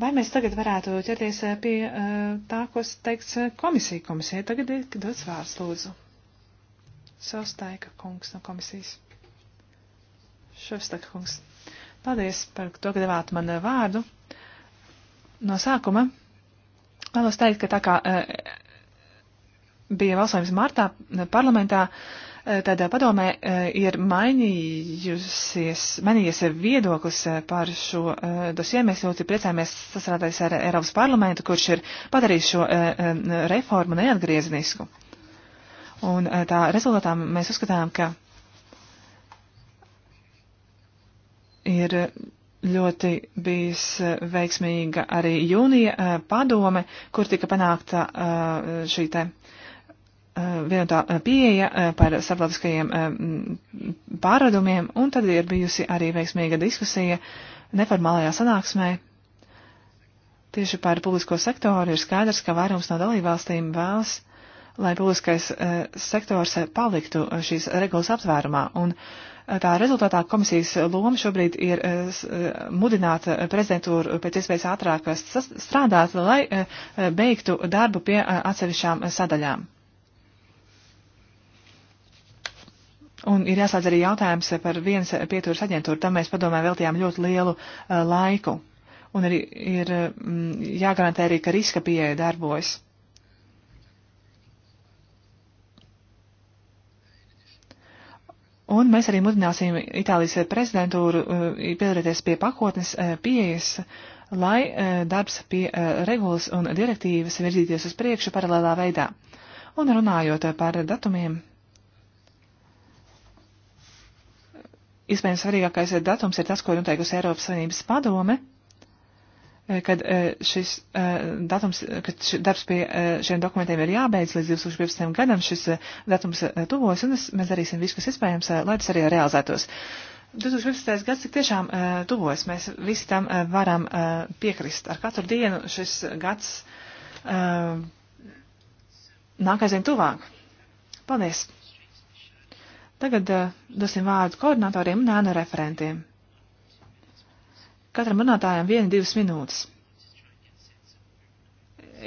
S4: Vai mēs tagad varētu ķerties pie tā, ko teiks komisija? Komisija tagad ir dots vārds, lūdzu. Sostaika kungs no komisijas. Šostaika kungs. Paldies par to, ka devāt man vārdu. No sākuma Vēlos teikt, ka tā kā eh, bija balsojums martā eh, parlamentā, eh, tad padomē ir mainījusies, mainījies viedoklis par šo dosie. Mēs ļoti priecājamies sasrādāties ar Eiropas parlamentu, kurš ir padarījis šo reformu neatgriezenisku. Un tā rezultātā mēs uzskatām, ka ir ļoti bijis eh, veiksmīga arī jūnija eh, padome, kur tika panākta eh, šī te vienotā pieeja par starptautiskajiem pārradumiem, un tad ir bijusi arī veiksmīga diskusija neformālajā sanāksmē. Tieši par publisko sektoru ir skaidrs, ka vairums no dalībvalstīm vēlas, lai publiskais sektors paliktu šīs regulas aptvērumā, un uh, Tā rezultātā komisijas loma šobrīd ir eh, eh, mudināt eh, prezidentūru pēc iespējas ātrāk strādāt, lai beigtu darbu pie atsevišķām sadaļām. Un ir jāslēdz arī jautājums par vienas pieturas aģentūru. Tam mēs padomē veltījām ļoti lielu laiku. Un arī ir mm, jāgarantē arī, ka riska pieeja darbojas. Un mēs arī mudināsim Itālijas prezidentūru eh, piedarīties pie pakotnes eh, pieejas, lai eh, darbs pie regulas un direktīvas virzīties uz priekšu paralēlā veidā. Un runājot par datumiem, iespējams svarīgākais datums ir tas, ko noteikusi Eiropas Savienības padome Eh, kad eh, šis eh, datums, kad šis darbs pie šiem dokumentiem ir jābeidz līdz 2015. gadam, šis datums tuvos, un es, mēs darīsim visu, kas iespējams, lai tas arī realizētos. 2015. gads tik tiešām tuvojas, mēs visi tam varam piekrist. Ar katru dienu šis gads nāk aizvien tuvāk. Paldies! Tagad dosim vārdu koordinatoriem un ēnu referentiem. Katram runātājam viena, divas minūtes.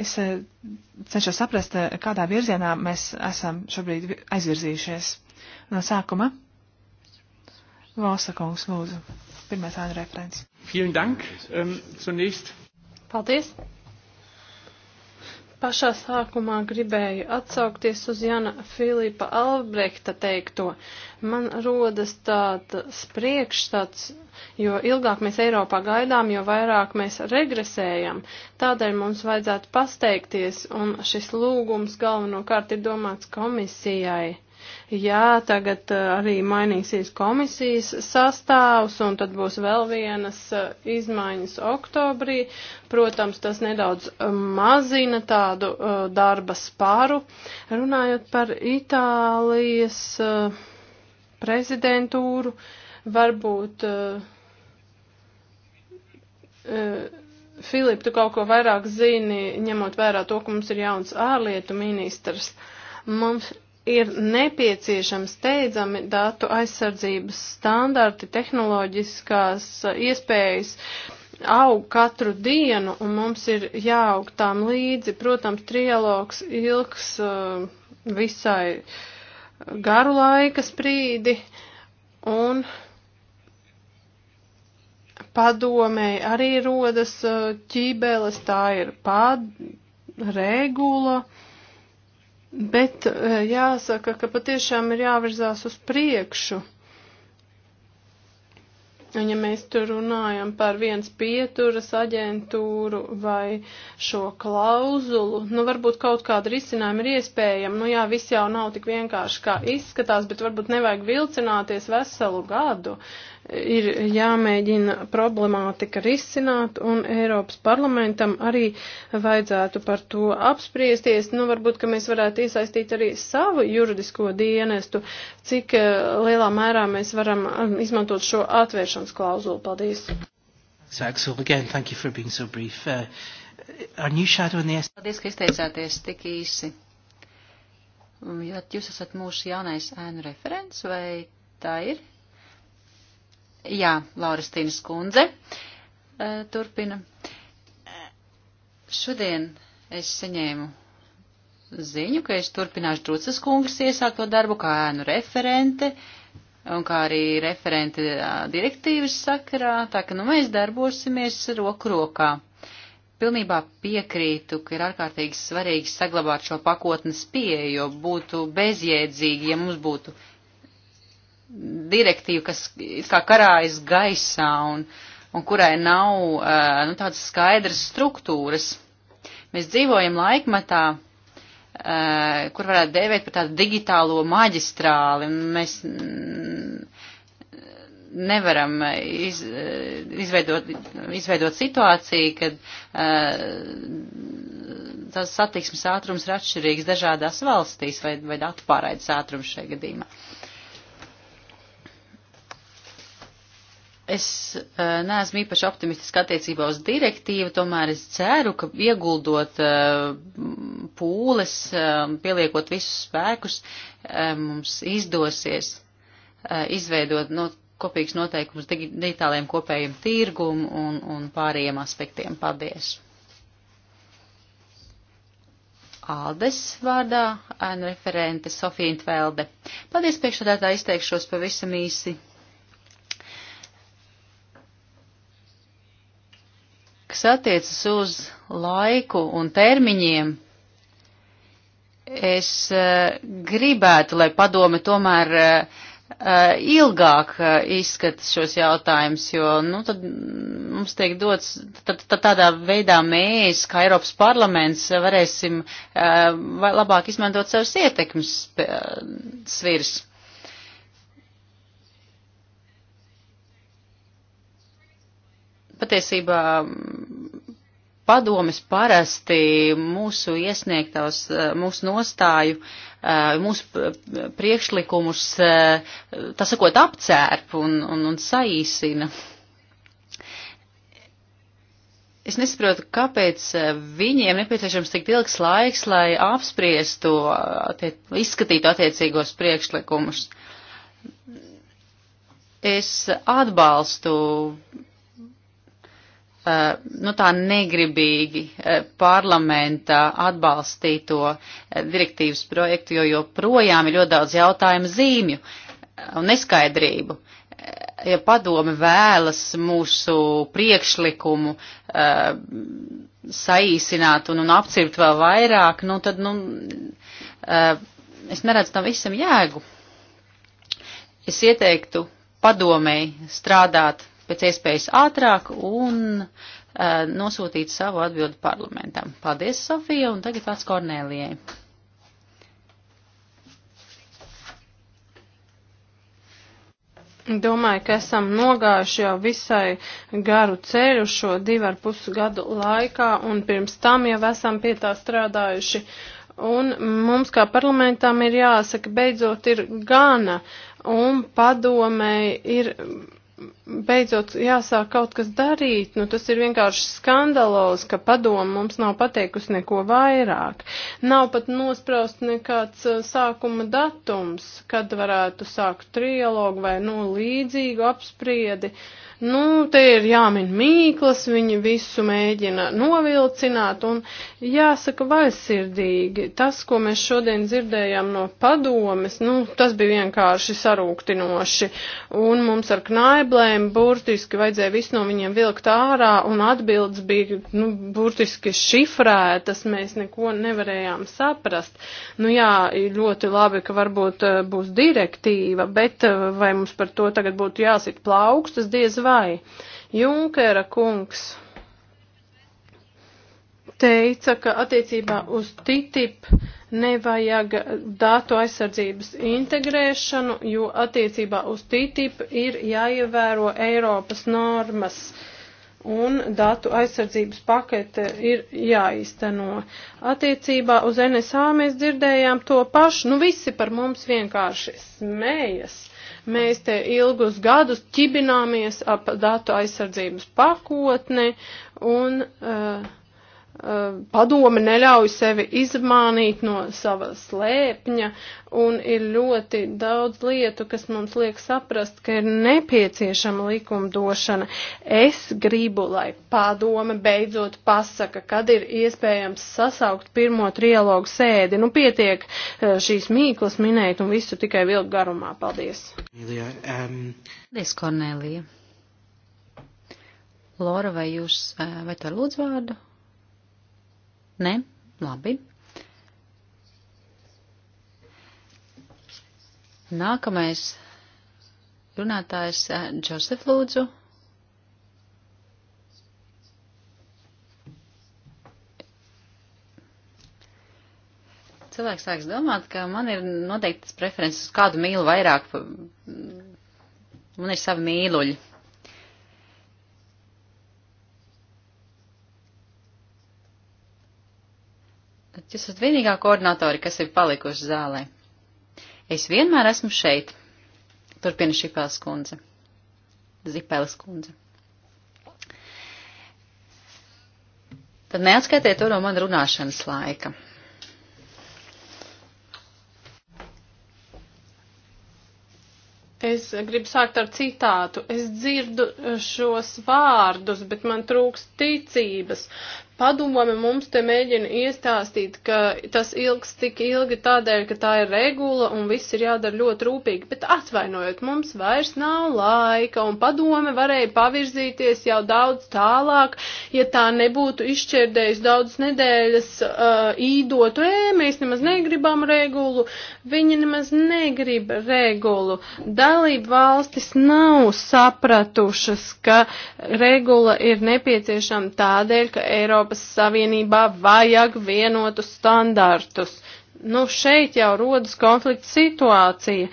S4: Es eh, cenšos saprast, eh, kādā virzienā mēs esam šobrīd aizvirzījušies. No sākuma Valsa kungs lūdzu. Pirmais āna referents.
S1: Vielen dank. Um, zunächst.
S2: Paldies. Pašā sākumā gribēju atsaukties uz Jana Filipa Albrehta teikto. Man rodas tāds priekšstats, jo ilgāk mēs Eiropā gaidām, jo vairāk mēs regresējam. Tādēļ mums vajadzētu pasteikties, un šis lūgums galvenokārt ir domāts komisijai. Jā, tagad uh, arī mainīsies komisijas sastāvs, un tad būs vēl vienas uh, izmaiņas oktobrī. Protams, tas nedaudz uh, mazina tādu darba spāru. Runājot par Itālijas prezidentūru, varbūt Filip, tu kaut ko vairāk zini, ņemot vērā to, ka mums ir jauns ārlietu ministrs. Mums ir nepieciešams steidzami datu aizsardzības standarti, tehnoloģiskās iespējas aug katru dienu un mums ir jāaug tām līdzi. Protams, trialogs ilgs uh, visai garu laika sprīdi un padomēji arī rodas uh, ķībeles, tā ir pad regula. Uh, Bet eh, jāsaka, ka patiešām ir jāvirzās uz priekšu. Un ja mēs tur runājam par viens pieturas aģentūru vai šo klauzulu, nu varbūt kaut kāda risinājuma ir iespējama. Nu jā, viss jau nav tik vienkārši kā izskatās, bet varbūt nevajag vilcināties veselu gadu. Uh, ir jāmēģina problemātika risināt, un Eiropas parlamentam arī vajadzētu par to apspriesties. Nu, varbūt, ka mēs varētu iesaistīt arī savu juridisko dienestu, cik eh, lielā mērā mēs varam um, izmantot šo atvēršanas klauzulu. Paldies!
S1: So, Axel, again, thank you for being so brief. Uh, our new shadow in the S.
S3: Paldies, ka izteicāties tik īsi. Jo jūs esat mūsu jaunais ēnu referents, vai tā ir? Jā, Lauristīnas kundze eh, turpina. Šodien es saņēmu ziņu, ka es turpināšu Drucas kungas iesākto darbu kā ēnu referente un kā arī referente direktīvas sakarā, tā ka nu mēs darbosimies roku rokā. Pilnībā piekrītu, ka ir ārkārtīgi svarīgi saglabāt šo pakotnes pieeju, jo būtu bezjēdzīgi, ja mums būtu direktīva, kas kā karājas gaisā un, un kurai nav uh, nu, tādas skaidras struktūras. Mēs dzīvojam laikmatā, uh, kur varētu dēvēt par tādu digitālo maģistrāli, un mēs nevaram iz, izveidot, izveidot situāciju, kad uh, tas satiksmes ātrums ir atšķirīgs dažādās valstīs vai, vai datu pārraides ātrums šajā gadījumā. Uh, Es uh, neesmu īpaši optimistiski attiecībā uz direktīvu, tomēr es ceru, ka ieguldot uh, pūles, uh, pieliekot visus spēkus, uh, mums izdosies uh, izveidot no, kopīgs noteikums digitāliem kopējiem tirgumu un, un pārējiem aspektiem. Paldies! Aldes vārdā, referente Sofija Intvelde. Paldies priekšsādātā, izteikšos pavisam īsi. kas attiecas uz laiku un termiņiem, es eh, gribētu, lai padome tomēr eh, eh, ilgāk izskata šos jautājumus, jo, nu, tad mums tiek dots, tad, tad tādā veidā mēs, kā Eiropas parlaments, varēsim labāk izmantot savus ietekmes svirs. patiesībā padomis parasti mūsu iesniegtās, e, mūsu nostāju, e, mūsu e, priekšlikumus, tā sakot, apcērp un, un, un saīsina. Es nesaprotu, kāpēc viņiem nepieciešams tik ilgs laiks, lai apspriestu, attiec, izskatītu attiecīgos priekšlikumus. Es atbalstu Eh, nu, tā negribīgi eh, parlamenta atbalstīto eh, direktīvas projektu, jo joprojām ir ļoti daudz jautājumu zīmju un neskaidrību. Ja padome vēlas mūsu priekšlikumu uh, saīsināt un, un apcirpt vēl vairāk, nu tad, nu, uh, es neredzu tam visam jēgu. Es ieteiktu padomēji strādāt pēc iespējas ātrāk un uh, nosūtīt savu atbildi parlamentam. Paldies, Sofija, un tagad vārds Kornēlijai.
S2: Domāju, ka esam nogājuši jau visai garu ceļu šo divu ar pusu gadu laikā, un pirms tam jau esam pie tā strādājuši. Un mums kā parlamentam ir jāsaka, beidzot ir gana, un padomēji ir beidzot jāsāk kaut kas darīt, nu tas ir vienkārši skandalos, ka padomu mums nav pateikusi neko vairāk. Nav pat nospraust nekāds uh, sākuma datums, kad varētu sākt trialogu vai nu no līdzīgu apspriedi. Uh, Nu, te ir jāmin mīklas, viņi visu mēģina novilcināt un jāsaka vaisirdīgi. Tas, ko mēs šodien dzirdējām no padomes, nu, tas bija vienkārši sarūktinoši. Un mums ar knaiblēm burtiski vajadzēja visu no viņiem vilkt ārā un atbildes bija, nu, burtiski šifrētas, mēs neko nevarējām saprast. Nu, jā, ļoti labi, ka varbūt eh, būs direktīva, bet eh, vai mums par to tagad būtu jāsit plaukstas, diez vai vai. Junkera kungs teica, ka attiecībā uz TTIP nevajag datu aizsardzības integrēšanu, jo attiecībā uz TTIP ir jāievēro Eiropas normas un datu aizsardzības pakete ir jāīsteno. Attiecībā uz NSA mēs dzirdējām to pašu, nu visi par mums vienkārši smējas. Mēs te ilgus gadus ķibināmies ap datu aizsardzības pakotni un. Uh, Eh, padome neļauj sevi izmānīt no sava slēpņa, un ir ļoti daudz lietu, kas mums liek saprast, ka ir nepieciešama likumdošana. Es gribu, lai padome beidzot pasaka, kad ir iespējams sasaukt pirmo trialogu sēdi. Nu, pietiek eh, šīs mīklas minēt un visu tikai vilku garumā. Paldies!
S3: Kornelija, um... Paldies, Kornelija! Lora, vai jūs, eh, vai tā lūdz vārdu? Ne? Labi. Nākamais runātājs Džosef eh, Lūdzu. Cilvēks sāks domāt, ka man ir noteiktas preferences, uz kādu mīlu vairāk. Man ir savi mīluļi. Jūs esat vienīgā koordinātori, kas ir palikuši zālē. Es vienmēr esmu šeit, turpina Šipēls kundze. Zipēls kundze. Tad neatskaitiet to no man runāšanas laika. Es
S2: gribu sākt ar citātu. Es dzirdu šos vārdus, bet man trūks ticības. Padome mums te mēģina iestāstīt, ka tas ilgs tik ilgi tādēļ, ka tā ir regula un viss ir jādara ļoti rūpīgi, bet atvainojiet, mums vairs nav laika un padome varēja pavirzīties jau daudz tālāk, ja tā nebūtu izšķērdējusi daudz nedēļas uh, īdot, ē, mēs nemaz negribam regulu, viņi nemaz negrib regulu. Dalība valstis nav sapratušas, ka regula ir nepieciešama tādēļ, ka Eiropa Eiropas Savienībā vajag vienotus standartus. Nu, šeit jau rodas konflikts situācija.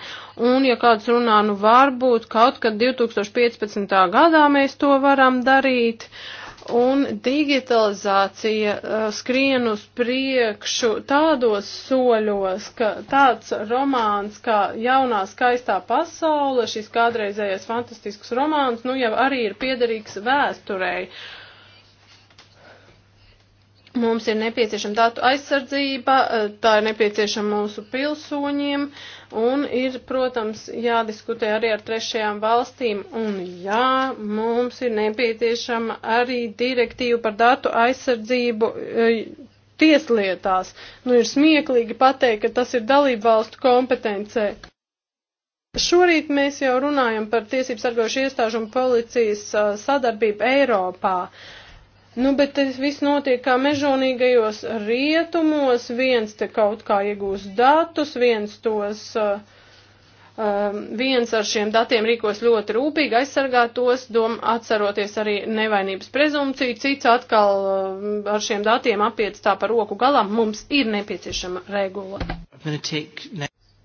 S2: Un, ja kāds runā, nu varbūt kaut kad 2015. gadā mēs to varam darīt. Uh, un digitalizācija uh, skrien uz priekšu tādos soļos, ka tāds romāns kā jaunā skaistā pasaule, šis kādreizējais fantastisks romāns, nu jau arī ir piederīgs vēsturei. Uh, Mums ir nepieciešama datu aizsardzība, eh, tā ir nepieciešama mūsu pilsoņiem un ir, protams, jādiskutē arī ar trešajām valstīm. Un jā, mums ir nepieciešama arī direktīva par datu aizsardzību eh, tieslietās. Nu, ir smieklīgi pateikt, ka tas ir dalību valstu kompetencē. Šorīt mēs jau runājam par tiesību sargošu iestāžu un policijas eh, sadarbību Eiropā. Uh, Nu, bet tas viss notiek kā mežonīgajos rietumos, viens te kaut kā iegūst datus, viens tos, uh, um, viens ar šiem datiem rīkos ļoti rūpīgi, aizsargāt tos, dom, atceroties arī nevainības prezumciju, cits atkal uh, ar šiem datiem apiet tā par roku galam, mums ir nepieciešama
S3: regula.
S1: Take...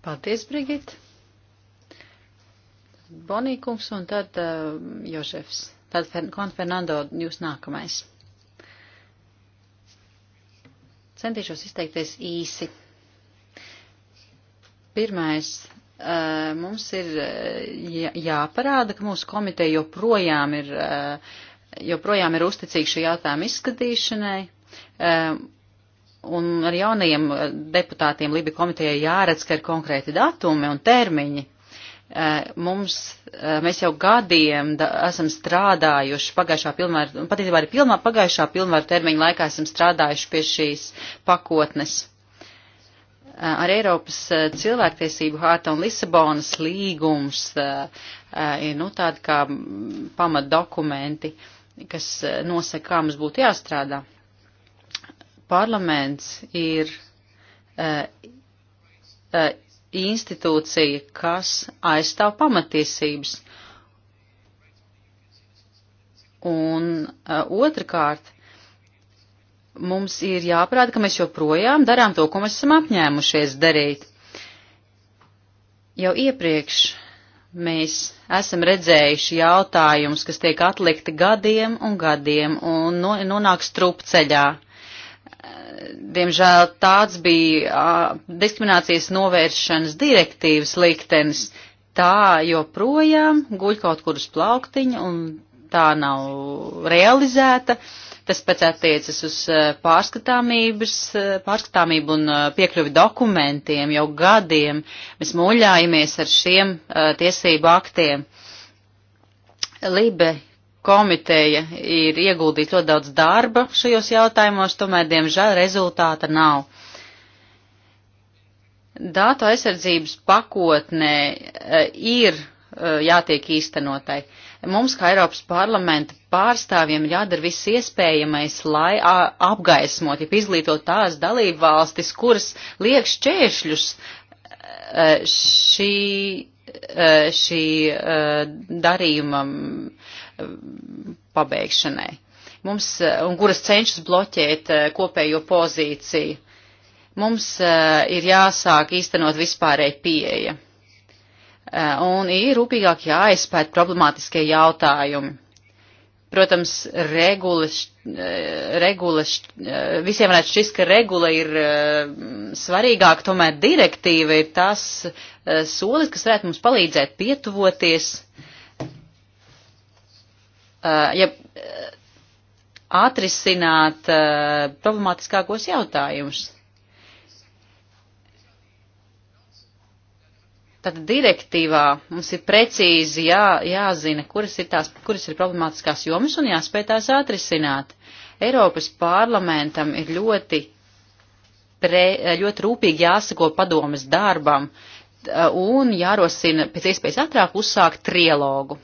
S3: Paldies, Brigit. Bonīkums un tad uh, Jožefs. Tad Juan Fernando, jūs nākamais. Centīšos izteikties īsi. Pirmais, eh, mums ir eh, jāparāda, ka mūsu komiteja joprojām ir, eh, joprojām ir uzticīga šī jautājuma izskatīšanai. Un ar jaunajiem deputātiem Libi komitejai jāredz, ka ir konkrēti datumi un termiņi Eh, mums, eh, mēs jau gadiem da, esam strādājuši pagājušā pilnvaru, patiesībā arī pilnā, pagājušā pilnvaru termiņa laikā esam strādājuši pie šīs pakotnes. Eh, ar Eiropas cilvēktiesību hārta un Lisabonas līgums ir nu tādi kā pamatdokumenti, kas nosaka, kā mums būtu jāstrādā. Parlaments ir institūcija, kas aizstāv pamatiesības. Un uh, otrkārt, mums ir jāprāda, ka mēs joprojām darām to, ko mēs esam apņēmušies darīt. Jau iepriekš mēs esam redzējuši jautājumus, kas tiek atlikti gadiem un gadiem un nonāk strupceļā. ceļā diemžēl tāds bija diskriminācijas novēršanas direktīvas liktenis. Tā joprojām guļ kaut kur uz plauktiņa un tā nav realizēta. Tas pēc attiecas uz pārskatāmības, pārskatāmību un piekļuvi dokumentiem jau gadiem. Mēs muļājamies ar šiem tiesību aktiem. Libe komiteja ir ieguldīta ļoti daudz darba šajos jautājumos, tomēr, diemžēl, rezultāta nav. Dātu aizsardzības pakotnē e, ir e, jātiek īstenotai. Mums, kā Eiropas parlamenta pārstāvjiem, ir jādara viss iespējamais, lai apgaismot, ja izglītot tās dalību valstis, kuras liek šķēršļus e, šī, šī darījuma pabeigšanai. Mums, eh, un kuras cenšas bloķēt eh, kopējo pozīciju. Mums eh, ir jāsāk īstenot vispārēja pieeja. Un ir rūpīgāk jāizpēt problemātiskie jautājumi. Protams, regulas, regulas, visiem varētu šis, ka regula ir svarīgāka, tomēr direktīva ir tas solis, kas varētu mums palīdzēt pietuvoties uh, Eh, ja eh, atrisināt eh, problemātiskākos jautājumus. Tātad direktīvā mums ir precīzi jā, jāzina, kuras ir, tās, kuras ir problemātiskās jomas un jāspēj tās atrisināt. Eiropas parlamentam ir ļoti, pre, ļoti rūpīgi jāsako padomas darbam un jārosina pēc iespējas ātrāk uzsākt trilogu.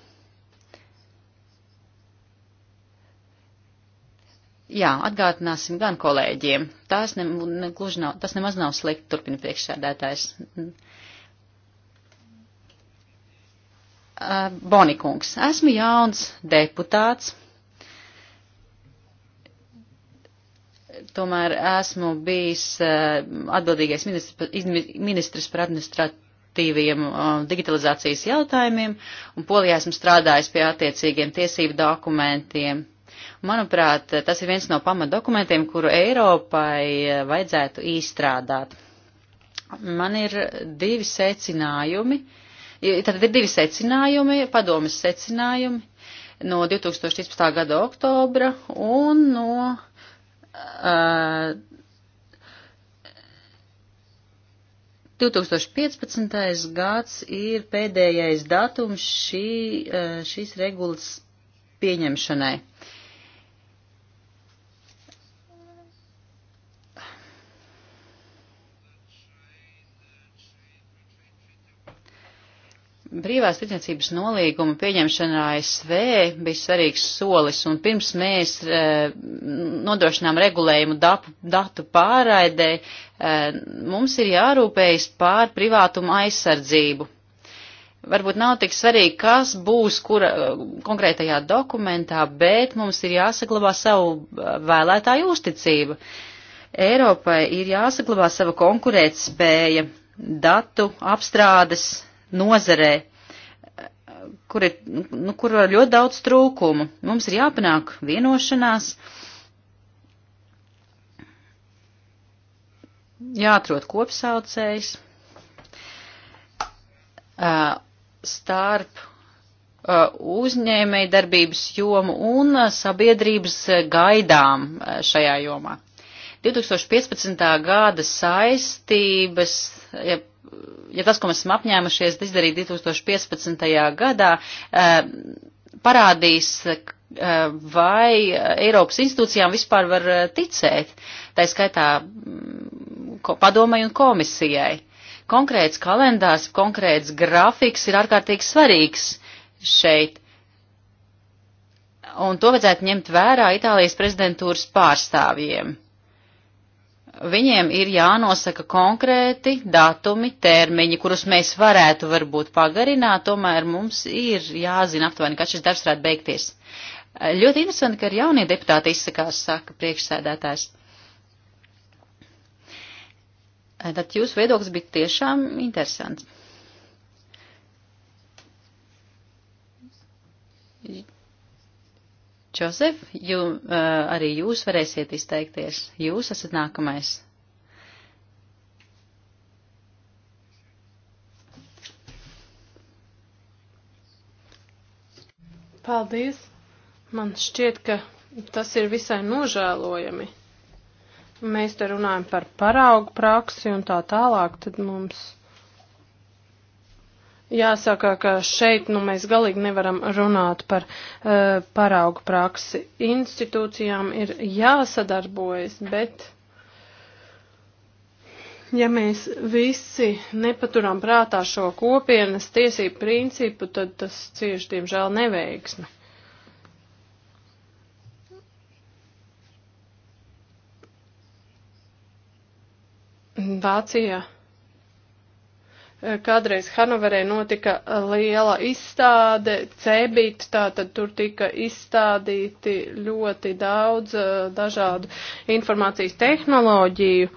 S3: Jā, atgādināsim gan kolēģiem. Tās ne, ne, gluži nav, tas nemaz nav slikti, turpina priekšsēdētājs. Uh, Bonikungs, esmu jauns deputāts. Tomēr esmu bijis uh, atbildīgais ministrs par administratīviem uh, digitalizācijas jautājumiem, un polijā esmu strādājis pie attiecīgiem tiesību dokumentiem Manuprāt, tas ir viens no pamatdokumentiem, kuru Eiropai vajadzētu īstrādāt. Man ir divi secinājumi, tad ir divi secinājumi, padomas secinājumi no 2013. gada oktobra un no uh, 2015. gads ir pēdējais datums šī, šīs regulas pieņemšanai. Uh, brīvās tirdzniecības nolīguma pieņemšana ASV bija svarīgs solis, un pirms mēs e, nodrošinām regulējumu dapu, datu pārraidē, e, mums ir jārūpējas pār privātumu aizsardzību. Varbūt nav tik svarīgi, kas būs kura e, konkrētajā dokumentā, bet mums ir jāsaglabā savu e, vēlētāju uzticību. Eiropai ir jāsaglabā sava konkurētspēja datu apstrādes nozarē kur ir, nu, kur ir ļoti daudz trūkumu. Mums ir jāpanāk vienošanās, jāatrod kopsaucējs starp uzņēmēja darbības jomu un sabiedrības gaidām šajā jomā. 2015. gada saistības, ja ja tas, ko mēs esam apņēmušies izdarīt 2015. gadā, eh, parādīs, eh, vai Eiropas institūcijām vispār var eh, ticēt, tā skaitā mm, padomai un komisijai. Konkrēts kalendārs, konkrēts grafiks ir ārkārtīgi svarīgs šeit. Un to vajadzētu ņemt vērā Itālijas prezidentūras pārstāvjiem viņiem ir jānosaka konkrēti datumi, termiņi, kurus mēs varētu varbūt pagarināt, tomēr mums ir jāzina aptuveni, kad šis darbs varētu beigties. Ļoti interesanti, ka arī jaunie deputāti izsakās, saka priekšsēdētājs. Tad jūsu viedoklis bija tiešām interesants. Čozef, jū, eh, arī jūs varēsiet izteikties. Jūs esat nākamais.
S2: Paldies! Man šķiet, ka tas ir visai nožēlojami. Mēs te runājam par paraugu praksi un tā tālāk, tad mums Jāsaka, ka šeit nu, mēs galīgi nevaram runāt par uh, paraugu praksi. Institūcijām ir jāsadarbojas, bet ja mēs visi nepaturam prātā šo kopienas tiesību principu, tad tas cieši, diemžēl, neveiksmi. Vācija Kādreiz Hanoverē notika liela izstāde, cebīt, tātad tur tika izstādīti ļoti daudz eh, dažādu informācijas tehnoloģiju.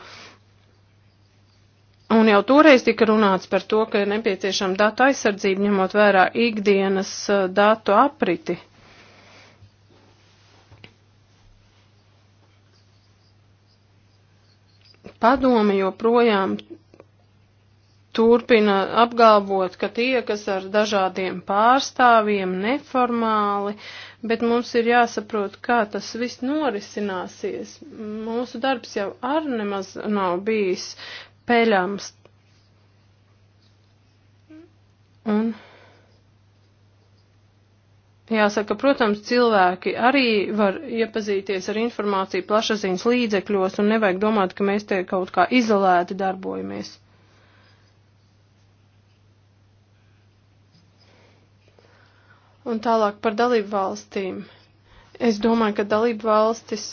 S2: Un jau toreiz tika runāts par to, ka ir nepieciešama datu aizsardzība, ņemot vērā ikdienas eh, datu apriti. Padome joprojām turpina apgalvot, ka tiekas ar dažādiem pārstāvjiem neformāli, bet mums ir jāsaprot, kā tas viss norisināsies. Mūsu darbs jau ar nemaz nav bijis peļams. Un Jāsaka, protams, cilvēki arī var iepazīties ar informāciju plašsaziņas līdzekļos un nevajag domāt, ka mēs te kaut kā izolēti darbojamies. Un tālāk par dalību valstīm. Es domāju, ka dalību valstis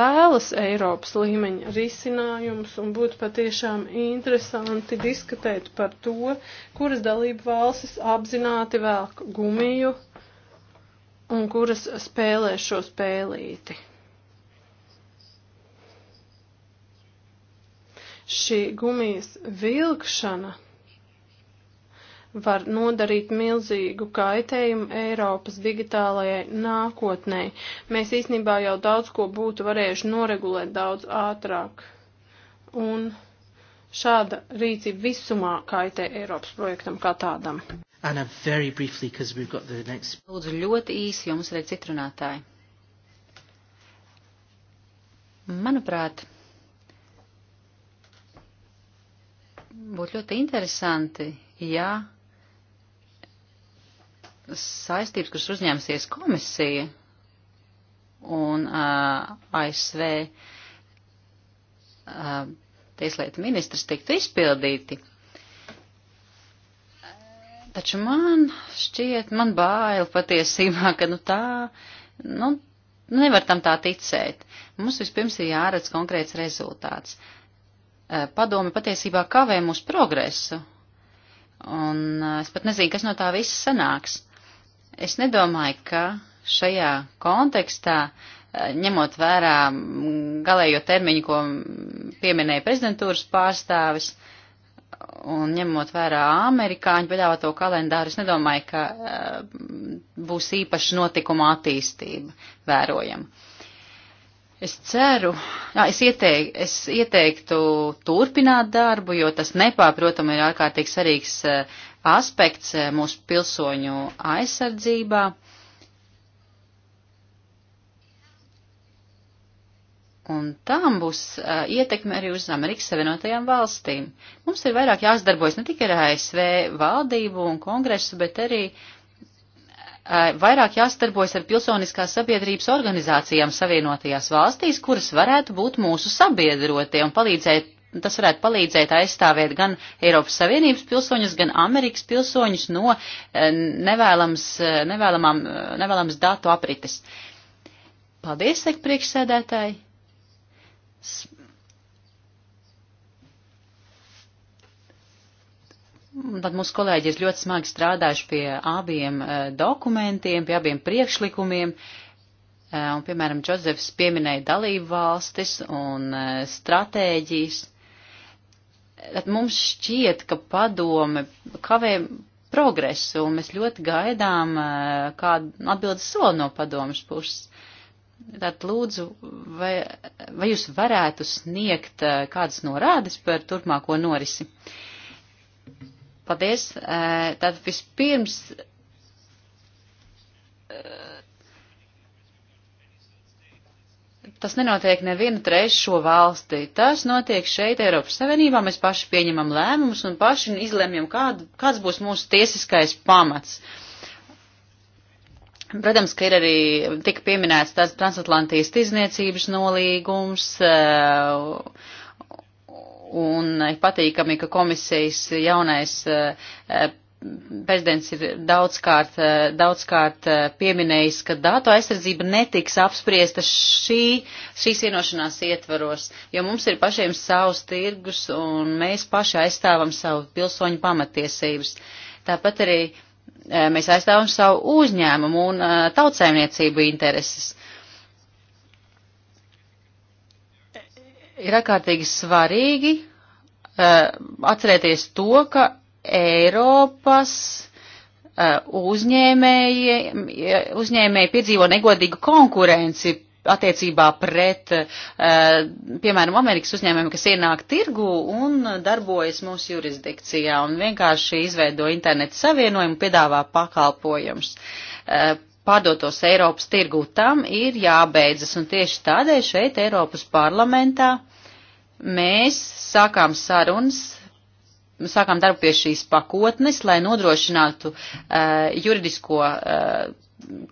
S2: vēlas Eiropas līmeņa risinājumus un būtu patiešām interesanti diskutēt par to, kuras dalību valstis apzināti velk gumiju un kuras spēlē šo spēlīti. Šī gumijas vilkšana var nodarīt milzīgu kaitējumu Eiropas digitālajai nākotnē. Mēs īstenībā jau daudz ko būtu varējuši noregulēt daudz ātrāk. Un šāda rīcība visumā kaitē Eiropas projektam kā tādam.
S1: Anna, very briefly, because we've got the next.
S3: Lūdzu, ļoti īsi, jo mums ir citrunātāji. Manuprāt, būtu ļoti interesanti, ja saistības, kuras uzņēmusies komisija un uh, ASV uh, tieslietu ministrs tiktu izpildīti. Taču man šķiet, man bail patiesībā, ka nu tā, nu, nevar tam tā ticēt. Mums vispirms ir jāredz konkrēts rezultāts. Uh, Padome patiesībā kavē mūsu progresu. Un uh, es pat nezinu, kas no tā viss sanāks. Es nedomāju, ka šajā kontekstā, eh, ņemot vērā mm, galējo termiņu, ko pieminēja prezidentūras pārstāvis, un ņemot vērā amerikāņu piedāvāto kalendāru, es nedomāju, ka eh, būs īpaši notikuma attīstība vērojama. Es ceru, jā, es, ieteik, es ieteiktu turpināt darbu, jo tas nepārprotami ir ārkārtīgi svarīgs eh, aspekts eh, mūsu pilsoņu aizsardzībā. Un tām būs uh, ietekme arī uz Amerikas Savienotajām valstīm. Mums ir vairāk jāsadarbojas ne tikai ar ASV valdību un kongresu, bet arī uh, vairāk jāsadarbojas ar pilsoniskās sabiedrības organizācijām Savienotajās valstīs, kuras varētu būt mūsu sabiedrotie un palīdzēt tas varētu palīdzēt aizstāvēt gan Eiropas Savienības pilsoņus, gan Amerikas pilsoņus no eh, nevēlams, eh, nevēlamām, eh, nevēlams datu aprites. Paldies, saka priekšsēdētāji. Tad mūsu kolēģi ir ļoti smagi strādājuši pie abiem dokumentiem, pie abiem priekšlikumiem. Un, piemēram, Džozefs pieminēja dalību valstis un stratēģijas mums šķiet, ka padome kavē progresu, un mēs ļoti gaidām eh, kādu atbildes soli no padomas puses. Tātad lūdzu, vai, vai jūs varētu sniegt eh, kādas norādes par turpmāko norisi? Paldies. Tātad eh, vispirms Tas nenotiek nevienu trešo valstī. Tas notiek šeit, Eiropas Savienībā. Mēs paši pieņemam lēmumus un paši izlemjam, kād, kāds būs mūsu tiesiskais pamats. Protams, ka ir arī tika pieminēts tāds transatlantijas tirzniecības nolīgums, eh, un patīkami, ka komisijas jaunais eh, prezidents ir daudzkārt, eh, daudzkārt eh, pieminējis, ka datu aizsardzība netiks apspriesta šī, šīs vienošanās ietvaros, jo mums ir pašiem savs tirgus un mēs paši aizstāvam savu pilsoņu pamatiesības. Tāpat arī eh, mēs aizstāvam savu uzņēmumu un tautsēmniecību intereses. Ir ārkārtīgi svarīgi atcerēties to, ka Eiropas uh, uzņēmēji, uzņēmēji piedzīvo negodīgu konkurenci attiecībā pret, uh, piemēram, Amerikas uzņēmumiem, kas ienāk tirgu un darbojas mūsu jurisdikcijā un vienkārši izveido internetu savienojumu, piedāvā pakalpojumus uh, pārdotos Eiropas tirgū. Tam ir jābeidzas un tieši tādēļ šeit Eiropas parlamentā mēs sākām sarunas sākām darbu pie šīs pakotnes, lai nodrošinātu uh, juridisko uh,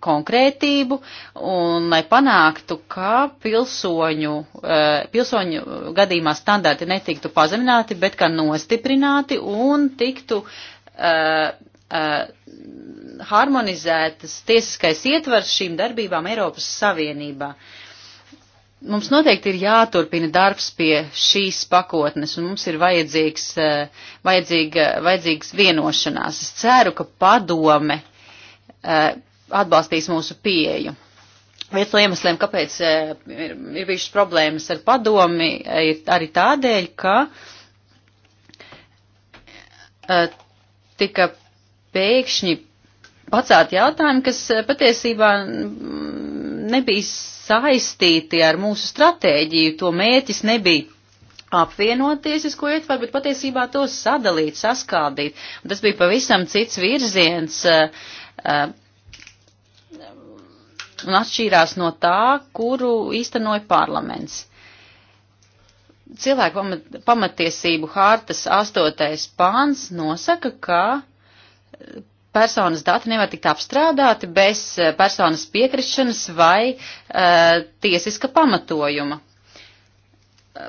S3: konkrētību un lai panāktu, ka pilsoņu, eh, pilsoņu gadījumā standarti netiktu pazemināti, bet ka nostiprināti un tiktu harmonizētas tiesiskais ietvars šīm darbībām Eiropas Savienībā. Uh, Mums noteikti ir jāturpina darbs pie šīs pakotnes, un mums ir vajadzīgs, eh, vajadzīga, vajadzīgs vienošanās. Es ceru, ka padome eh, atbalstīs mūsu pieeju. Viens no iemesliem, kāpēc eh, ir, ir bijušas problēmas ar padomi, ir arī tādēļ, ka tika pēkšņi pacēti jautājumi, kas patiesībā nebija saistīti ar mūsu stratēģiju, to mēķis nebija apvienoties, es ko ietvaru, bet patiesībā to sadalīt, saskaldīt. Un tas bija pavisam cits virziens uh, uh, un atšķīrās no tā, kuru īstenoja parlaments. Cilvēku pamat, pamatiesību hārtas astotais pāns nosaka, ka personas dati nevar tikt apstrādāti bez eh, personas piekrišanas vai uh, tiesiska pamatojuma. Eh,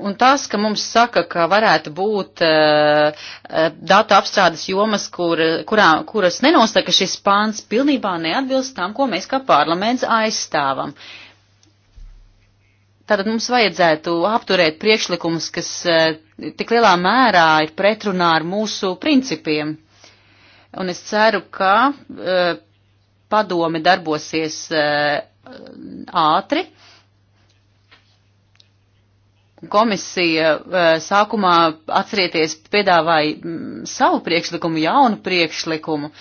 S3: un tas, ka mums saka, ka varētu būt uh, datu apstrādes jomas, kur, kurā, kuras nenosaka šis pāns, pilnībā neatbilst tam, ko mēs kā parlaments aizstāvam. Uh, Tātad mums vajadzētu apturēt priekšlikumus, kas eh, tik lielā mērā ir pretrunā ar mūsu principiem. Un es ceru, ka eh, padome darbosies eh, ātri. Komisija sākumā atcerieties piedāvāja mm, savu priekšlikumu, jaunu priekšlikumu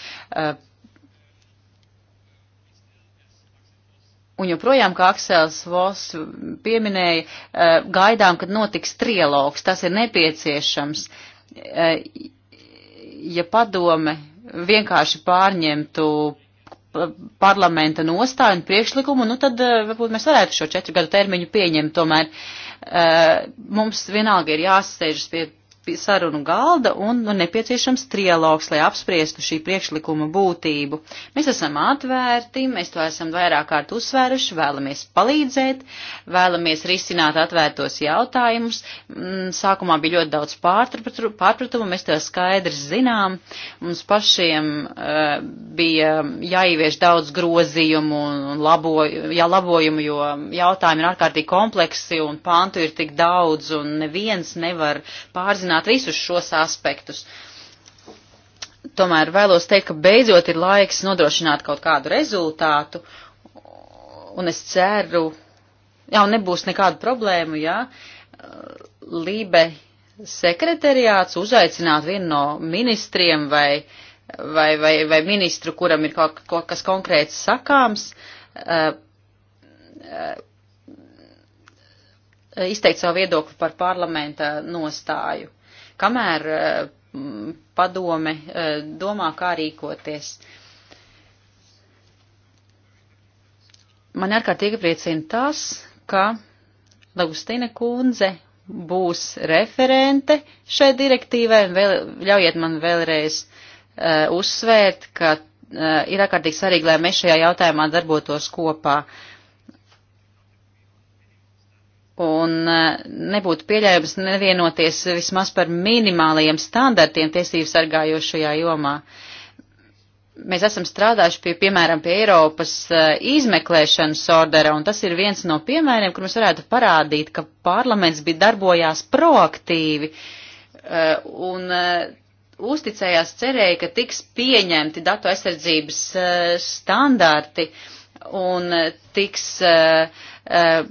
S3: Un joprojām, kā Aksels Vos pieminēja, eh, gaidām, kad notiks trialogs, tas ir nepieciešams. Eh, ja padome vienkārši pārņemtu parlamenta nostāju un priekšlikumu, nu tad eh, varbūt mēs varētu šo četru gadu termiņu pieņemt. Tomēr mums vienalga ir jāsēžas pie sarunu galda un nu, nepieciešams trialogs, lai apspriestu šī priekšlikuma būtību. Mēs esam atvērti, mēs to esam vairāk kārt uzsvēruši, vēlamies palīdzēt, vēlamies risināt atvērtos jautājumus. Mm, sākumā bija ļoti daudz pārpratumu, mēs to skaidri zinām. Mums pašiem uh, bija jāievieš daudz grozījumu un laboju, jālabojumu, jo jautājumi ir ārkārtīgi kompleksi un pāntu ir tik daudz un neviens nevar pārzināt risināt visus šos aspektus. Tomēr vēlos teikt, ka beidzot ir laiks nodrošināt kaut kādu rezultātu, un es ceru, jau nebūs nekādu problēmu, ja uh, Lībe sekretariāts uzaicināt vienu no ministriem vai, vai, vai, vai ministru, kuram ir kaut, kaut kas konkrēts sakāms, uh, uh, izteikt savu viedokli par parlamenta nostāju kamēr eh, padome eh, domā, kā rīkoties. Man ārkārtīgi priecina tas, ka Lagustīna kundze būs referente šai direktīvai, un vēl, ļaujiet man vēlreiz uh, uzsvērt, ka uh, ir ārkārtīgi svarīgi, lai mēs šajā jautājumā darbotos kopā. Uh, un e, nebūtu pieļaujams nevienoties vismaz par minimālajiem standartiem tiesību sargājošajā jomā. Mēs esam strādājuši pie, piemēram, pie Eiropas e, izmeklēšanas ordera, un tas ir viens no piemēriem, kur mēs varētu parādīt, ka parlaments bija darbojās proaktīvi e, un uzticējās cerēja, ka tiks pieņemti datu aizsardzības standarti. Uh, un eh, tiks eh, eh,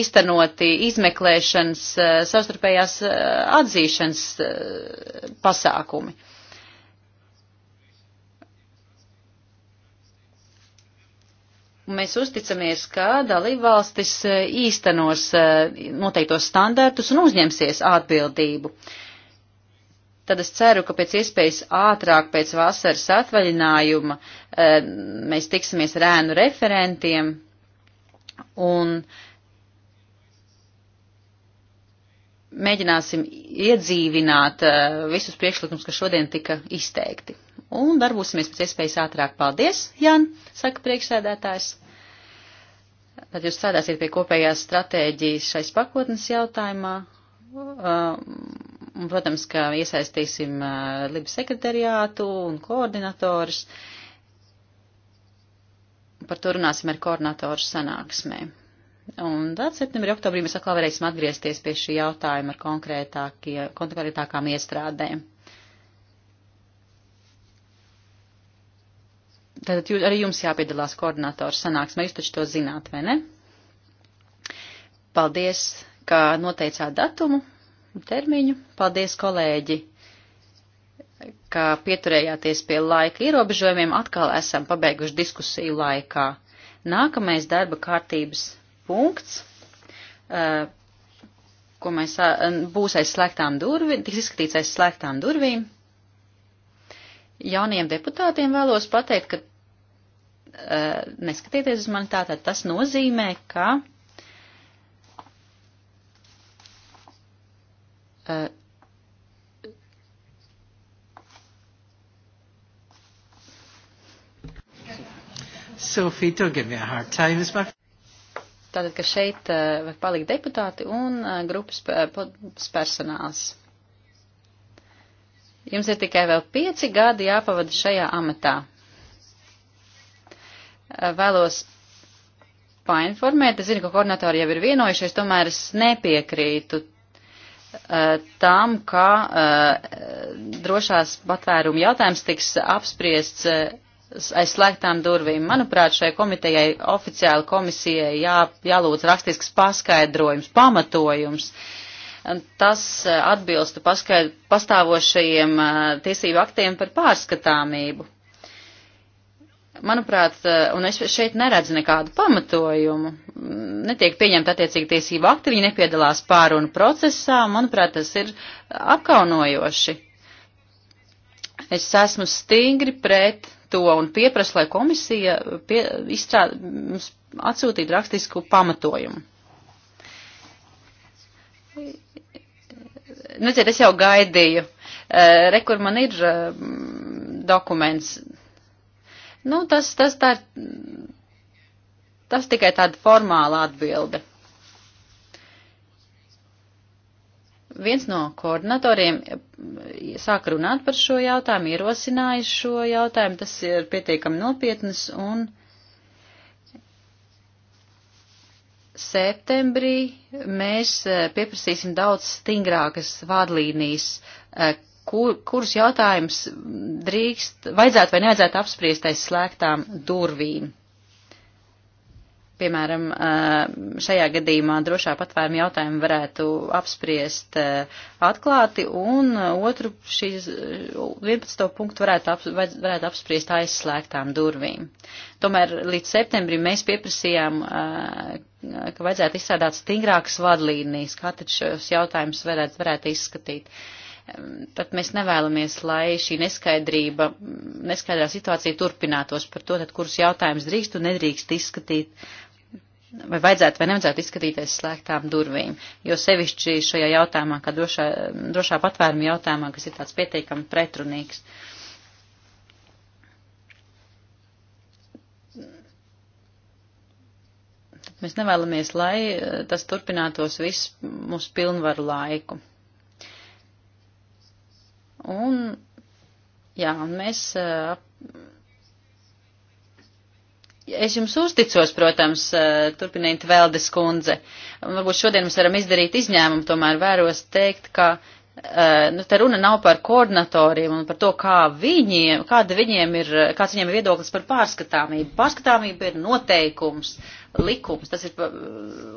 S3: īstenoti izmeklēšanas savstarpējās atzīšanas pasākumi. Mēs uzticamies, ka dalībvalstis īstenos noteiktos standartus un uzņemsies atbildību. Uh, tad es ceru, ka pēc iespējas ātrāk pēc vasaras atvaļinājuma eh, mēs tiksimies ar ēnu referentiem un mēģināsim iedzīvināt eh, visus priekšlikumus, kas šodien tika izteikti. Un darbosimies pēc iespējas ātrāk. Paldies, Jan, saka priekšsēdētājs. Tad jūs strādāsiet pie kopējās stratēģijas šais pakotnes jautājumā. Um, Un, protams, ka iesaistīsim uh, Libu sekretariātu un koordinatorus. Par to runāsim ar koordinatoru sanāksmē. Un tad septembrī, oktobrī mēs atkal varēsim atgriezties pie šī jautājuma ar konkrētākām iestrādēm. Tātad jū, arī jums jāpiedalās koordinatoru sanāksmē, jūs taču to zināt, vai ne? Paldies, ka noteicāt datumu termiņu. Paldies, kolēģi, ka pieturējāties pie laika ierobežojumiem. Atkal esam pabeiguši diskusiju laikā. Nākamais darba kārtības punkts, eh, ko mēs eh, būs aiz slēgtām durvīm, tiks izskatīts aiz slēgtām durvīm. Jauniem deputātiem vēlos pateikt, ka eh, neskatieties uz mani tātad, tas nozīmē, ka Uh,
S1: Sophie, don't give me a hard time. It's my...
S3: Tātad, ka šeit uh, var palikt deputāti un uh, grupas personāls. Jums ir tikai vēl pieci gadi jāpavada šajā amatā. Vēlos painformēt, es zinu, ka koordinatori jau ir vienojušies, tomēr es nepiekrītu Eh, tam, ka eh, drošās patvērumu jautājums tiks apspriests eh, aiz slēgtām durvīm. Manuprāt, šai komitejai oficiāli komisijai jā, jālūdz rakstisks paskaidrojums, pamatojums. Tas atbilstu paskaid, pastāvošajiem tiesību aktiem par pārskatāmību. Manuprāt, eh, un es šeit neredzu nekādu pamatojumu, netiek pieņemta attiecīgi tiesība akti, viņi nepiedalās pārunu procesā, manuprāt, tas ir apkaunojoši. Es esmu stingri pret to un pieprasu, lai komisija pie, izstrād, mums atsūtītu rakstisku pamatojumu. Nezinu, nu, es jau gaidīju. Eh, rekur man ir eh, dokuments Nu, tas, tas, tā, ir, tas tikai tāda formāla atbilde. Viens no koordinatoriem sāk runāt par šo jautājumu, ierosināja šo jautājumu, tas ir pietiekami nopietnas un septembrī mēs eh, pieprasīsim daudz stingrākas vādlīnijas, eh, kur, kurus jautājumus drīkst, vajadzētu vai nevajadzētu apspriest aiz slēgtām durvīm. Piemēram, eh, šajā gadījumā drošā patvēruma jautājumu varētu apspriest eh, atklāti, un eh, otru šīs 11. punktu varētu, ap, varētu apspriest aizslēgtām durvīm. Tomēr līdz septembrim mēs pieprasījām, ka vajadzētu izstrādāt stingrākas vadlīnijas, kā tad šos jautājumus varētu, varētu izskatīt. Uh, tad mēs nevēlamies, lai šī neskaidrība, neskaidrā situācija turpinātos par to, tad kurus jautājumus drīkst un nedrīkst izskatīt, vai vajadzētu vai nevajadzētu izskatīties slēgtām durvīm, jo sevišķi šajā jautājumā, kā drošā, drošā patvēruma jautājumā, kas ir tāds pietiekami pretrunīgs. Mēs nevēlamies, lai eh, tas turpinātos visu mūsu pilnvaru laiku. Un, jā, un mēs. Es jums uzticos, protams, turpiniet Veldes kundze. Varbūt šodien mēs varam izdarīt izņēmumu, tomēr vēros teikt, ka Eh, nu, te runa nav par koordinatoriem un par to, kā viņiem, kāda viņiem ir, kāds viņiem ir viedoklis par pārskatāmību. Pārskatāmība ir noteikums, likums. Tas ir,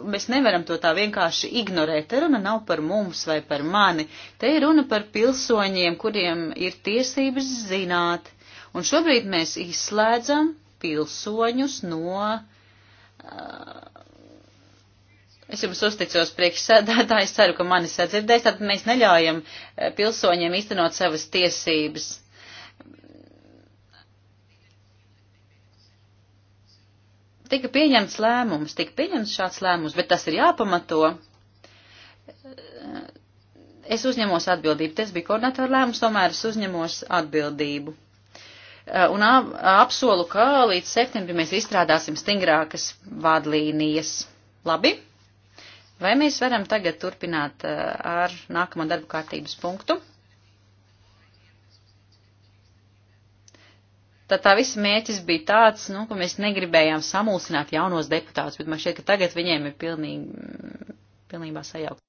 S3: mēs nevaram to tā vienkārši ignorēt. Te runa nav par mums vai par mani. Te ir runa par pilsoņiem, kuriem ir tiesības zināt. Un šobrīd mēs izslēdzam pilsoņus no. Uh, Es jums uzticos priekšsēdētāji, es ceru, ka mani sadzirdēs, tad mēs neļaujam eh, pilsoņiem iztenot savas tiesības. Tika pieņemts lēmums, tika pieņemts šāds lēmums, bet tas ir jāpamato. Es uzņemos atbildību, tas bija koordinatora lēmums, tomēr es uzņemos atbildību eh, un apsolu, ka līdz septembrim mēs izstrādāsim stingrākas vadlīnijas. Labi? Vai mēs varam tagad turpināt eh, ar nākamo darbu kārtības punktu? Tad tā visa mērķis bija tāds, nu, ka mēs negribējām samulsināt jaunos deputātus, bet man šķiet, ka tagad viņiem ir pilnīgi, pilnībā sajaukt.